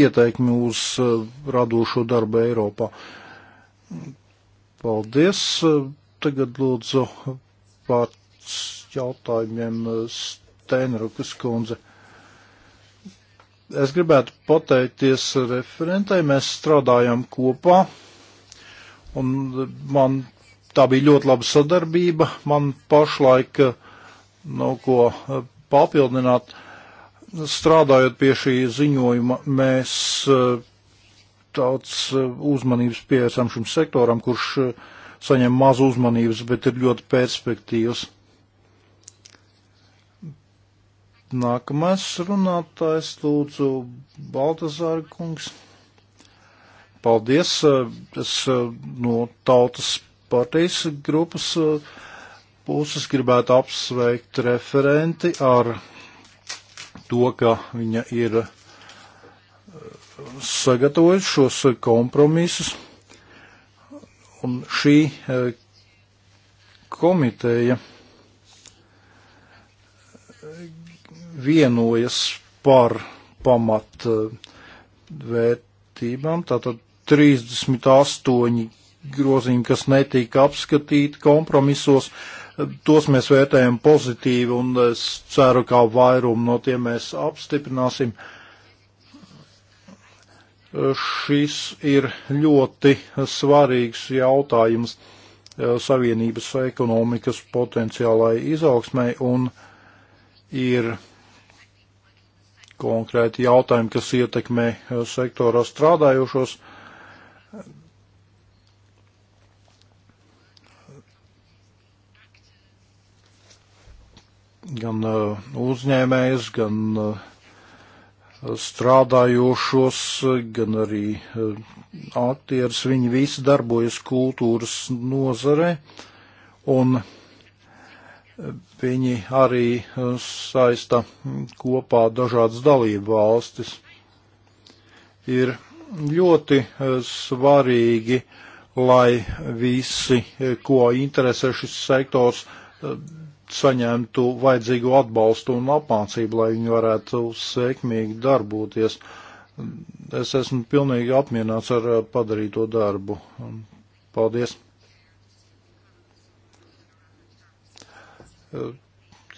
ieteikme uz radošo darbu Eiropā. Paldies. Tagad lūdzu vārds jautājumiem Steinrukas kundze. Es gribētu pateikties referentai, mēs strādājam kopā, un man tā bija ļoti laba sadarbība. Man pašlaik eh, nav ko eh, papildināt. Strādājot pie šī ziņojuma, mēs eh, daudz e, uzmanības pievērsām šim sektoram, kurš e, saņem maz uzmanības, bet ir ļoti perspektīvs. Nākamais runātājs lūdzu Baltazāra kungs. Paldies, e, es no tautas partijas grupas puses gribētu apsveikt referenti ar to, ka viņa ir uh, sagatavojis šos eh, kompromisus, un šī eh, komiteja eh, vienojas par pamat vērtībām, tātad 38 grozījumi, kas netika apskatīti kompromisos, tos mēs vērtējam pozitīvi, un es ceru, ka vairumu no tiem mēs apstiprināsim. Uh, Šis ir ļoti svarīgs jautājums eh, Savienības ekonomikas potenciālai izaugsmai un ir konkrēti jautājumi, kas ietekmē eh, sektorā strādājošos. Gan eh, uzņēmējs, gan uh, strādājošos, gan arī eh, aktierus. Viņi visi darbojas kultūras nozare, un eh, viņi arī eh, saista kopā dažādas dalību valstis. Ir ļoti svarīgi, lai visi, ko interesē šis sektors, saņemtu vajadzīgo atbalstu un apmācību, lai viņi varētu sekmīgi darboties. Es esmu pilnīgi apmierināts ar padarīto darbu. Paldies!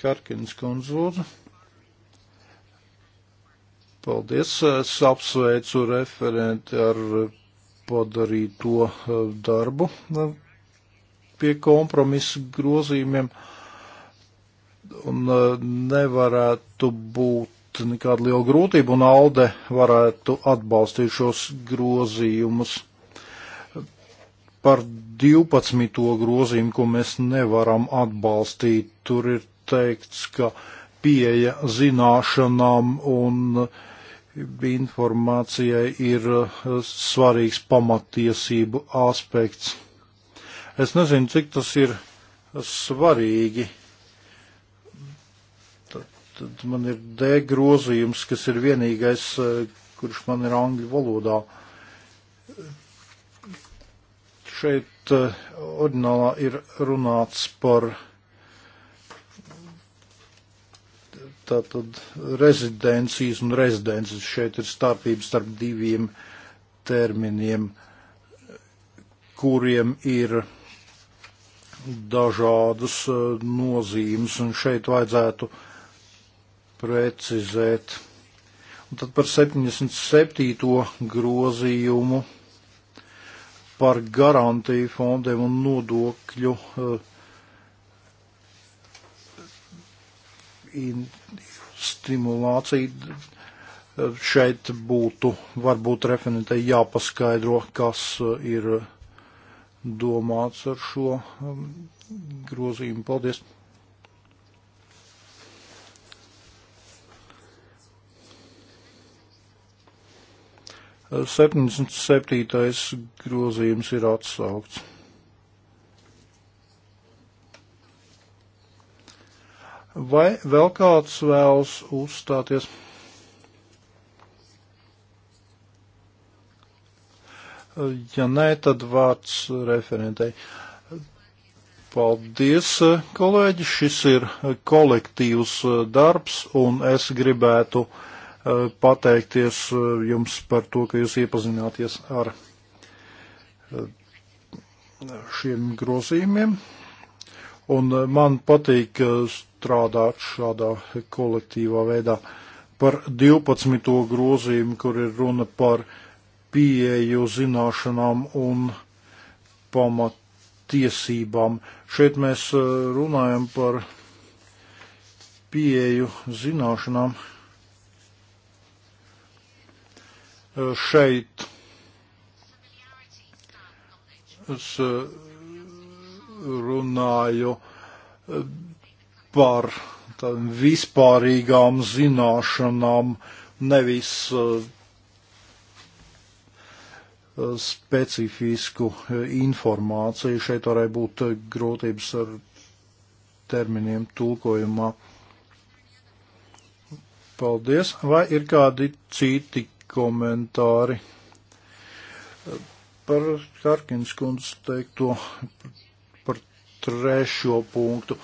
Karkins konzūra. Paldies! Es apsveicu referenti ar padarīto darbu pie kompromisa grozījumiem. Uh, nevarētu būt nekāda liela grūtība, un Alde varētu atbalstīt šos grozījumus. Par 12. grozījumu, ko mēs nevaram atbalstīt, tur ir teikts, ka pieeja zināšanām un informācijai ir uh, svarīgs pamatiesību aspekts. Es nezinu, cik tas ir svarīgi, Tad man ir D grozījums, kas ir vienīgais, eh, kurš man ir angļu valodā. Šeit eh, ordinālā ir runāts par tātad rezidencijas un rezidences. Šeit ir starpības starp diviem terminiem, kuriem ir dažādas eh, nozīmes, un šeit vajadzētu uh, precizēt. Un tad par 77. grozījumu par garantiju fondiem un nodokļu eh, stimulāciju. Šeit būtu varbūt referentei jāpaskaidro, kas eh, ir eh, domāts ar šo mm, grozījumu. Paldies! 77. grozījums ir atsaukts. Vai vēl kāds vēlas uzstāties? Ja nē, tad vārds referentei. Paldies, kolēģi. Šis ir kolektīvs darbs, un es gribētu uh, Eh, pateikties eh, jums par to, ka jūs iepazināties ar eh, šiem grozījumiem. Un man patīk strādāt šādā kolektīvā veidā par 12. grozījumu, kur ir runa par pieeju zināšanām un pamatiesībām. Šeit mēs runājam par pieeju zināšanām šeit es eh, runāju eh, par vispārīgām zināšanām, nevis eh, specifisku informāciju. Šeit varēja būt grūtības ar terminiem tulkojumā. Paldies. Vai ir kādi citi komentāri par Harkins kundzes teikto par trešo punktu.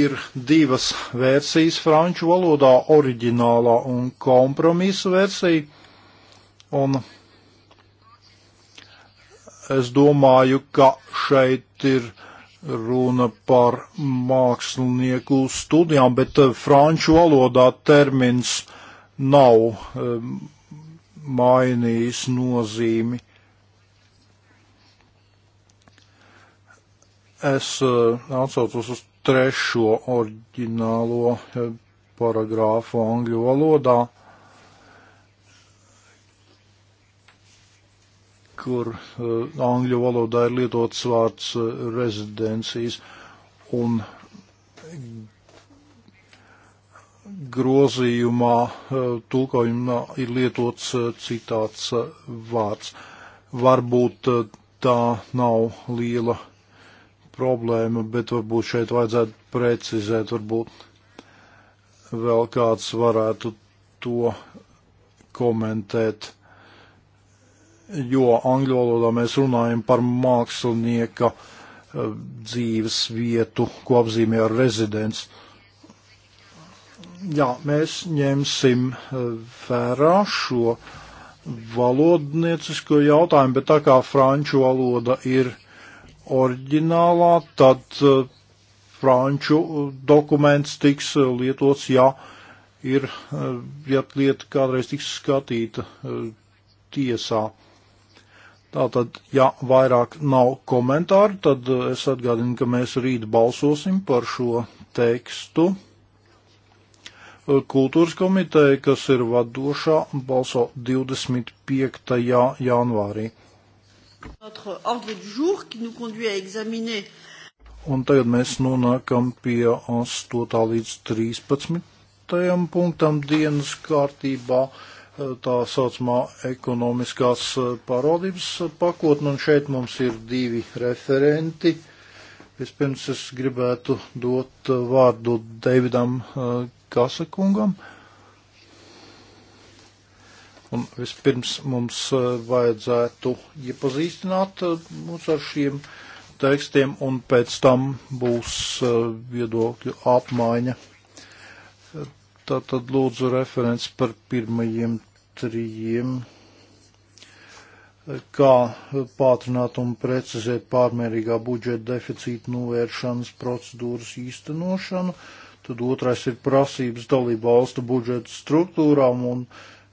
Ir divas versijas franču valodā - oriģinālā un kompromisa versija. Un es domāju, ka šeit ir runa par mākslinieku studijām, bet franču valodā termins uh, nav um, mainījis nozīmi. Es uh, atsaucos uz trešo oriģinālo uh, paragrāfu angļu valodā, kur uh, angļu valodā ir lietots vārds rezidencijas, un grozījumā eh, tulkojumā ir lietots eh, citāts eh, vārds. Varbūt tā nav liela problēma, bet varbūt šeit vajadzētu precizēt, varbūt vēl kāds varētu to komentēt, jo angļu valodā mēs runājam par mākslinieka dzīves vietu, ko apzīmē ar rezidents. Uh, jā, mēs ņemsim eh, vērā šo valodniecisko jautājumu, bet tā kā franču valoda ir oriģinālā, tad eh, franču eh, dokuments tiks lietots, ja ir, ja lieta kādreiz tiks skatīta tiesā. Tātad, ja vairāk nav komentāru, tad es atgādinu, ka mēs rīt balsosim par šo tekstu. Kultūras komiteja, kas ir vadošā, balso 25. janvārī. Un tagad mēs nonākam pie 8. līdz 13. punktam dienas kārtībā tā saucamā ekonomiskās pārvaldības pakotne, un šeit mums ir divi referenti. Vispirms es gribētu dot vārdu Davidam Kasa kungam. Un vispirms mums eh, vajadzētu iepazīstināt eh, mūs ar šiem tekstiem, un pēc tam būs eh, viedokļu apmaiņa. Tātad lūdzu referents par pirmajiem trijiem kā pātrināt un precizēt pārmērīgā budžeta deficīta novēršanas procedūras īstenošanu. Uh, Tad otrais ir prasības dalību valstu budžeta struktūrām un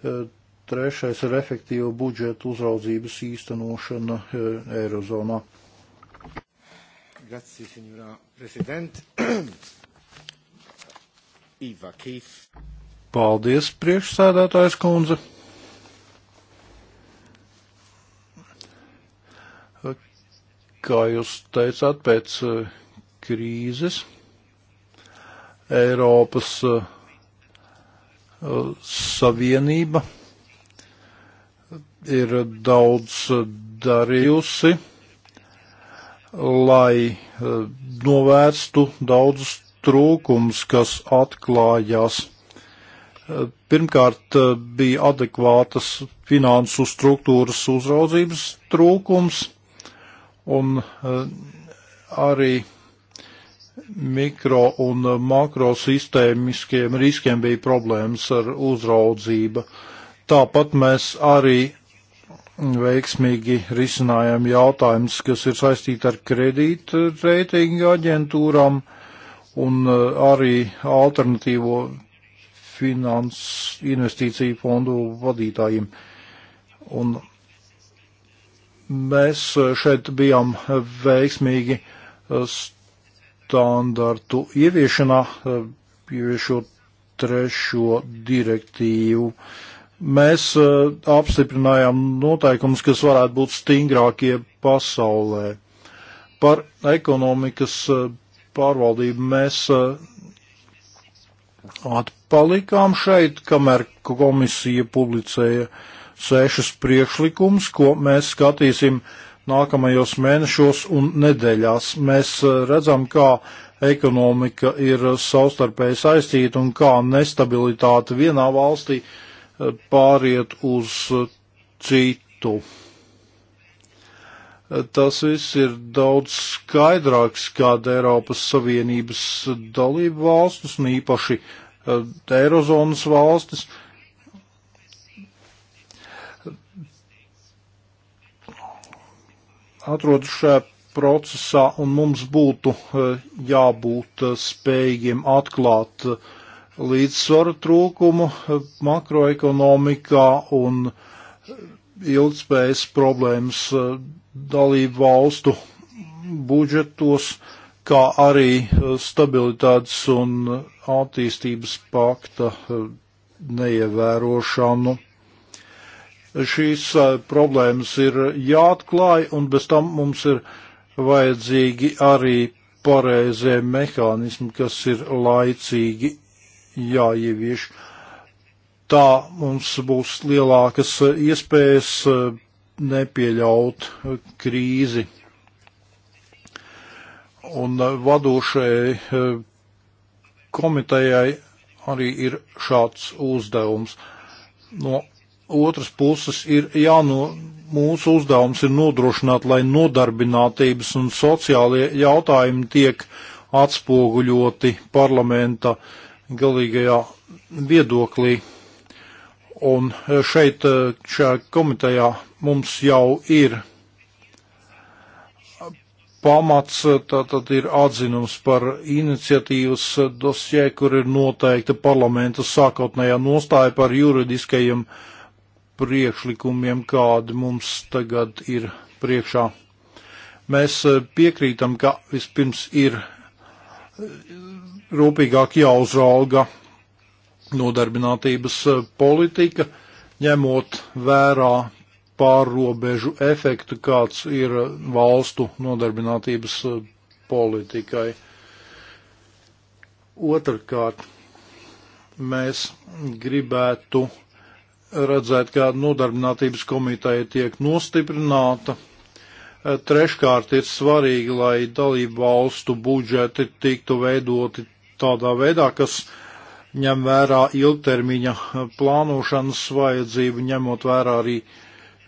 e, trešais ir efektīva budžeta uzraudzības īstenošana e, Eirozonā. Grazie, signora Presidente. *clears throat* Iva Kīf. Paldies, priekšsēdētājs kundze. Kā jūs teicāt, pēc e, krīzes Eiropas uh, Savienība ir daudz darījusi, lai uh, novērstu daudzus trūkums, kas atklājās. Uh, pirmkārt, bija adekvātas finansu struktūras uzraudzības trūkums, un arī mikro un makrosistēmiskiem riskiem bija problēmas ar uzraudzību. Tāpat mēs arī veiksmīgi risinājām jautājumus, kas ir saistīti ar kredītu reitingu aģentūram un e, arī alternatīvo finansu investīciju fondu vadītājiem. Un mēs e, šeit bijām veiksmīgi st e, standartu ieviešanā, eh, ieviešot trešo direktīvu. Mēs eh, apstiprinājām noteikumus, kas varētu būt stingrākie pasaulē. Par ekonomikas eh, pārvaldību mēs atpalikām šeit, kamēr komisija publicēja sešas priekšlikumus, ko mēs skatīsim uh, nākamajos mēnešos un nedēļās. Mēs eh, redzam, kā ekonomika ir savstarpēji saistīta un kā nestabilitāte vienā valstī eh, pāriet uz eh, citu. Tas viss ir daudz skaidrāks, kad Eiropas Savienības dalību valstis, un īpaši Eirozonas valstis, uh, atrodas šajā procesā, un mums būtu e, jābūt e, spējīgiem atklāt e, līdzsvaru trūkumu makroekonomikā un ilgspējas problēmas dalību valstu budžetos, kā arī stabilitātes un attīstības pakta neievērošanu. Šīs problēmas ir jāatklāj, un bez tam mums ir vajadzīgi arī pareizie mehānismi, kas ir laicīgi jāievieš. Tā mums būs lielākas iespējas nepieļaut krīzi. Un vadošai komitejai arī ir šāds uzdevums. No otras puses ir jāno, mūsu uzdevums ir nodrošināt, lai nodarbinātības un sociālie jautājumi tiek atspoguļoti parlamenta galīgajā viedoklī. Un e, šeit, e, šajā komitejā mums jau ir pamats, e, tātad ir atzinums par iniciatīvas dosjē, kur ir noteikta parlamenta sākotnējā nostāja par juridiskajiem uh, priekšlikumiem, kādi mums tagad ir priekšā. Mēs eh, piekrītam, ka vispirms ir eh, rūpīgāk jāuzrauga nodarbinātības eh, politika, ņemot vērā pārrobežu efektu, kāds ir valstu nodarbinātības politikai. Otrakārt, mēs gribētu uh, redzēt, ka nodarbinātības komiteja tiek nostiprināta. Eh, treškārt ir svarīgi, lai dalību valstu budžeti tiktu veidoti tādā veidā, kas ņem vērā ilgtermiņa eh, plānošanas vajadzību, ņemot vērā arī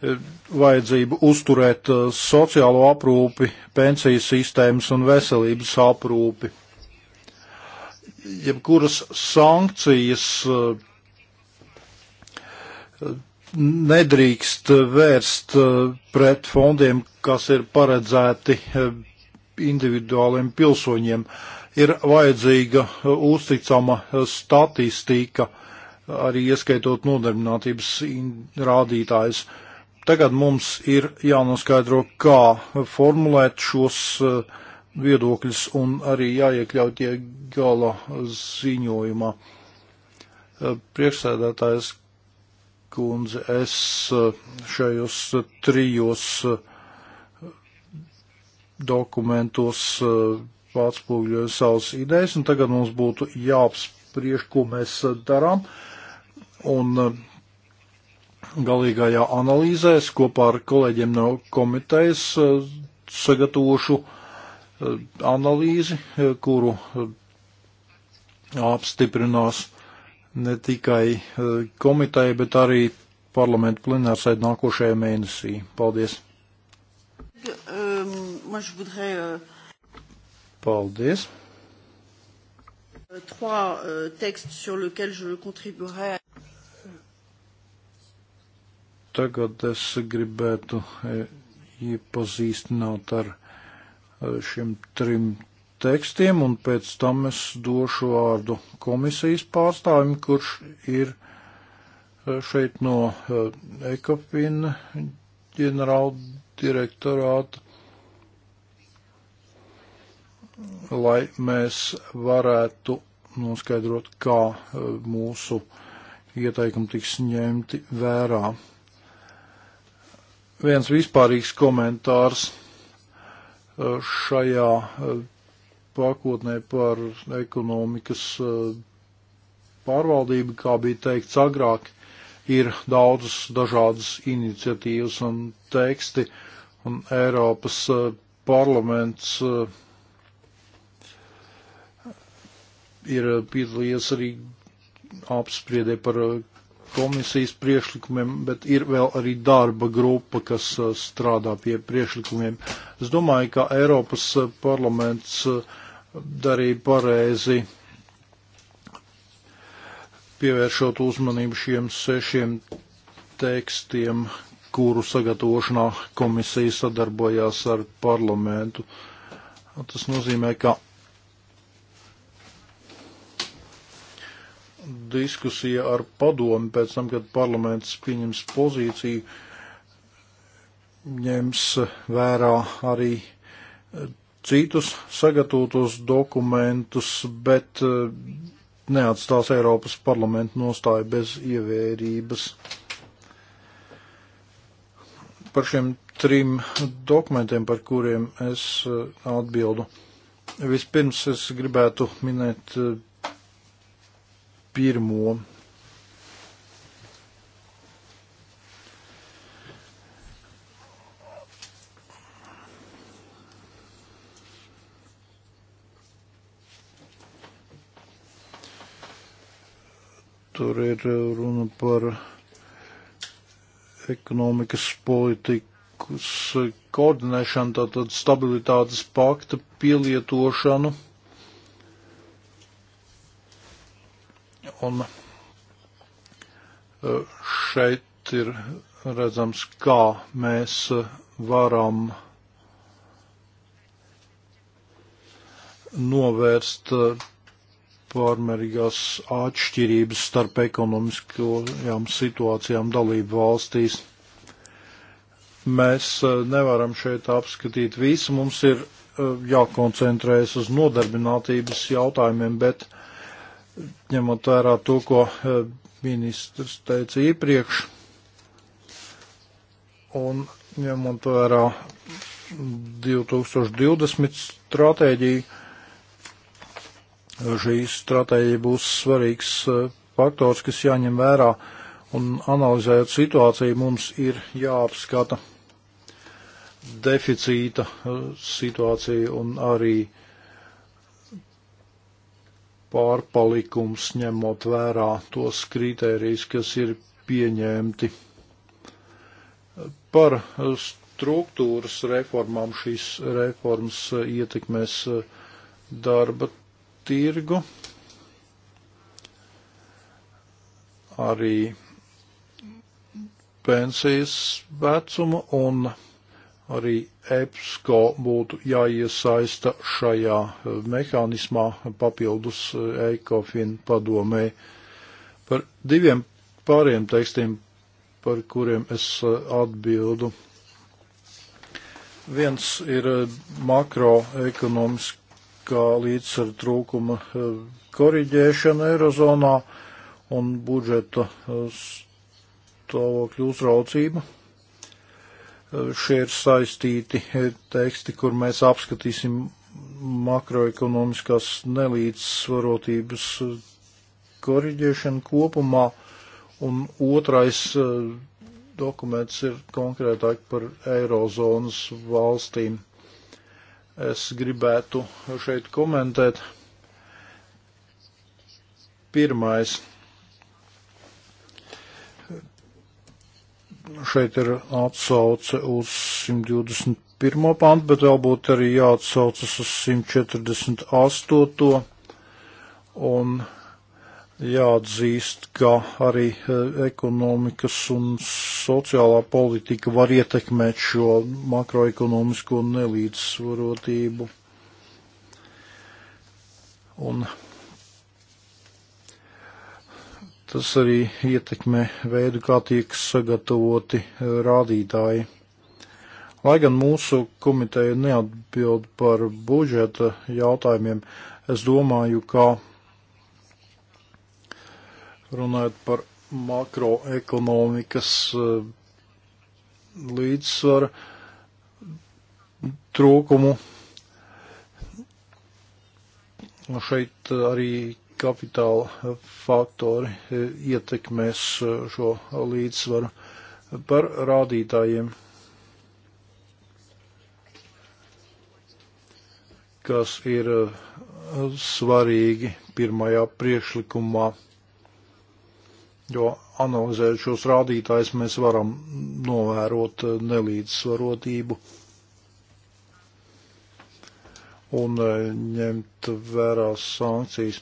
eh, vajadzību uzturēt sociālo aprūpi, pensijas sistēmas un veselības aprūpi. Jebkuras sankcijas nedrīkst vērst eh, pret fondiem, kas ir paredzēti eh, individuāliem pilsoņiem. Ir vajadzīga eh, uzticama statistika, arī ieskaitot nodarbinātības rādītājus. Tagad mums ir jānoskaidro, kā formulēt šos viedokļus un arī jāiekļaut tie gala ziņojumā. Priekšsēdētājs kundze, es eh, šajos eh, trijos eh, dokumentos atspūgļoju savas idejas, un tagad mums būtu jāapspriež, ko mēs darām. Un galīgajā analīzēs kopā ar kolēģiem no komitejas sagatavošu analīzi, kuru apstiprinās uh, ne tikai e, komiteja, bet arī parlamentu plenārsēd nākošajā mēnesī. Paldies! Paldies! Trois textes sur lesquels je contribuerai. Tagad es gribētu e, iepazīstināt ar e, šiem trim tekstiem, un pēc tam es došu vārdu komisijas pārstāvim, kurš ir eh, šeit no eh, Ekofina ģenerāla direktorāta, lai mēs varētu noskaidrot, kā eh, mūsu ieteikumi tiks ņemti vērā. Viens vispārīgs komentārs šajā pakotnē par ekonomikas eh, pārvaldību, kā bija teikts agrāk, ir daudzas dažādas iniciatīvas un teksti, un Eiropas eh, parlaments eh, ir piedalījies arī apspriedē par komisijas priekšlikumiem, bet ir vēl arī darba grupa, kas strādā pie priekšlikumiem. Es domāju, ka Eiropas parlaments uh, darīja pareizi, pievēršot uzmanību šiem sešiem tekstiem, kuru sagatavošanā komisija sadarbojās ar parlamentu. Tas nozīmē, ka diskusija ar padomu pēc tam, kad parlaments pieņems pozīciju, ņems vērā arī citus sagatavotos dokumentus, bet eh, neatstās Eiropas parlamentu nostāju bez ievērības. Par šiem trim dokumentiem, par kuriem es eh, atbildu. Vispirms es gribētu minēt eh, pirmo Tur ir runa par ekonomikas politikas koordinēšanu, tātad stabilitātes pakta pielietošanu. Un eh, šeit ir redzams, kā mēs varam novērst pārmērīgās atšķirības starp ekonomiskajām situācijām dalību valstīs. Mēs eh, nevaram šeit apskatīt visu, mums ir eh, jākoncentrējas uz nodarbinātības jautājumiem, bet ņemot vērā to, ko eh, ministrs teica iepriekš, un ņemot vērā 2020 stratēģiju, šī stratēģija būs svarīgs e, faktors, kas jāņem vērā un analizējot situāciju mums ir jāapskata deficīta e, situācija un arī pārpalikums ņemot vērā tos kritērijus, kas ir pieņemti. Par e, struktūras reformām šīs reformas ietekmēs darba tirgu. Arī pensijas vecumu un arī EPSCO būtu jāiesaista šajā mehānismā papildus ECOFIN padomē. Par diviem pāriem tekstiem, par kuriem es atbildu. Viens ir makroekonomiski kā līdzsvaru trūkuma e, koriģēšana Eirozonā un budžeta e, stāvokļu uzraudzība. E, šie ir saistīti teksti, kur mēs apskatīsim makroekonomiskās nelīdzsvarotības koriģēšanu kopumā, un otrais dokuments ir konkrētāk par Eirozonas valstīm es gribētu šeit komentēt. Pirmais. Šeit ir atsauce uz 121. pantu, bet vēl būtu arī jāatsaucas uz 148. un jāatzīst, ka arī e, ekonomikas un sociālā politika var ietekmēt šo makroekonomisko nelīdzsvarotību. Un tas arī ietekmē veidu, kā tiek sagatavoti e, rādītāji. Lai gan mūsu komiteja neatbild par budžeta jautājumiem, es domāju, ka runājot par makroekonomikas eh, līdzsvara trūkumu. Šeit eh, arī kapitāla faktori eh, ietekmēs šo līdzsvaru par rādītājiem, kas ir svarīgi pirmajā priekšlikumā jo analizējot šos rādītājus, mēs varam novērot eh, nelīdzsvarotību un eh, ņemt vērā sankcijas.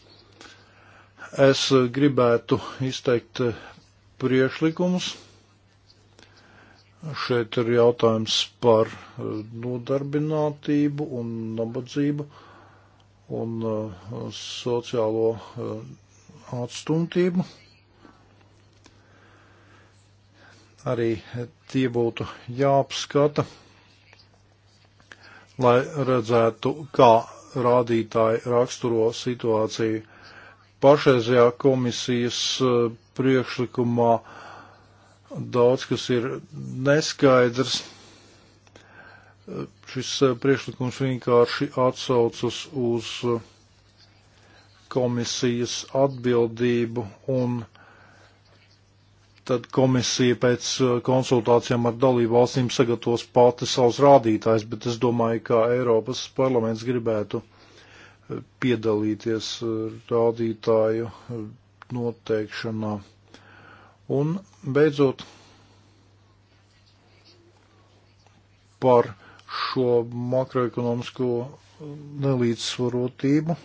Es gribētu izteikt eh, priekšlikumus. Šeit ir jautājums par nodarbinātību un nabadzību un sociālo atstumtību. arī tie būtu jāapskata, lai redzētu, kā rādītāji raksturo situāciju. Pašreizajā komisijas eh, priekšlikumā daudz kas ir neskaidrs. Eh, šis eh, priekšlikums vienkārši atsaucas uz komisijas atbildību un tad komisija pēc uh, konsultācijām ar dalību valstīm sagatavos pati savus rādītājus, bet es domāju, ka Eiropas parlaments gribētu uh, piedalīties uh, rādītāju noteikšanā. Un beidzot par šo makroekonomisko nelīdzsvarotību.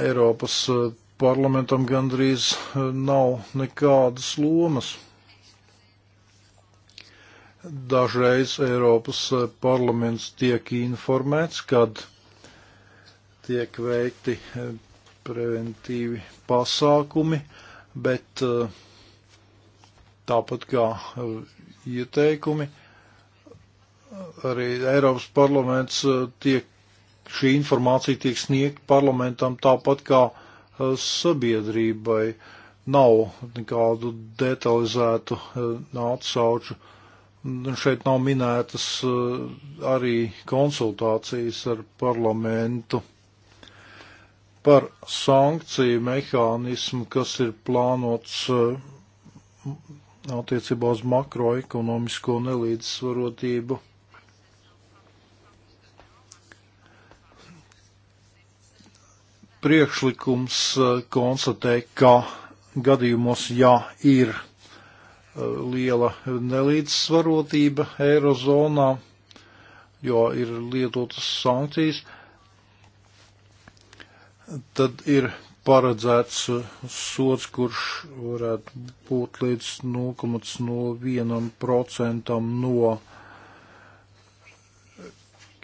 Eiropas parlamentam gandrīz eh, nav nekādas lomas. Dažreiz Eiropas eh, parlaments tiek informēts, kad tiek veikti eh, preventīvi pasākumi, bet tāpat kā ieteikumi, arī Eiropas parlaments tiek, šī informācija tiek sniegta parlamentam tāpat kā sabiedrībai nav nekādu detalizētu eh, atsauču. Šeit nav minētas eh, arī konsultācijas ar parlamentu par sankciju mehānismu, kas ir plānots eh, attiecībā uz makroekonomisko nelīdzsvarotību. priekšlikums eh, konstatē, ka gadījumos, ja ir eh, liela nelīdzsvarotība Eirozonā, jo ir lietotas sankcijas, tad ir paredzēts eh, sots, kurš varētu būt līdz 0,01% no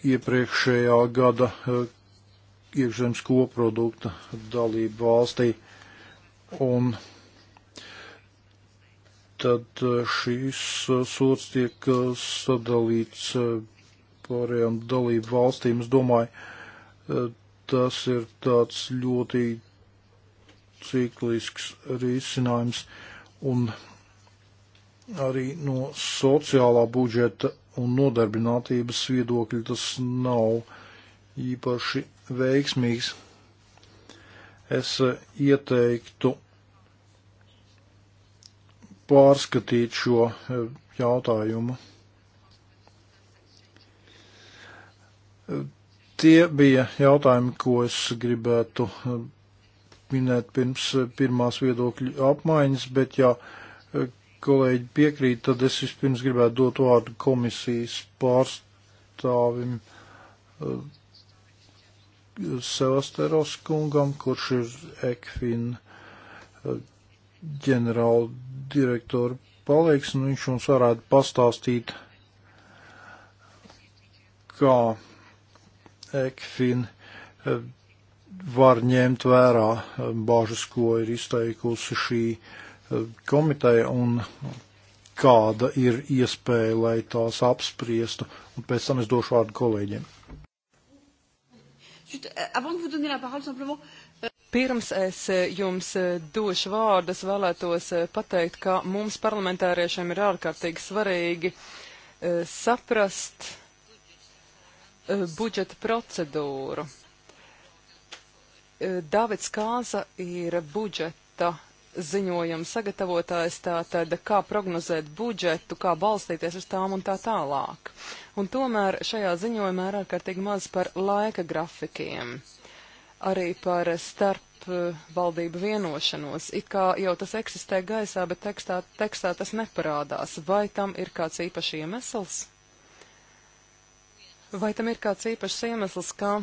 iepriekšējā gada iekšzemes koprodukta dalību valstī. Un tad eh, šīs eh, sots tiek eh, sadalīts pārējām dalību valstīm. Es domāju, tas ir tāds ļoti ciklisks risinājums un arī no sociālā budžeta un nodarbinātības viedokļa tas nav uh, īpaši veiksmīgs. Es eh, ieteiktu pārskatīt šo eh, jautājumu. Eh, tie bija jautājumi, ko es gribētu minēt pirms pirmās viedokļu apmaiņas, bet ja kolēģi piekrīt, tad es vispirms gribētu dot vārdu komisijas pārstāvim Sevasteros kungam, kurš ir Ekvin eh, ģenerāla direktora palīgs, un nu, viņš mums varētu pastāstīt, kā Ekvin eh, var ņemt vērā eh, bāžas, ko ir izteikusi šī komiteja, un kāda ir iespēja, lai tās apspriestu, un pēc tam es došu vārdu kolēģiem. Euh, euh, Pirms es euh, jums došu vārdus, vēlētos pateikt, ka mums parlamentāriešiem ir ārkārtīgi svarīgi uh, saprast uh, budžeta procedūru. Uh, Davids Kāza ir budžeta ziņojuma sagatavotājs, tātad kā prognozēt budžetu, kā balstīties uz tām un tā tālāk. Un tomēr šajā ziņojumā ir ārkārtīgi maz par laika grafikiem, arī par starp eh, valdību vienošanos. It kā jau tas eksistē gaisā, bet tekstā, tekstā tas neparādās. Vai tam ir kāds īpašs iemesls? Vai tam ir kāds īpašs iemesls, ka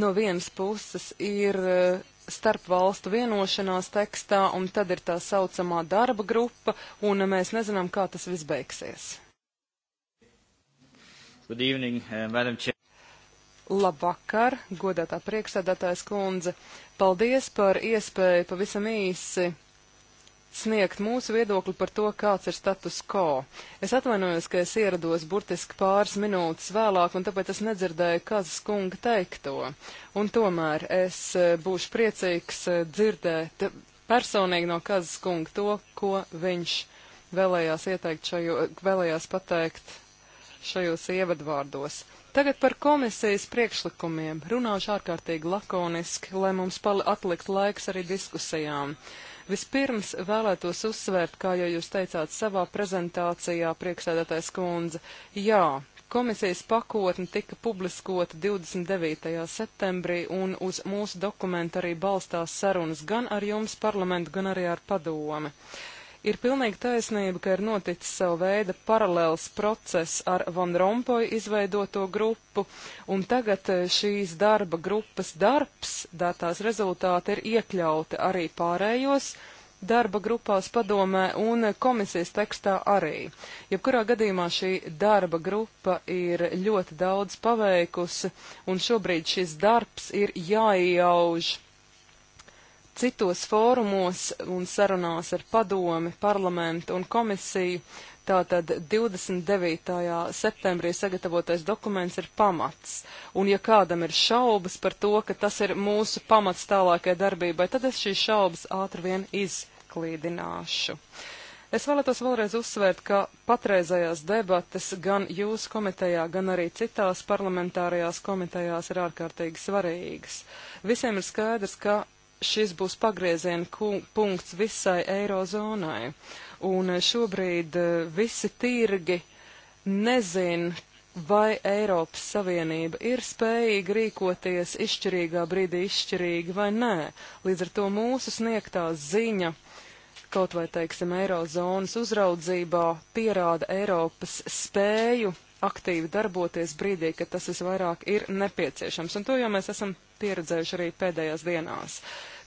no vienas puses ir uh, starp valstu vienošanās tekstā, un tad ir tā saucamā darba grupa, un mēs nezinām, kā tas viss beigsies. Good evening, uh, Madam Chair. Labvakar, godātā priekšsēdētājs kundze. Paldies par iespēju pavisam īsi sniegt mūsu viedokli par to, kāds ir status quo. Es atvainojos, ka es ierados burtiski pāris minūtes vēlāk, un tāpēc es nedzirdēju Kazas kunga teikto. Un tomēr es e, būšu priecīgs e, dzirdēt personīgi no Kazas kunga to, ko viņš vēlējās ieteikt šajo, vēlējās pateikt šajos ievadvārdos. Tagad par komisijas priekšlikumiem. Runāšu ārkārtīgi lakoniski, lai mums atlikt laiks arī diskusijām. Uh, Vispirms vēlētos uzsvērt, kā jau jūs teicāt savā prezentācijā, priekšstādātais kundze, jā, Komisijas pakotne tika publiskota 29. septembrī, un uz mūsu dokumentu arī balstās sarunas gan ar jums parlamentu, gan arī ar padomi. Ir pilnīgi taisnība, ka ir noticis savu veidu paralēls process ar Van Rompuy izveidoto grupu, un tagad eh, šīs darba grupas darbs, datās rezultāti ir iekļauti arī pārējos darba grupās padomē un komisijas tekstā arī. Jebkurā gadījumā šī darba grupa ir ļoti daudz paveikusi, un šobrīd šis darbs ir jāiejauž citos fórumos un sarunās ar padomi, parlamentu un komisiju. Tātad 29. septembrī sagatavotais dokuments ir pamats. Un ja kādam ir šaubas par to, ka tas ir mūsu pamats tālākai darbībai, tad es šīs šaubas ātri vien izklīdināšu. Es vēlētos vēlreiz uzsvērt, ka patreizējās debates gan jūsu komitejā, gan arī citās parlamentārajās komitejās ir ārkārtīgi svarīgas. Visiem ir skaidrs, ka šis būs pagrieziena punkts visai eirozonai. Un eh, šobrīd eh, visi tirgi nezin, vai Eiropas Savienība ir spējīga rīkoties izšķirīgā brīdī izšķirīgi vai nē. Līdz ar to mūsu sniegtā ziņa, kaut vai teiksim, eirozonas uzraudzībā pierāda Eiropas spēju aktīvi darboties brīdī, kad tas visvairāk ir nepieciešams. Un to jau mēs esam pieredzējuši arī pēdējās dienās.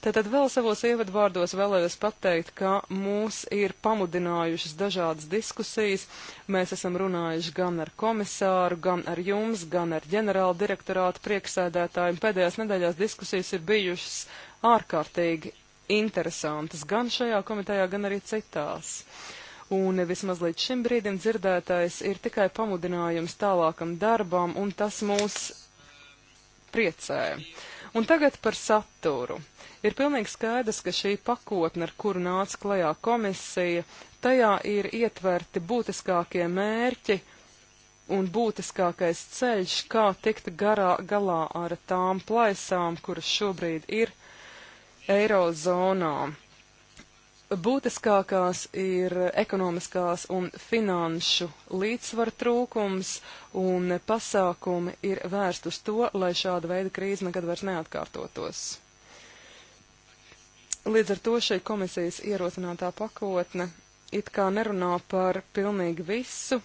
Tātad vēl savos ievadvārdos vēlējos pateikt, ka mūs ir pamudinājušas dažādas diskusijas. Mēs esam runājuši gan ar komisāru, gan ar jums, gan ar ģenerāla direktorātu prieksēdētājiem. Pēdējās nedēļās diskusijas ir bijušas ārkārtīgi interesantas gan šajā komitejā, gan arī citās un vismaz līdz šim brīdim dzirdētais ir tikai pamudinājums tālākam darbam, un tas mūs priecē. Un tagad par saturu. Ir pilnīgi skaidrs, ka šī pakotne, ar kuru nāca klajā komisija, tajā ir ietverti būtiskākie mērķi un būtiskākais ceļš, kā tikt garā, galā ar tām plaisām, kuras šobrīd ir eirozonām. Būtiskākās ir ekonomiskās un finanšu līdzsvar trūkums, un pasākumi ir vērst uz to, lai šāda veida krīze nekad vairs neatkārtotos. Līdz ar to šī komisijas ierosinātā pakotne it kā nerunā par pilnīgi visu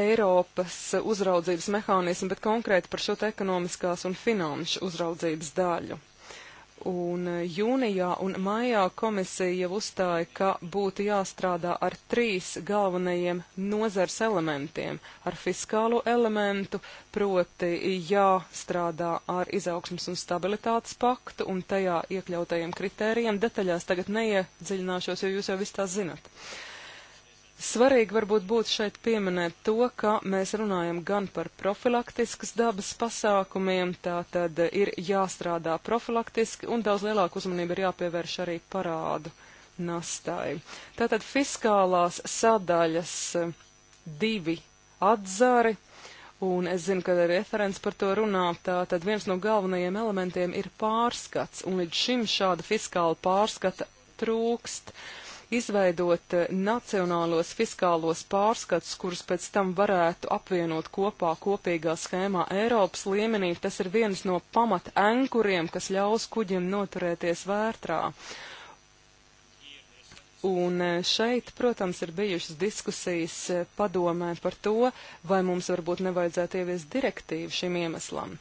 Eiropas uzraudzības mehānismu, bet konkrēti par šo ekonomiskās un finanšu uzraudzības daļu. Un eh, jūnijā un maijā komisija jau uzstāja, ka būtu jāstrādā ar trīs galvenajiem nozars elementiem - ar fiskālo elementu, proti jāstrādā ar izaugsmas un stabilitātes paktu un tajā iekļautajiem kritērijiem. Detaļās tagad neiedziļināšos, jo jūs jau viss tā zinat. Uh, Svarīgi varbūt būtu šeit pieminēt to, ka mēs runājam gan par profilaktiskas dabas pasākumiem, tā tad ir jāstrādā profilaktiski un daudz lielāku uzmanību ir jāpievērš arī parādu nastai. Tātad fiskālās sadaļas eh, divi atzari, un es zinu, ka referents par to runā, tātad viens no galvenajiem elementiem ir pārskats, un līdz šim šāda fiskāla pārskata trūkst. Uh, izveidot eh, nacionālos fiskālos pārskats, kurus pēc tam varētu apvienot kopā kopīgā schēmā Eiropas līmenī. Tas ir viens no pamata enkuriem, kas ļaus kuģim noturēties vērtrā. Un e, šeit, protams, ir bijušas diskusijas e, padomē par to, vai mums varbūt nevajadzētu ieviest direktīvu šim iemeslam.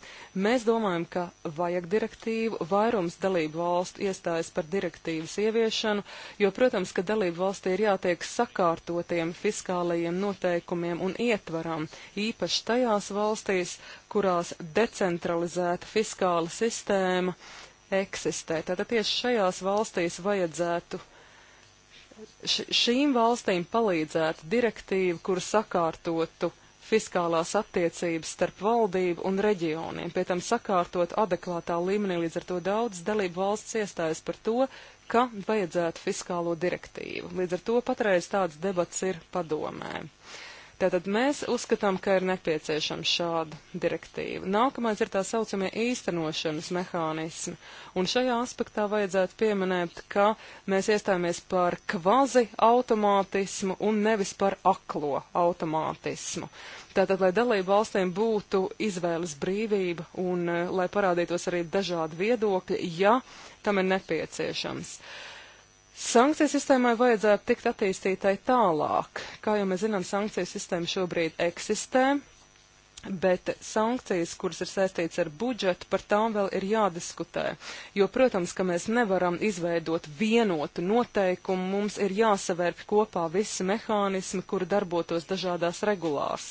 Mēs domājam, ka vajag direktīvu, vairums dalību valstu iestājas par direktīvas ieviešanu, jo, protams, ka dalību valstī ir jātiek sakārtotiem fiskālajiem noteikumiem un ietvaram, īpaši tajās valstīs, kurās decentralizēta fiskāla sistēma eksistē. Tātad tieši šajās valstīs vajadzētu šīm valstīm palīdzētu direktīva, kura sakārtotu fiskālās attiecības starp valdību un reģioniem, pie tam sakārtot adekvātā līmenī, līdz ar to daudz dalību valsts iestājas par to, ka vajadzētu fiskālo direktīvu. Līdz ar to patreiz tāds debats ir padomē. Tātad mēs uzskatām, ka ir nepieciešama šāda direktīva. Nākamais ir tā saucamie īstenošanas mehānismi, un šajā aspektā vajadzētu pieminēt, ka mēs iestājāmies par kvazi automātismu un nevis par aklo automātismu. Tātad, lai dalību valstīm būtu izvēles brīvība un eh, lai parādītos arī dažādi viedokļi, ja tam ir nepieciešams. Uh, Sankciju sistēmai vajadzētu tikt attīstītai tālāk. Kā jau mēs zinām, sankciju sistēma šobrīd eksistē, bet sankcijas, kuras ir saistītas ar budžetu, par tām vēl ir jādiskutē. Jo, protams, ka mēs nevaram izveidot vienotu noteikumu, mums ir jāsavērp kopā visi mehānismi, kuri darbotos dažādās regulās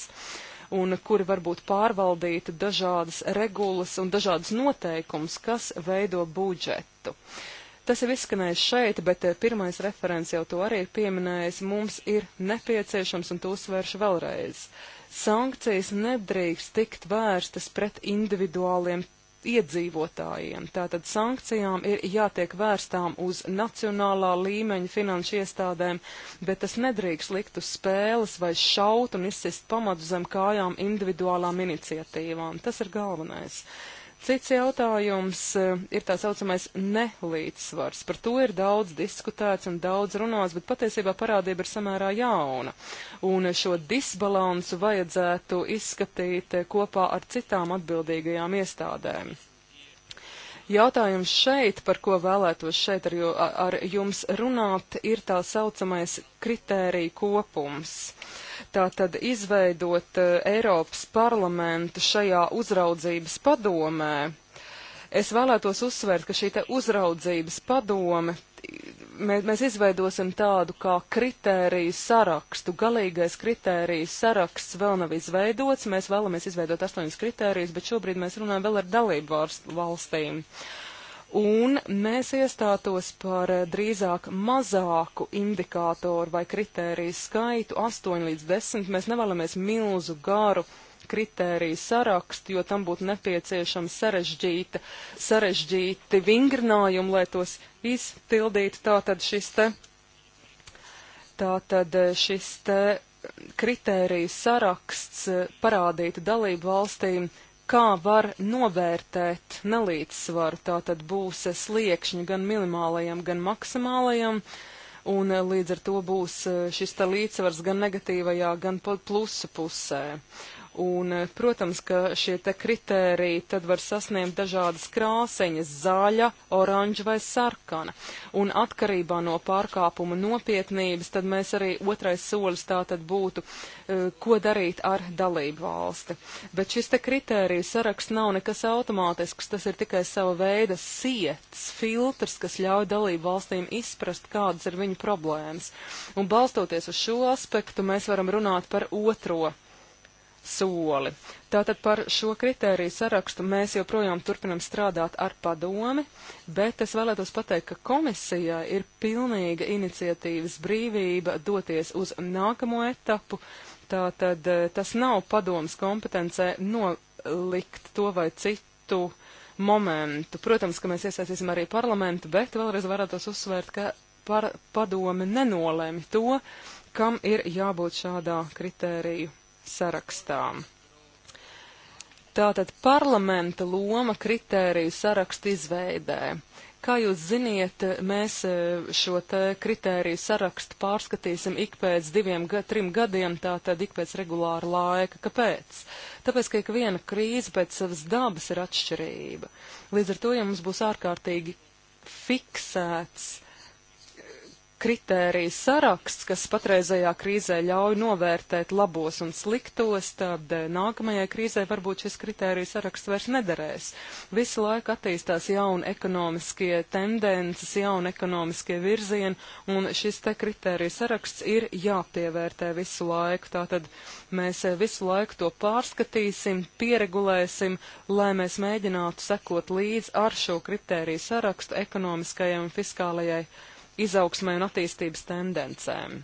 un kuri varbūt pārvaldītu dažādas regulas un dažādas noteikums, kas veido budžetu. Uh, Tas ir izskanējis šeit, bet eh, pirmais referents jau to arī ir pieminējis. Mums ir nepieciešams, un to uzsvēršu vēlreiz, sankcijas nedrīkst tikt vērstas pret individuāliem iedzīvotājiem. Tātad sankcijām ir jātiek vērstām uz nacionālā līmeņa finanšu iestādēm, bet tas nedrīkst likt uz spēles vai šaut un izsist pamatu zem kājām individuālām iniciatīvām. Tas ir galvenais. Cits jautājums eh, ir tā saucamais nelīdzsvars. Par to ir daudz diskutēts un daudz runāts, bet patiesībā parādība ir samērā jauna. Un šo disbalansu vajadzētu izskatīt eh, kopā ar citām atbildīgajām iestādēm. Jautājums šeit, par ko vēlētos šeit ar, ar jums runāt, ir tā saucamais kritērija kopums. Uh, Tātad izveidot eh, Eiropas parlamentu šajā uzraudzības padomē. Es vēlētos uzsvērt, ka šī uzraudzības padome, mēs, mēs izveidosim tādu kā kritēriju sarakstu. Galīgais kritēriju saraksts vēl nav izveidots. Mēs vēlamies izveidot astoņus kritērijus, bet šobrīd mēs runājam vēl ar dalību valstīm. Uh, un mēs iestātos par eh, drīzāk mazāku indikātoru vai kritēriju skaitu 8 līdz 10. Mēs nevēlamies milzu garu kritēriju sarakstu, jo tam būtu nepieciešama sarežģīta, sarežģīti vingrinājumi, lai tos izpildītu. Tātad šis te, tātad eh, šis te kritēriju saraksts eh, parādītu dalību valstīm, kā var novērtēt nelīdzsvaru. Tā tad būs sliekšņi gan minimālajam, gan maksimālajam, un eh, līdz ar to būs eh, šis te līdzsvars gan negatīvajā, gan plusu pusē. Uh, Un, eh, protams, ka šie te kritēriji tad var sasniegt dažādas krāseņas - zaļa, oranža vai sarkana. Un atkarībā no pārkāpuma nopietnības, tad mēs arī otrais solis tā tad būtu, eh, ko darīt ar dalību valsti. Bet šis te kritērija saraksts nav nekas automātisks, tas ir tikai sava veida siets, filtrs, kas ļauj dalību valstīm izprast, kādas ir viņu problēmas. Un balstoties uz šo aspektu, mēs varam runāt par otro soli. Tātad par šo kritēriju sarakstu mēs joprojām turpinam strādāt ar padomi, bet es vēlētos pateikt, ka komisijā ir pilnīga iniciatīvas brīvība doties uz nākamo etapu. Tātad eh, tas nav padomas kompetencē nolikt to vai citu momentu. Protams, ka mēs iesaistīsim arī parlamentu, bet vēlreiz varētos uzsvērt, ka par padomi nenolēmi to, kam ir jābūt šādā kritēriju sarakstām. Tātad parlamenta loma kritēriju sarakstu izveidē. Kā jūs ziniet, mēs e, šo te kritēriju sarakstu pārskatīsim ik pēc diviem, ga, trim gadiem, tātad ik pēc regulāra laika. Kāpēc? Tāpēc, ka ik viena krīze pēc savas dabas ir atšķirība. Līdz ar to, ja mums būs ārkārtīgi fiksēts kritēriju saraksts, kas patreizējā krīzē ļauj novērtēt labos un sliktos, tad eh, nākamajai krīzē varbūt šis kritēriju saraksts vairs nederēs. Visu laiku attīstās jauni ekonomiskie tendences, jauni ekonomiskie virzieni, un šis te kritēriju saraksts ir jāpievērtē visu laiku. Tātad mēs eh, visu laiku to pārskatīsim, pieregulēsim, lai mēs mēģinātu sekot līdz ar šo kritēriju sarakstu ekonomiskajai un fiskālajai izaugsmai un attīstības tendencēm.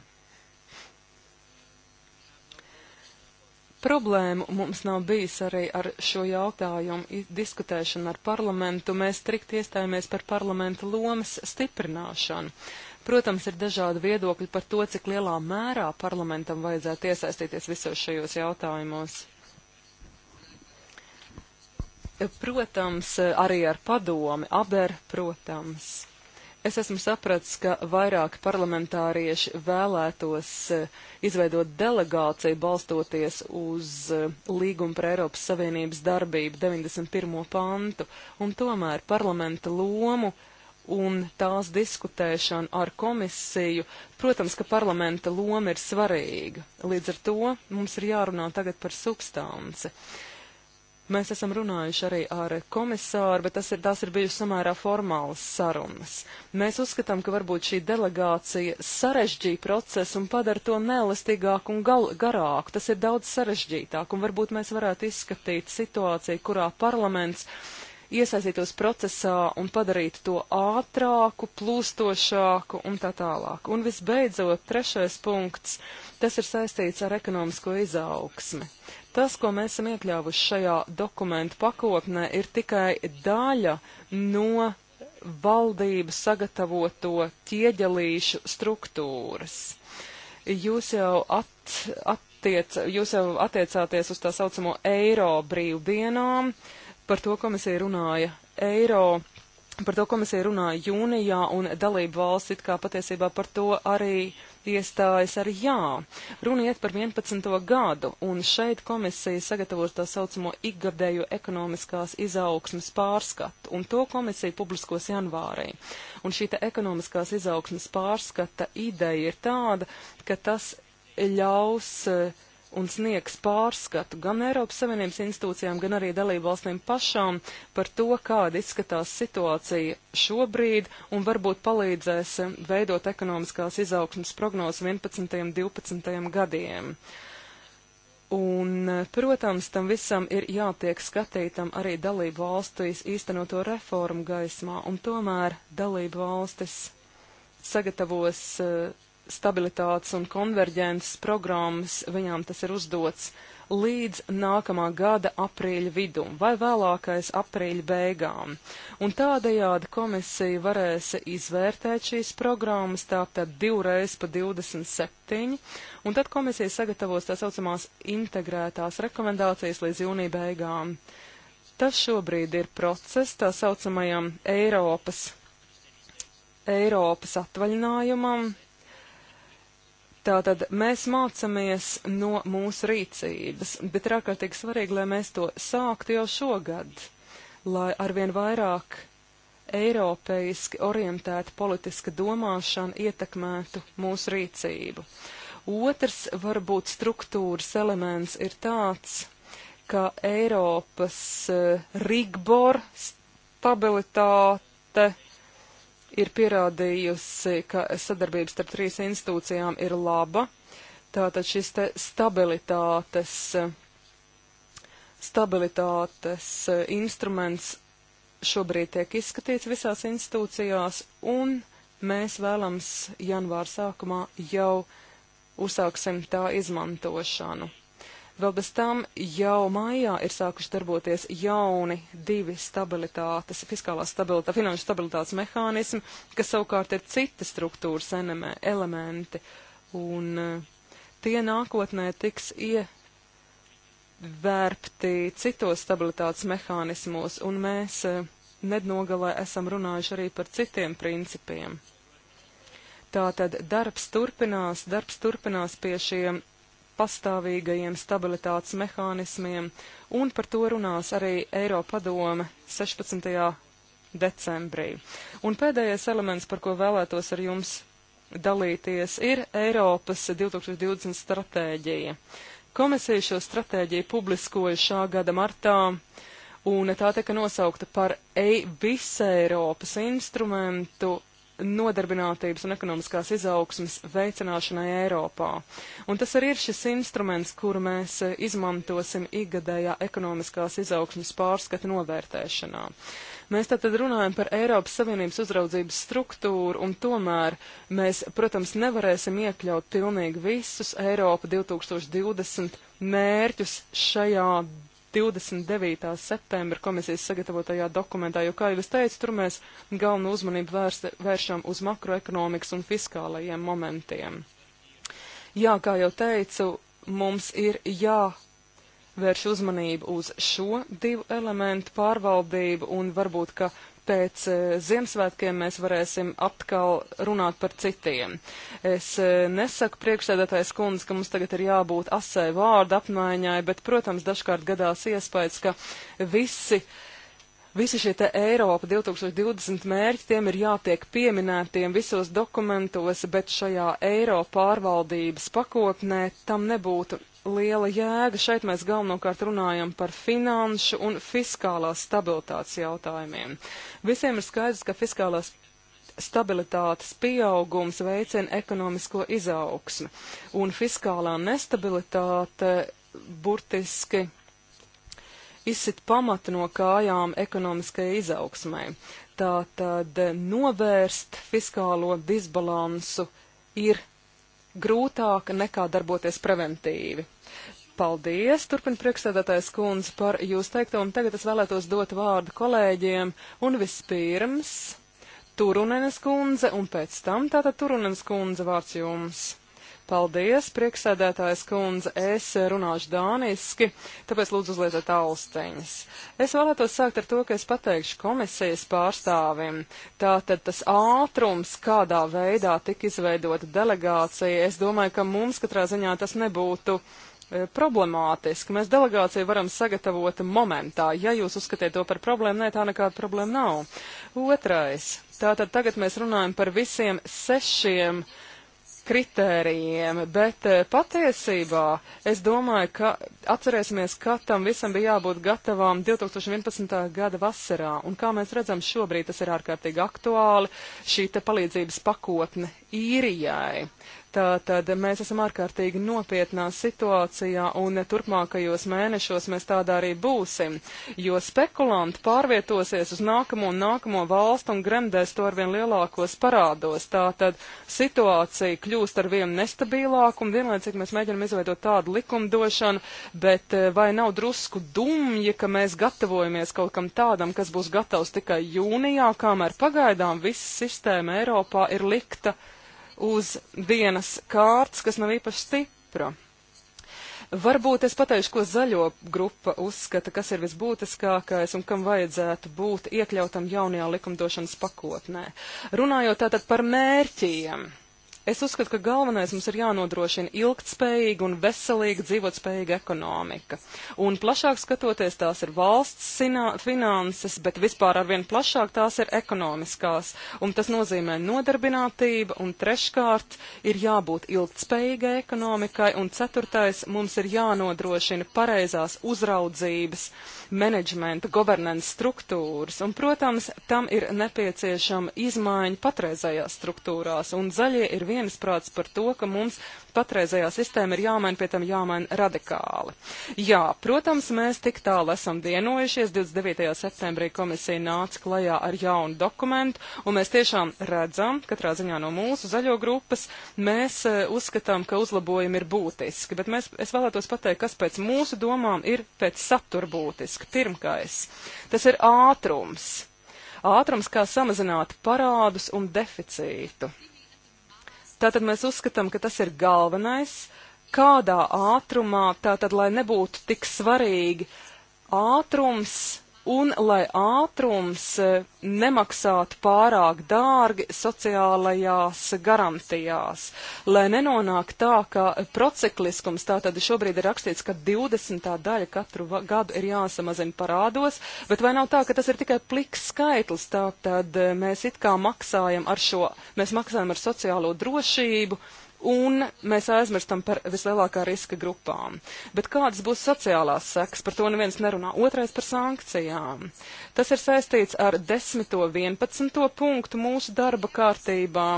Problēmu mums nav bijis arī ar šo jautājumu diskutēšanu ar parlamentu. Mēs strikt iestājāmies par parlamenta lomas stiprināšanu. Protams, ir dažādi viedokļi par to, cik lielā mērā parlamentam vajadzētu iesaistīties visos šajos jautājumos. Protams, arī ar padomi, aber, protams. Es esmu sapratis, ka vairāki parlamentārieši vēlētos eh, izveidot delegāciju balstoties uz eh, līgumu par Eiropas Savienības darbību 91. pantu, un tomēr parlamenta lomu un tās diskutēšanu ar komisiju, protams, ka parlamenta loma ir svarīga. Līdz ar to mums ir jārunā tagad par substanci. Uh, Mēs esam runājuši arī ar komisāru, bet tas ir, tas ir bijusi samērā formāls sarunas. Mēs uzskatām, ka varbūt šī delegācija sarežģīja procesu un padara to neelastīgāku un gal, garāku. Tas ir daudz sarežģītāk, un varbūt mēs varētu izskatīt situāciju, kurā parlaments iesaistītos procesā un padarītu to ātrāku, plūstošāku un tā tālāk. Un visbeidzot, trešais punkts, tas ir saistīts ar ekonomisko izaugsmi. Tas, ko mēs esam iekļāvuši šajā dokumentu pakopnē, ir tikai daļa no valdības sagatavoto ķieģelīšu struktūras. Jūs jau, at, attiec, jūs jau attiecāties uz tā saucamo eiro brīvdienām, par to komisija runāja eiro. Par to komisija runāja jūnijā, un dalību valsts it kā patiesībā par to arī uh, iestājas ar jā. Runiet par 11. gadu, un šeit komisija sagatavos tā saucamo ikgadēju ekonomiskās izaugsmes pārskatu, un to komisija publiskos janvārī. Un šī ekonomiskās izaugsmes pārskata ideja ir tāda, ka tas ļaus uh, un sniegs pārskatu gan Eiropas Savienības institūcijām, gan arī dalību valstīm pašām par to, kāda izskatās situācija šobrīd un varbūt palīdzēs um, veidot ekonomiskās izaugsmas prognozes 11. un 12. gadiem. Un, uh, protams, tam visam ir jātiek skatītam arī dalību valstīs īstenoto reformu gaismā, un tomēr dalību valstis sagatavos uh, stabilitātes un konverģences programmas, viņām tas ir uzdots līdz nākamā gada aprīļa vidum vai vēlākais aprīļa beigām. Un tādējādi komisija varēs izvērtēt šīs programmas tātad divreiz pa 27, un tad komisija sagatavos tā saucamās integrētās rekomendācijas līdz jūnija beigām. Tas šobrīd ir process tā saucamajam Eiropas, Eiropas atvaļinājumam, Tātad mēs mācamies no mūsu rīcības, bet ir ārkārtīgi svarīgi, lai mēs to sāktu jau šogad, lai arvien vairāk eiropeiski orientēta politiska domāšana ietekmētu mūsu rīcību. Otrs varbūt struktūras elements ir tāds, ka Eiropas uh, rigbor stabilitāte ir pierādījusi, ka sadarbības starp trīs institūcijām ir laba. Tātad šis te stabilitātes, stabilitātes instruments šobrīd tiek izskatīts visās institūcijās, un mēs vēlams janvāra sākumā jau uzsāksim tā izmantošanu. Vēl bez tam jau maijā ir sākuši darboties jauni divi stabilitātes, fiskālās stabilitātes, finanšu stabilitātes mehānismi, kas savukārt ir citi struktūras enemē, elementi. Un eh, tie nākotnē tiks ievērpti citos stabilitātes mehānismos, un mēs eh, nednogalē esam runājuši arī par citiem principiem. Tātad darbs turpinās, darbs turpinās pie šiem pastāvīgajiem stabilitātes mehānismiem, un par to runās arī Eiropadome 16. decembrī. Un pēdējais elements, par ko vēlētos ar jums dalīties, ir Eiropas 2020 stratēģija. Komisija šo stratēģiju publiskoja šā gada martā, un tā tika nosaukta par e Visa Eiropas instrumentu nodarbinātības un ekonomiskās izaugsmas veicināšanai Eiropā. Un tas arī ir šis instruments, kuru mēs eh, izmantosim ikgadējā ekonomiskās izaugsmas pārskata novērtēšanā. Mēs tātad runājam par Eiropas Savienības uzraudzības struktūru, un tomēr mēs, protams, nevarēsim iekļaut pilnīgi visus Eiropa 2020 mērķus šajā 29. septembra komisijas sagatavotajā dokumentā, jo, kā jau es teicu, tur mēs galvenu uzmanību vērst, vēršam uz makroekonomikas un fiskālajiem momentiem. Jā, kā jau teicu, mums ir jāvērš uzmanību uz šo divu elementu pārvaldību un varbūt, ka pēc eh, Ziemassvētkiem mēs varēsim atkal runāt par citiem. Es eh, nesaku priekšsēdētājs kundze, ka mums tagad ir jābūt asai vārdu apmaiņai, bet, protams, dažkārt gadās iespējas, ka visi. Visi šie te Eiropa 2020 mērķi, tiem ir jātiek pieminētiem visos dokumentos, bet šajā Eiropa pārvaldības pakotnē tam nebūtu liela jēga. Šeit mēs galvenokārt runājam par finanšu un fiskālās stabilitātes jautājumiem. Visiem ir skaidrs, ka fiskālās stabilitātes pieaugums veicina ekonomisko izaugsmi, un fiskālā nestabilitāte burtiski izsit pamatu no kājām ekonomiskajai izaugsmai. Tātad novērst fiskālo disbalansu ir grūtāk nekā darboties preventīvi. Paldies, turpina priekšsēdētājs kundze, par jūs teikto, un tagad es vēlētos dot vārdu kolēģiem, un vispirms Turunenes kundze, un pēc tam tātad Turunenes kundze vārds jums. Paldies, priekšsēdētājs kundze, es runāšu dāniski, tāpēc lūdzu uzlieciet austeņas. Es vēlētos sākt ar to, ka es pateikšu komisijas pārstāvim. Tātad tas ātrums, kādā veidā tika izveidota delegācija, es domāju, ka mums katrā ziņā tas nebūtu E, problemātiski. Mēs delegāciju varam sagatavot momentā. Ja jūs uzskatiet to par problēmu, nē, tā nekāda problēma nav. Otrais. Tātad tagad mēs runājam par visiem sešiem kritērijiem, bet e, patiesībā es domāju, ka atcerēsimies, ka tam visam bija jābūt gatavām 2011. gada vasarā, un kā mēs redzam šobrīd, tas ir ārkārtīgi aktuāli, šī te palīdzības pakotne īrijai. Tātad mēs esam ārkārtīgi nopietnā situācijā un turpmākajos mēnešos mēs tādā arī būsim, jo spekulanti pārvietosies uz nākamo un nākamo valstu un gremdēs to ar vien lielākos parādos. Tātad situācija kļūst ar vien nestabilāku un vienlaicīgi mēs mēģinam izveidot tādu likumdošanu, bet eh, vai nav drusku dumji, ka mēs gatavojamies kaut kam tādam, kas būs gatavs tikai jūnijā, kamēr pagaidām visa sistēma Eiropā ir likta uz dienas kārtas, kas nav īpaši stipra. Varbūt es pateikšu, ko zaļo grupa uzskata, kas ir visbūtiskākais un kam vajadzētu būt iekļautam jaunajā likumdošanas pakotnē. Runājot tātad par mērķiem. Uh, Es uzskatu, ka galvenais mums ir jānodrošina ilgtspējīga un veselīga dzīvotspējīga ekonomika. Un plašāk skatoties, tās ir valsts sinā, finanses, bet vispār arvien plašāk tās ir ekonomiskās. Un tas nozīmē nodarbinātība, un treškārt ir jābūt ilgtspējīgai ekonomikai, un ceturtais mums ir jānodrošina pareizās uzraudzības menedžmenta, governance struktūras, un, protams, tam ir nepieciešama izmaiņa patreizējās struktūrās, un zaļie ir viensprāts par to, ka mums patreizējā sistēma ir jāmaina, pie tam jāmaina radikāli. Jā, protams, mēs tik tālu esam vienojušies. 29. septembrī komisija nāca klajā ar jaunu dokumentu, un mēs tiešām redzam, katrā ziņā no mūsu zaļo grupas, mēs uh, uzskatām, ka uzlabojumi ir būtiski, bet mēs, es vēlētos pateikt, kas pēc mūsu domām ir pēc satura būtiski. Pirmkais, tas ir ātrums. Ātrums, kā samazināt parādus un deficītu. Tātad mēs uzskatām, ka tas ir galvenais, kādā ātrumā, tātad, lai nebūtu tik svarīgi ātrums, un lai ātrums e, nemaksātu pārāk dārgi sociālajās garantijās, lai nenonāk tā, ka procikliskums, tātad šobrīd ir rakstīts, ka 20. daļa katru gadu ir jāsamazina parādos, bet vai nav tā, ka tas ir tikai pliks skaitlis, tātad e, mēs it kā maksājam ar šo, mēs maksājam ar sociālo drošību, un mēs aizmirstam par vislielākā riska grupām. Bet kādas būs sociālās sekas, par to neviens nerunā. Otrais par sankcijām. Tas ir saistīts ar 10. 11. punktu mūsu darba kārtībā.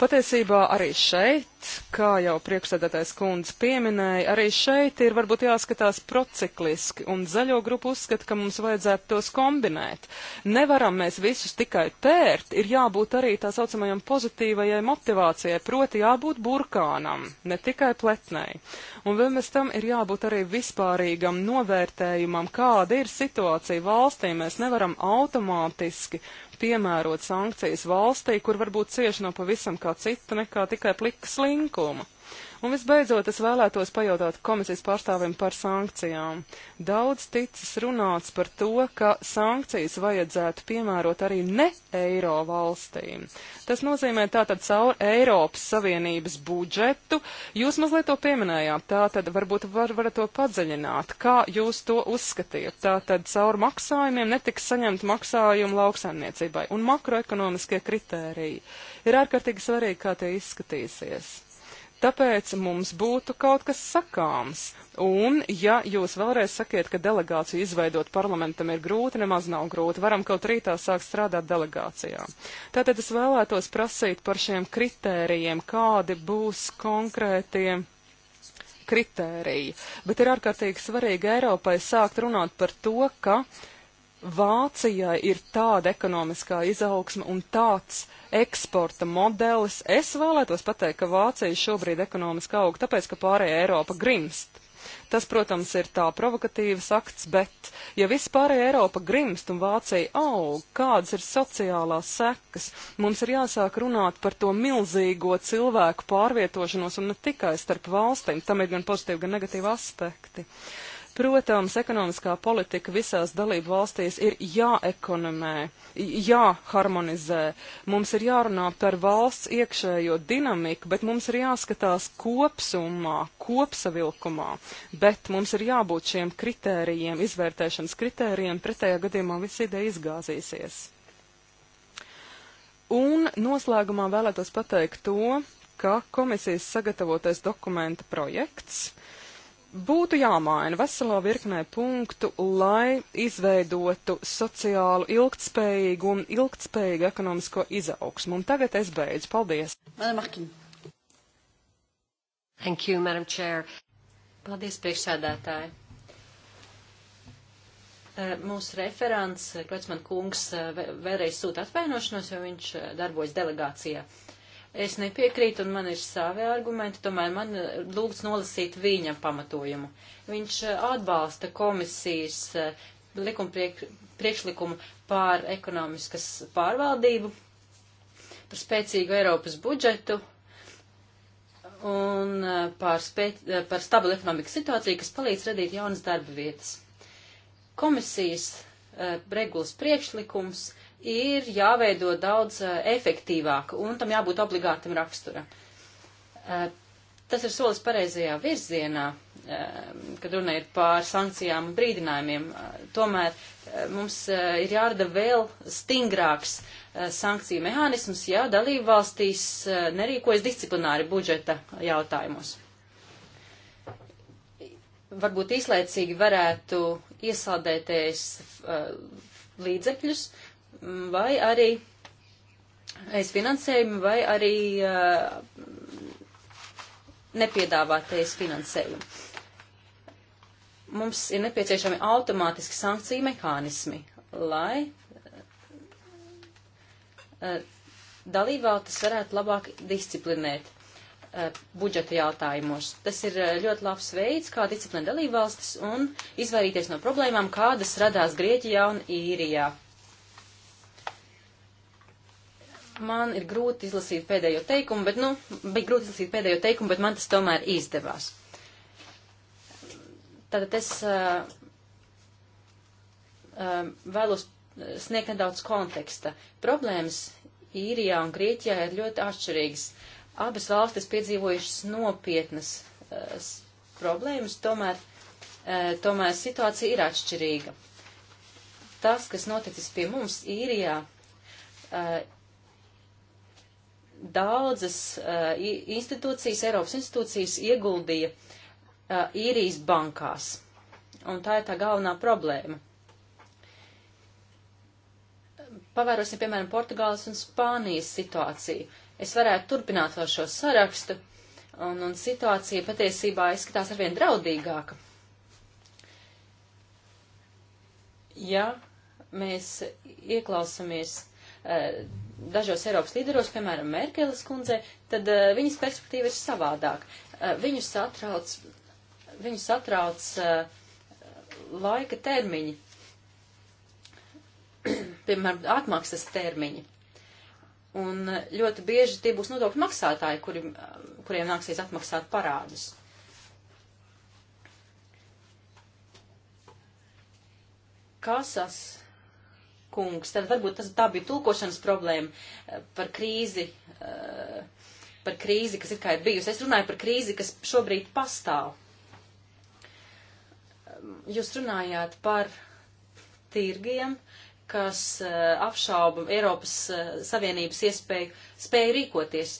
Patiesībā arī šeit, kā jau priekšsēdētājs kundze pieminēja, arī šeit ir varbūt jāskatās procikliski, un zaļo grupu uzskata, ka mums vajadzētu tos kombinēt. Nevaram mēs visus tikai pērt, ir jābūt arī tā saucamajam pozitīvajai motivācijai, proti jābūt burkānam, ne tikai pletnei. Un vēl mēs tam ir jābūt arī vispārīgam novērtējumam, kāda ir situācija valstī. Mēs nevaram automātiski piemērot sankcijas valstī, kur varbūt cieši no pavisam kā cita nekā tikai plika slinkuma. Un visbeidzot, es vēlētos pajautāt komisijas pārstāvim par sankcijām. Daudz ticis runāts par to, ka sankcijas vajadzētu piemērot arī ne eiro valstīm. Tas nozīmē tātad caur Eiropas Savienības budžetu. Jūs mazliet to pieminējāt, tātad varbūt var, varat to padziļināt. Kā jūs to uzskatiet? Tātad caur maksājumiem netiks saņemt maksājumu lauksaimniecībai un makroekonomiskie kritēriji. Ir ārkārtīgi svarīgi, kā tie izskatīsies. Tāpēc mums būtu kaut kas sakāms. Un, ja jūs vēlreiz sakiet, ka delegāciju izveidot parlamentam ir grūti, nemaz nav grūti, varam kaut rītā sākt strādāt delegācijā. Tātad es vēlētos prasīt par šiem kritērijiem, kādi būs konkrētie kritēriji. Bet ir ārkārtīgi svarīgi Eiropai sākt runāt par to, ka Vācijai ir tāda ekonomiskā izaugsma un tāds uh, eksporta modelis. Es vēlētos pateikt, ka Vācija šobrīd ekonomiski aug, tāpēc, ka pārējā Eiropa grimst. Tas, protams, ir tā provokatīvs akts, bet ja vispārējā Eiropa grimst un Vācija aug, kādas ir sociālās sekas, mums ir jāsāk runāt par to milzīgo cilvēku pārvietošanos un ne tikai starp valstīm, tam ir gan pozitīvi, gan negatīvi aspekti. Uh, Protams, ekonomiskā politika visās dalību valstīs ir jāekonomē, jāharmonizē. Mums ir jārunā par valsts iekšējo dinamiku, bet mums ir jāskatās kopsumā, kopsavilkumā. Bet mums ir jābūt šiem kritērijiem, izvērtēšanas kritērijiem, pretējā gadījumā viss ideja izgāzīsies. Un noslēgumā vēlētos pateikt to, ka komisijas sagatavotais dokumenta projekts uh, būtu jāmaina veselā virknē punktu, lai izveidotu sociālu ilgtspējīgu un ilgtspējīgu ekonomisko izaugsmu. Un tagad es beidzu. Paldies! Thank you, Madam Chair. Paldies, priekšsēdētāji. Eh, mūsu referents, eh, Klecman kungs, eh, vēlreiz sūta atvainošanos, jo viņš darbojas delegācijā. Uh, Es nepiekrītu, un man ir savi argumenti, tomēr man eh, lūgts nolasīt viņa pamatojumu. Viņš eh, atbalsta komisijas eh, likuma priek, priekšlikumu pār ekonomiskas pārvaldību, par spēcīgu Eiropas budžetu un par, spēc, par stabilu ekonomikas situāciju, kas palīdz radīt jaunas darba vietas. Komisijas regulas priekšlikums ir jāveido daudz eh, efektīvāk un tam jābūt obligātam raksturam. Eh, tas ir solis pareizajā virzienā, eh, kad runa ir pār sankcijām un brīdinājumiem. Tomēr mums ir jārada vēl stingrāks sankciju mehānisms, ja dalību valstīs nerīkojas disciplināri budžeta jautājumos. Varbūt īslaicīgi varētu iesaldēties līdzekļus, vai arī aiz finansējumu, vai arī uh, nepiedāvātais finansējumu. Mums ir nepieciešami automātiski sankciju mehānismi, lai uh, dalībvalstis varētu labāk disciplinēt uh, budžeta jautājumos. Tas ir ļoti labs veids, kā disciplinēt dalībvalstis un izvairīties no problēmām, kādas radās Grieķijā un Īrijā man ir grūti izlasīt pēdējo teikumu, bet, nu, bija grūti izlasīt pēdējo teikumu, bet man tas tomēr izdevās. Tātad es uh, uh, vēlos sniegt nedaudz konteksta. Problēmas īrijā un Grieķijā ir ļoti atšķirīgas. Abas valstis piedzīvojušas nopietnas uh, problēmas, tomēr, tomēr situācija ir atšķirīga. Tas, kas noticis pie mums īrijā, daudzas uh, institūcijas, Eiropas institūcijas ieguldīja uh, īrijas bankās. Un tā ir tā galvenā problēma. Pavērosim, piemēram, Portugāles un Spānijas situāciju. Es varētu turpināt vēl šo sarakstu, un, un situācija patiesībā izskatās arvien draudīgāka. Ja mēs ieklausamies uh, dažos Eiropas līderos, piemēram, Merkeles kundzei, tad uh, viņas perspektīva ir savādāk. Uh, eh, viņus satrauc, viņus satrauc uh, laika termiņi, *clears throat* piemēram, atmaksas termiņi. Un uh, ļoti bieži tie būs nodokļu maksātāji, kuri, uh, kuriem nāksies atmaksāt parādus. Kasas kungs. Tad varbūt tas, tā bija tulkošanas problēma eh, par krīzi, eh, par krīzi, kas ir kā ir bijusi. Es runāju par krīzi, kas šobrīd pastāv. Jūs runājāt par tirgiem, kas eh, apšauba Eiropas Savienības iespēju, spēju rīkoties.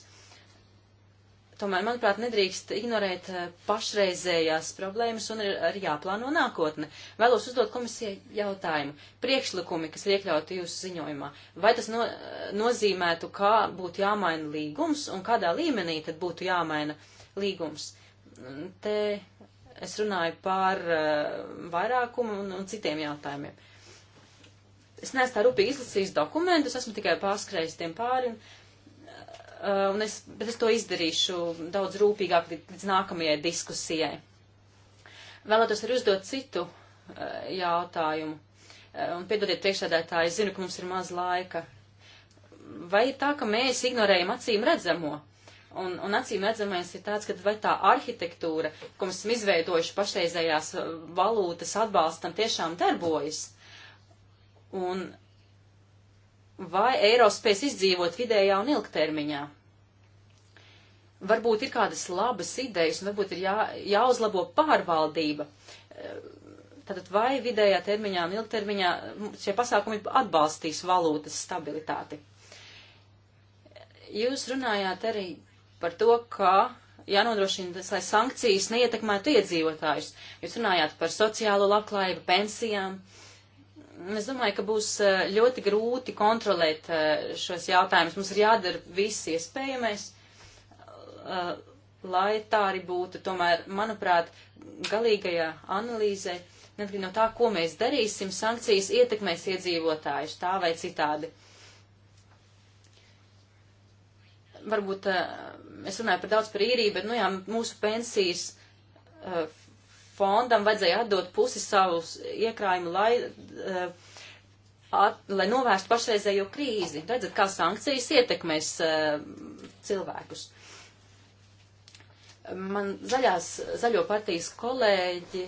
Tomēr, manuprāt, nedrīkst ignorēt eh, pašreizējās problēmas un ir arī jāplāno nākotne. Vēlos uzdot komisijai jautājumu. Priekšlikumi, kas ir iekļauti jūsu ziņojumā, vai tas no, eh, nozīmētu, kā būtu jāmaina līgums un kādā līmenī tad būtu jāmaina līgums? Mm, te es runāju par uh, vairākumu un, un citiem jautājumiem. Es neesmu tā rūpīgi izlasījis dokumentus, esmu tikai pārskrējis tiem pāri. Un, uh, Eh, un es, bet es to izdarīšu daudz rūpīgāk līdz nākamajai diskusijai. Vēlētos arī uzdot citu eh, jautājumu. Eh, un piedodiet priekšsēdētāji, es zinu, ka mums ir maz laika. Vai ir tā, ka mēs ignorējam acīm redzamo? Un, un acīm redzamais ir tāds, ka vai tā arhitektūra, ko mēs esam izveidojuši pašreizējās valūtas atbalstam, tiešām darbojas? Un vai eiro spēs izdzīvot vidējā un ilgtermiņā. Varbūt ir kādas labas idejas, un varbūt ir jā, jāuzlabo pārvaldība. Tātad vai vidējā termiņā un ilgtermiņā šie pasākumi atbalstīs valūtas stabilitāti? Jūs runājāt arī par to, ka jānodrošina, tas, lai sankcijas neietekmētu iedzīvotājus. Jūs runājāt par sociālo labklājību, pensijām. Uh, Es domāju, ka būs eh, ļoti grūti kontrolēt eh, šos jautājumus. Mums ir jādara viss iespējamais, eh, lai tā arī būtu. Tomēr, manuprāt, galīgajā analīzē, neatkarīgi no tā, ko mēs darīsim, sankcijas ietekmēs iedzīvotājus tā vai citādi. Varbūt es runāju par daudz par īriju, bet, nu jā, mūsu pensijas fondam vajadzēja atdot pusi savus iekrājumu, lai, eh, at, lai novērstu pašreizējo krīzi. Redzat, kā sankcijas ietekmēs eh, cilvēkus. Man zaļās, zaļo partijas kolēģi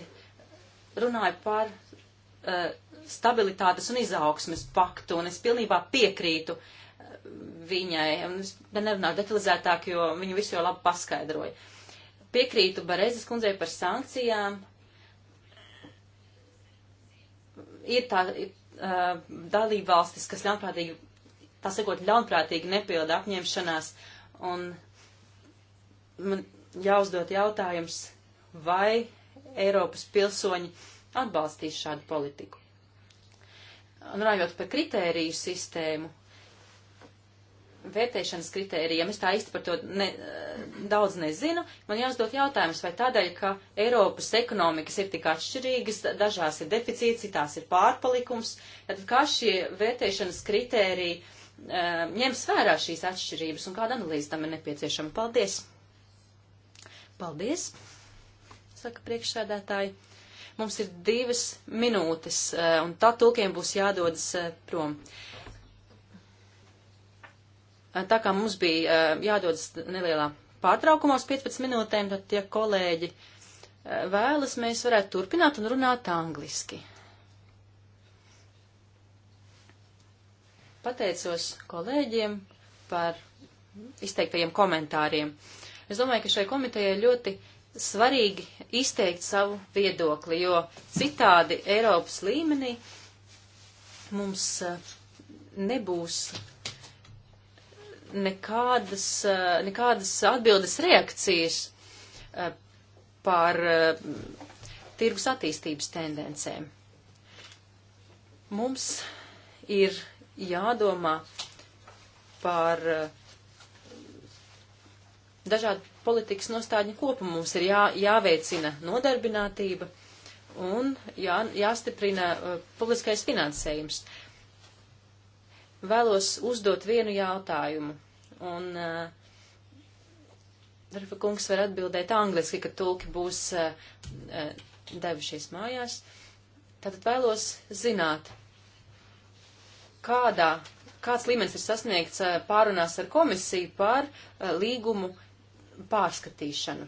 runāja par eh, stabilitātes un izaugsmes paktu, un es pilnībā piekrītu viņai, un es nerunāju detalizētāk, jo viņu visu jau labi paskaidroju. Uh, Piekrītu Barezes kundzei par sankcijām. Ir tā ir, uh, dalībvalstis, kas ļaunprātīgi, tā sakot, ļaunprātīgi nepilda apņemšanās. Un man jāuzdot jautājums, vai Eiropas pilsoņi atbalstīs šādu politiku. Un runājot par kritēriju sistēmu, vērtēšanas kritērijiem. Es tā īsti par to ne, eh, daudz nezinu. Man jāuzdod jautājums, vai tādēļ, ka Eiropas ekonomikas ir tik atšķirīgas, dažās ir deficīts, citās ir pārpalikums, tad kā šie vērtēšanas kritēriji uh, ņems vērā šīs atšķirības un kāda analīze tam ir nepieciešama? Paldies! Paldies, saka priekšsēdētāji. Mums ir divas minūtes, uh, un tā tulkiem būs jādodas uh, prom. Uh, Eh, tā kā mums bija eh, jādodas nelielā pārtraukumā uz 15 minūtēm, tad tie kolēģi eh, vēlas, mēs varētu turpināt un runāt angliski. Pateicos kolēģiem par izteiktajiem komentāriem. Es domāju, ka šai komitejai ļoti svarīgi izteikt savu viedokli, jo citādi Eiropas līmenī mums nebūs nekādas, eh, nekādas atbildes reakcijas eh, par eh, tirgus attīstības tendencēm. Mums ir jādomā par dažādu politikas nostādņu kopumu. Mums ir jā, jāveicina nodarbinātība un jā, jāstiprina publiskais finansējums vēlos uzdot vienu jautājumu. Un uh, kungs var atbildēt angliski, ka tulki būs uh, devušies mājās. Tātad vēlos zināt, kādā, kāds līmenis ir sasniegts uh, pārunās ar komisiju par uh, līgumu pārskatīšanu.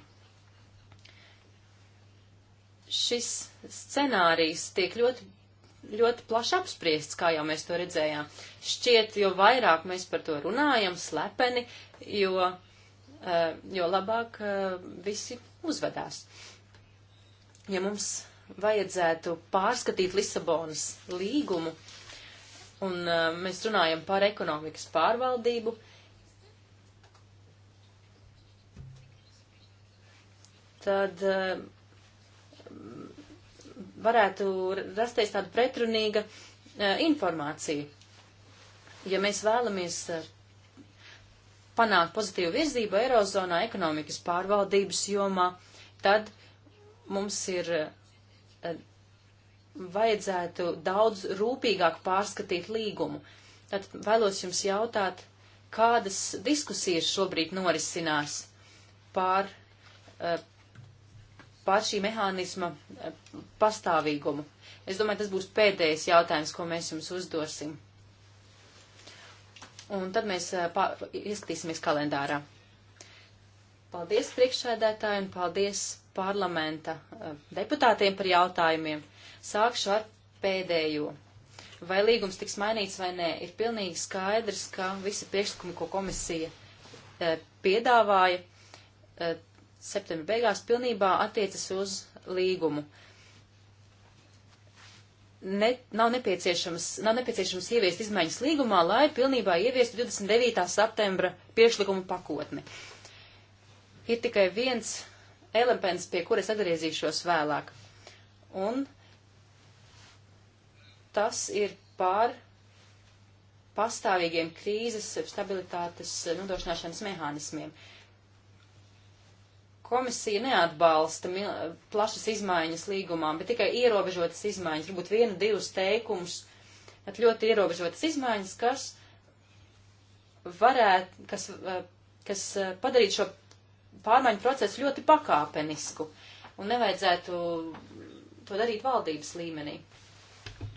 Šis scenārijs tiek ļoti ļoti plaši apspriests, kā jau mēs to redzējām. Šķiet, jo vairāk mēs par to runājam, slepeni, jo, eh, jo labāk eh, visi uzvedās. Ja mums vajadzētu pārskatīt Lisabonas līgumu, un eh, mēs runājam par ekonomikas pārvaldību, tad varētu rasties tāda pretrunīga eh, informācija. Ja mēs vēlamies eh, panākt pozitīvu virzību Eirozonā ekonomikas pārvaldības jomā, tad mums ir eh, vajadzētu daudz rūpīgāk pārskatīt līgumu. Tātad vēlos jums jautāt, kādas diskusijas šobrīd norisinās pār par šī mehānisma eh, pastāvīgumu. Es domāju, tas būs pēdējais jautājums, ko mēs jums uzdosim. Un tad mēs eh, ieskatīsimies kalendārā. Paldies priekšsēdētāji un paldies parlamenta eh, deputātiem par jautājumiem. Sākšu ar pēdējo. Vai līgums tiks mainīts vai nē, ir pilnīgi skaidrs, ka visi priekšlikumi, ko komisija piedāvāja, septembra beigās pilnībā attiecas uz līgumu. Ne, nav, nepieciešams, nav nepieciešams ieviest izmaiņas līgumā, lai pilnībā ieviestu 29. septembra priekšlikumu pakotni. Ir tikai viens elements, pie kuras atgriezīšos vēlāk. Un tas ir pār pastāvīgiem krīzes stabilitātes nodrošināšanas mehānismiem. Uh, Komisija neatbalsta plašas izmaiņas līgumām, bet tikai ierobežotas izmaiņas, varbūt vienu, divus teikumus, bet ļoti ierobežotas izmaiņas, kas varētu, kas, eh, kas eh, padarītu šo pārmaiņu procesu ļoti pakāpenisku un nevajadzētu to darīt valdības līmenī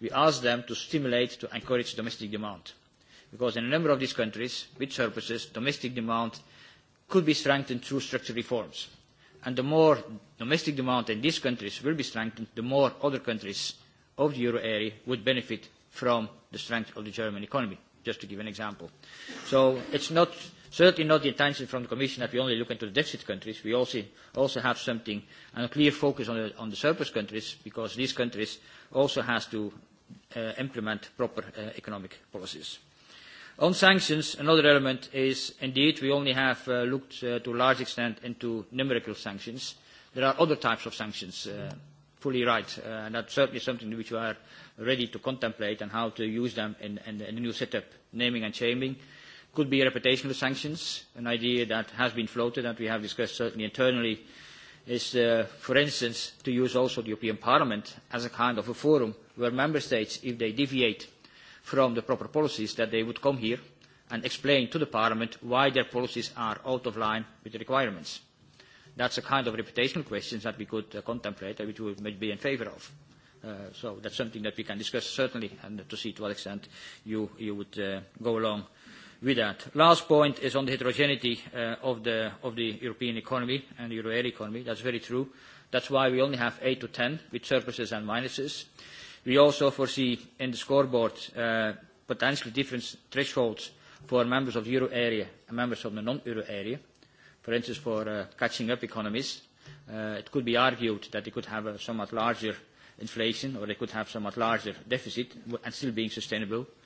we asked them to stimulate, to encourage domestic demand. Because in a number of these countries, with surpluses, domestic demand could be strengthened through structural reforms. And the more domestic demand in these countries will be strengthened, the more other countries of the euro area would benefit from the strength of the German economy, just to give an example. So it's not Certainly not the intention from the Commission that we only look into the deficit countries. We also, also have something and a clear focus on the, on the surplus countries because these countries also has to uh, implement proper uh, economic policies. On sanctions, another element is indeed we only have uh, looked uh, to a large extent into numerical sanctions. There are other types of sanctions, uh, fully right, uh, and that's certainly something which we are ready to contemplate and how to use them in, in, in the new setup, naming and shaming. Uh, could be reputational sanctions. An idea that has been floated and we have discussed certainly internally is, uh, for instance, to use also the European Parliament as a kind of a forum where member states, if they deviate from the proper policies, that they would come here and explain to the Parliament why their policies are out of line with the requirements. That's a kind of reputational questions that we could uh, contemplate and which we would be in favour of. Uh, so that's something that we can discuss certainly and to see to what extent you, you would uh, go along with that. Last point is on the heterogeneity uh, of, the, of the European economy and the euro area economy. That's very true. That's why we only have 8 to 10 with surpluses and minuses. We also foresee in the scoreboard uh, potentially different thresholds for members of the euro area and members of the non-euro area. For instance, for uh, catching up economies, uh, it could be argued that they could have a somewhat larger inflation or they could have somewhat larger deficit and still being sustainable. Uh,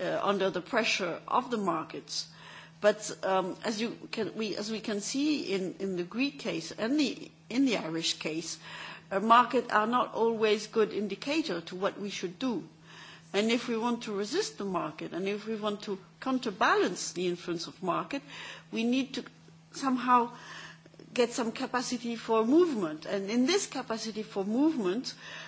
uh, under the pressure of the markets. But um, as, you can, we, as we can see in, in the Greek case and the, in the Irish case, uh, markets are not always good indicator to what we should do. And if we want to resist the market and if we want to counterbalance the influence of market, we need to somehow get some capacity for movement. And in this capacity for movement, uh,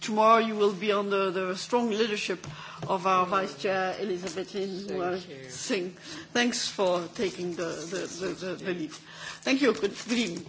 Tomorrow you will be under the strong leadership of our Vice Chair, Elizabeth Lynn, who will sing. Thanks for taking the, the, the, the, the lead. Thank you. Good, good evening.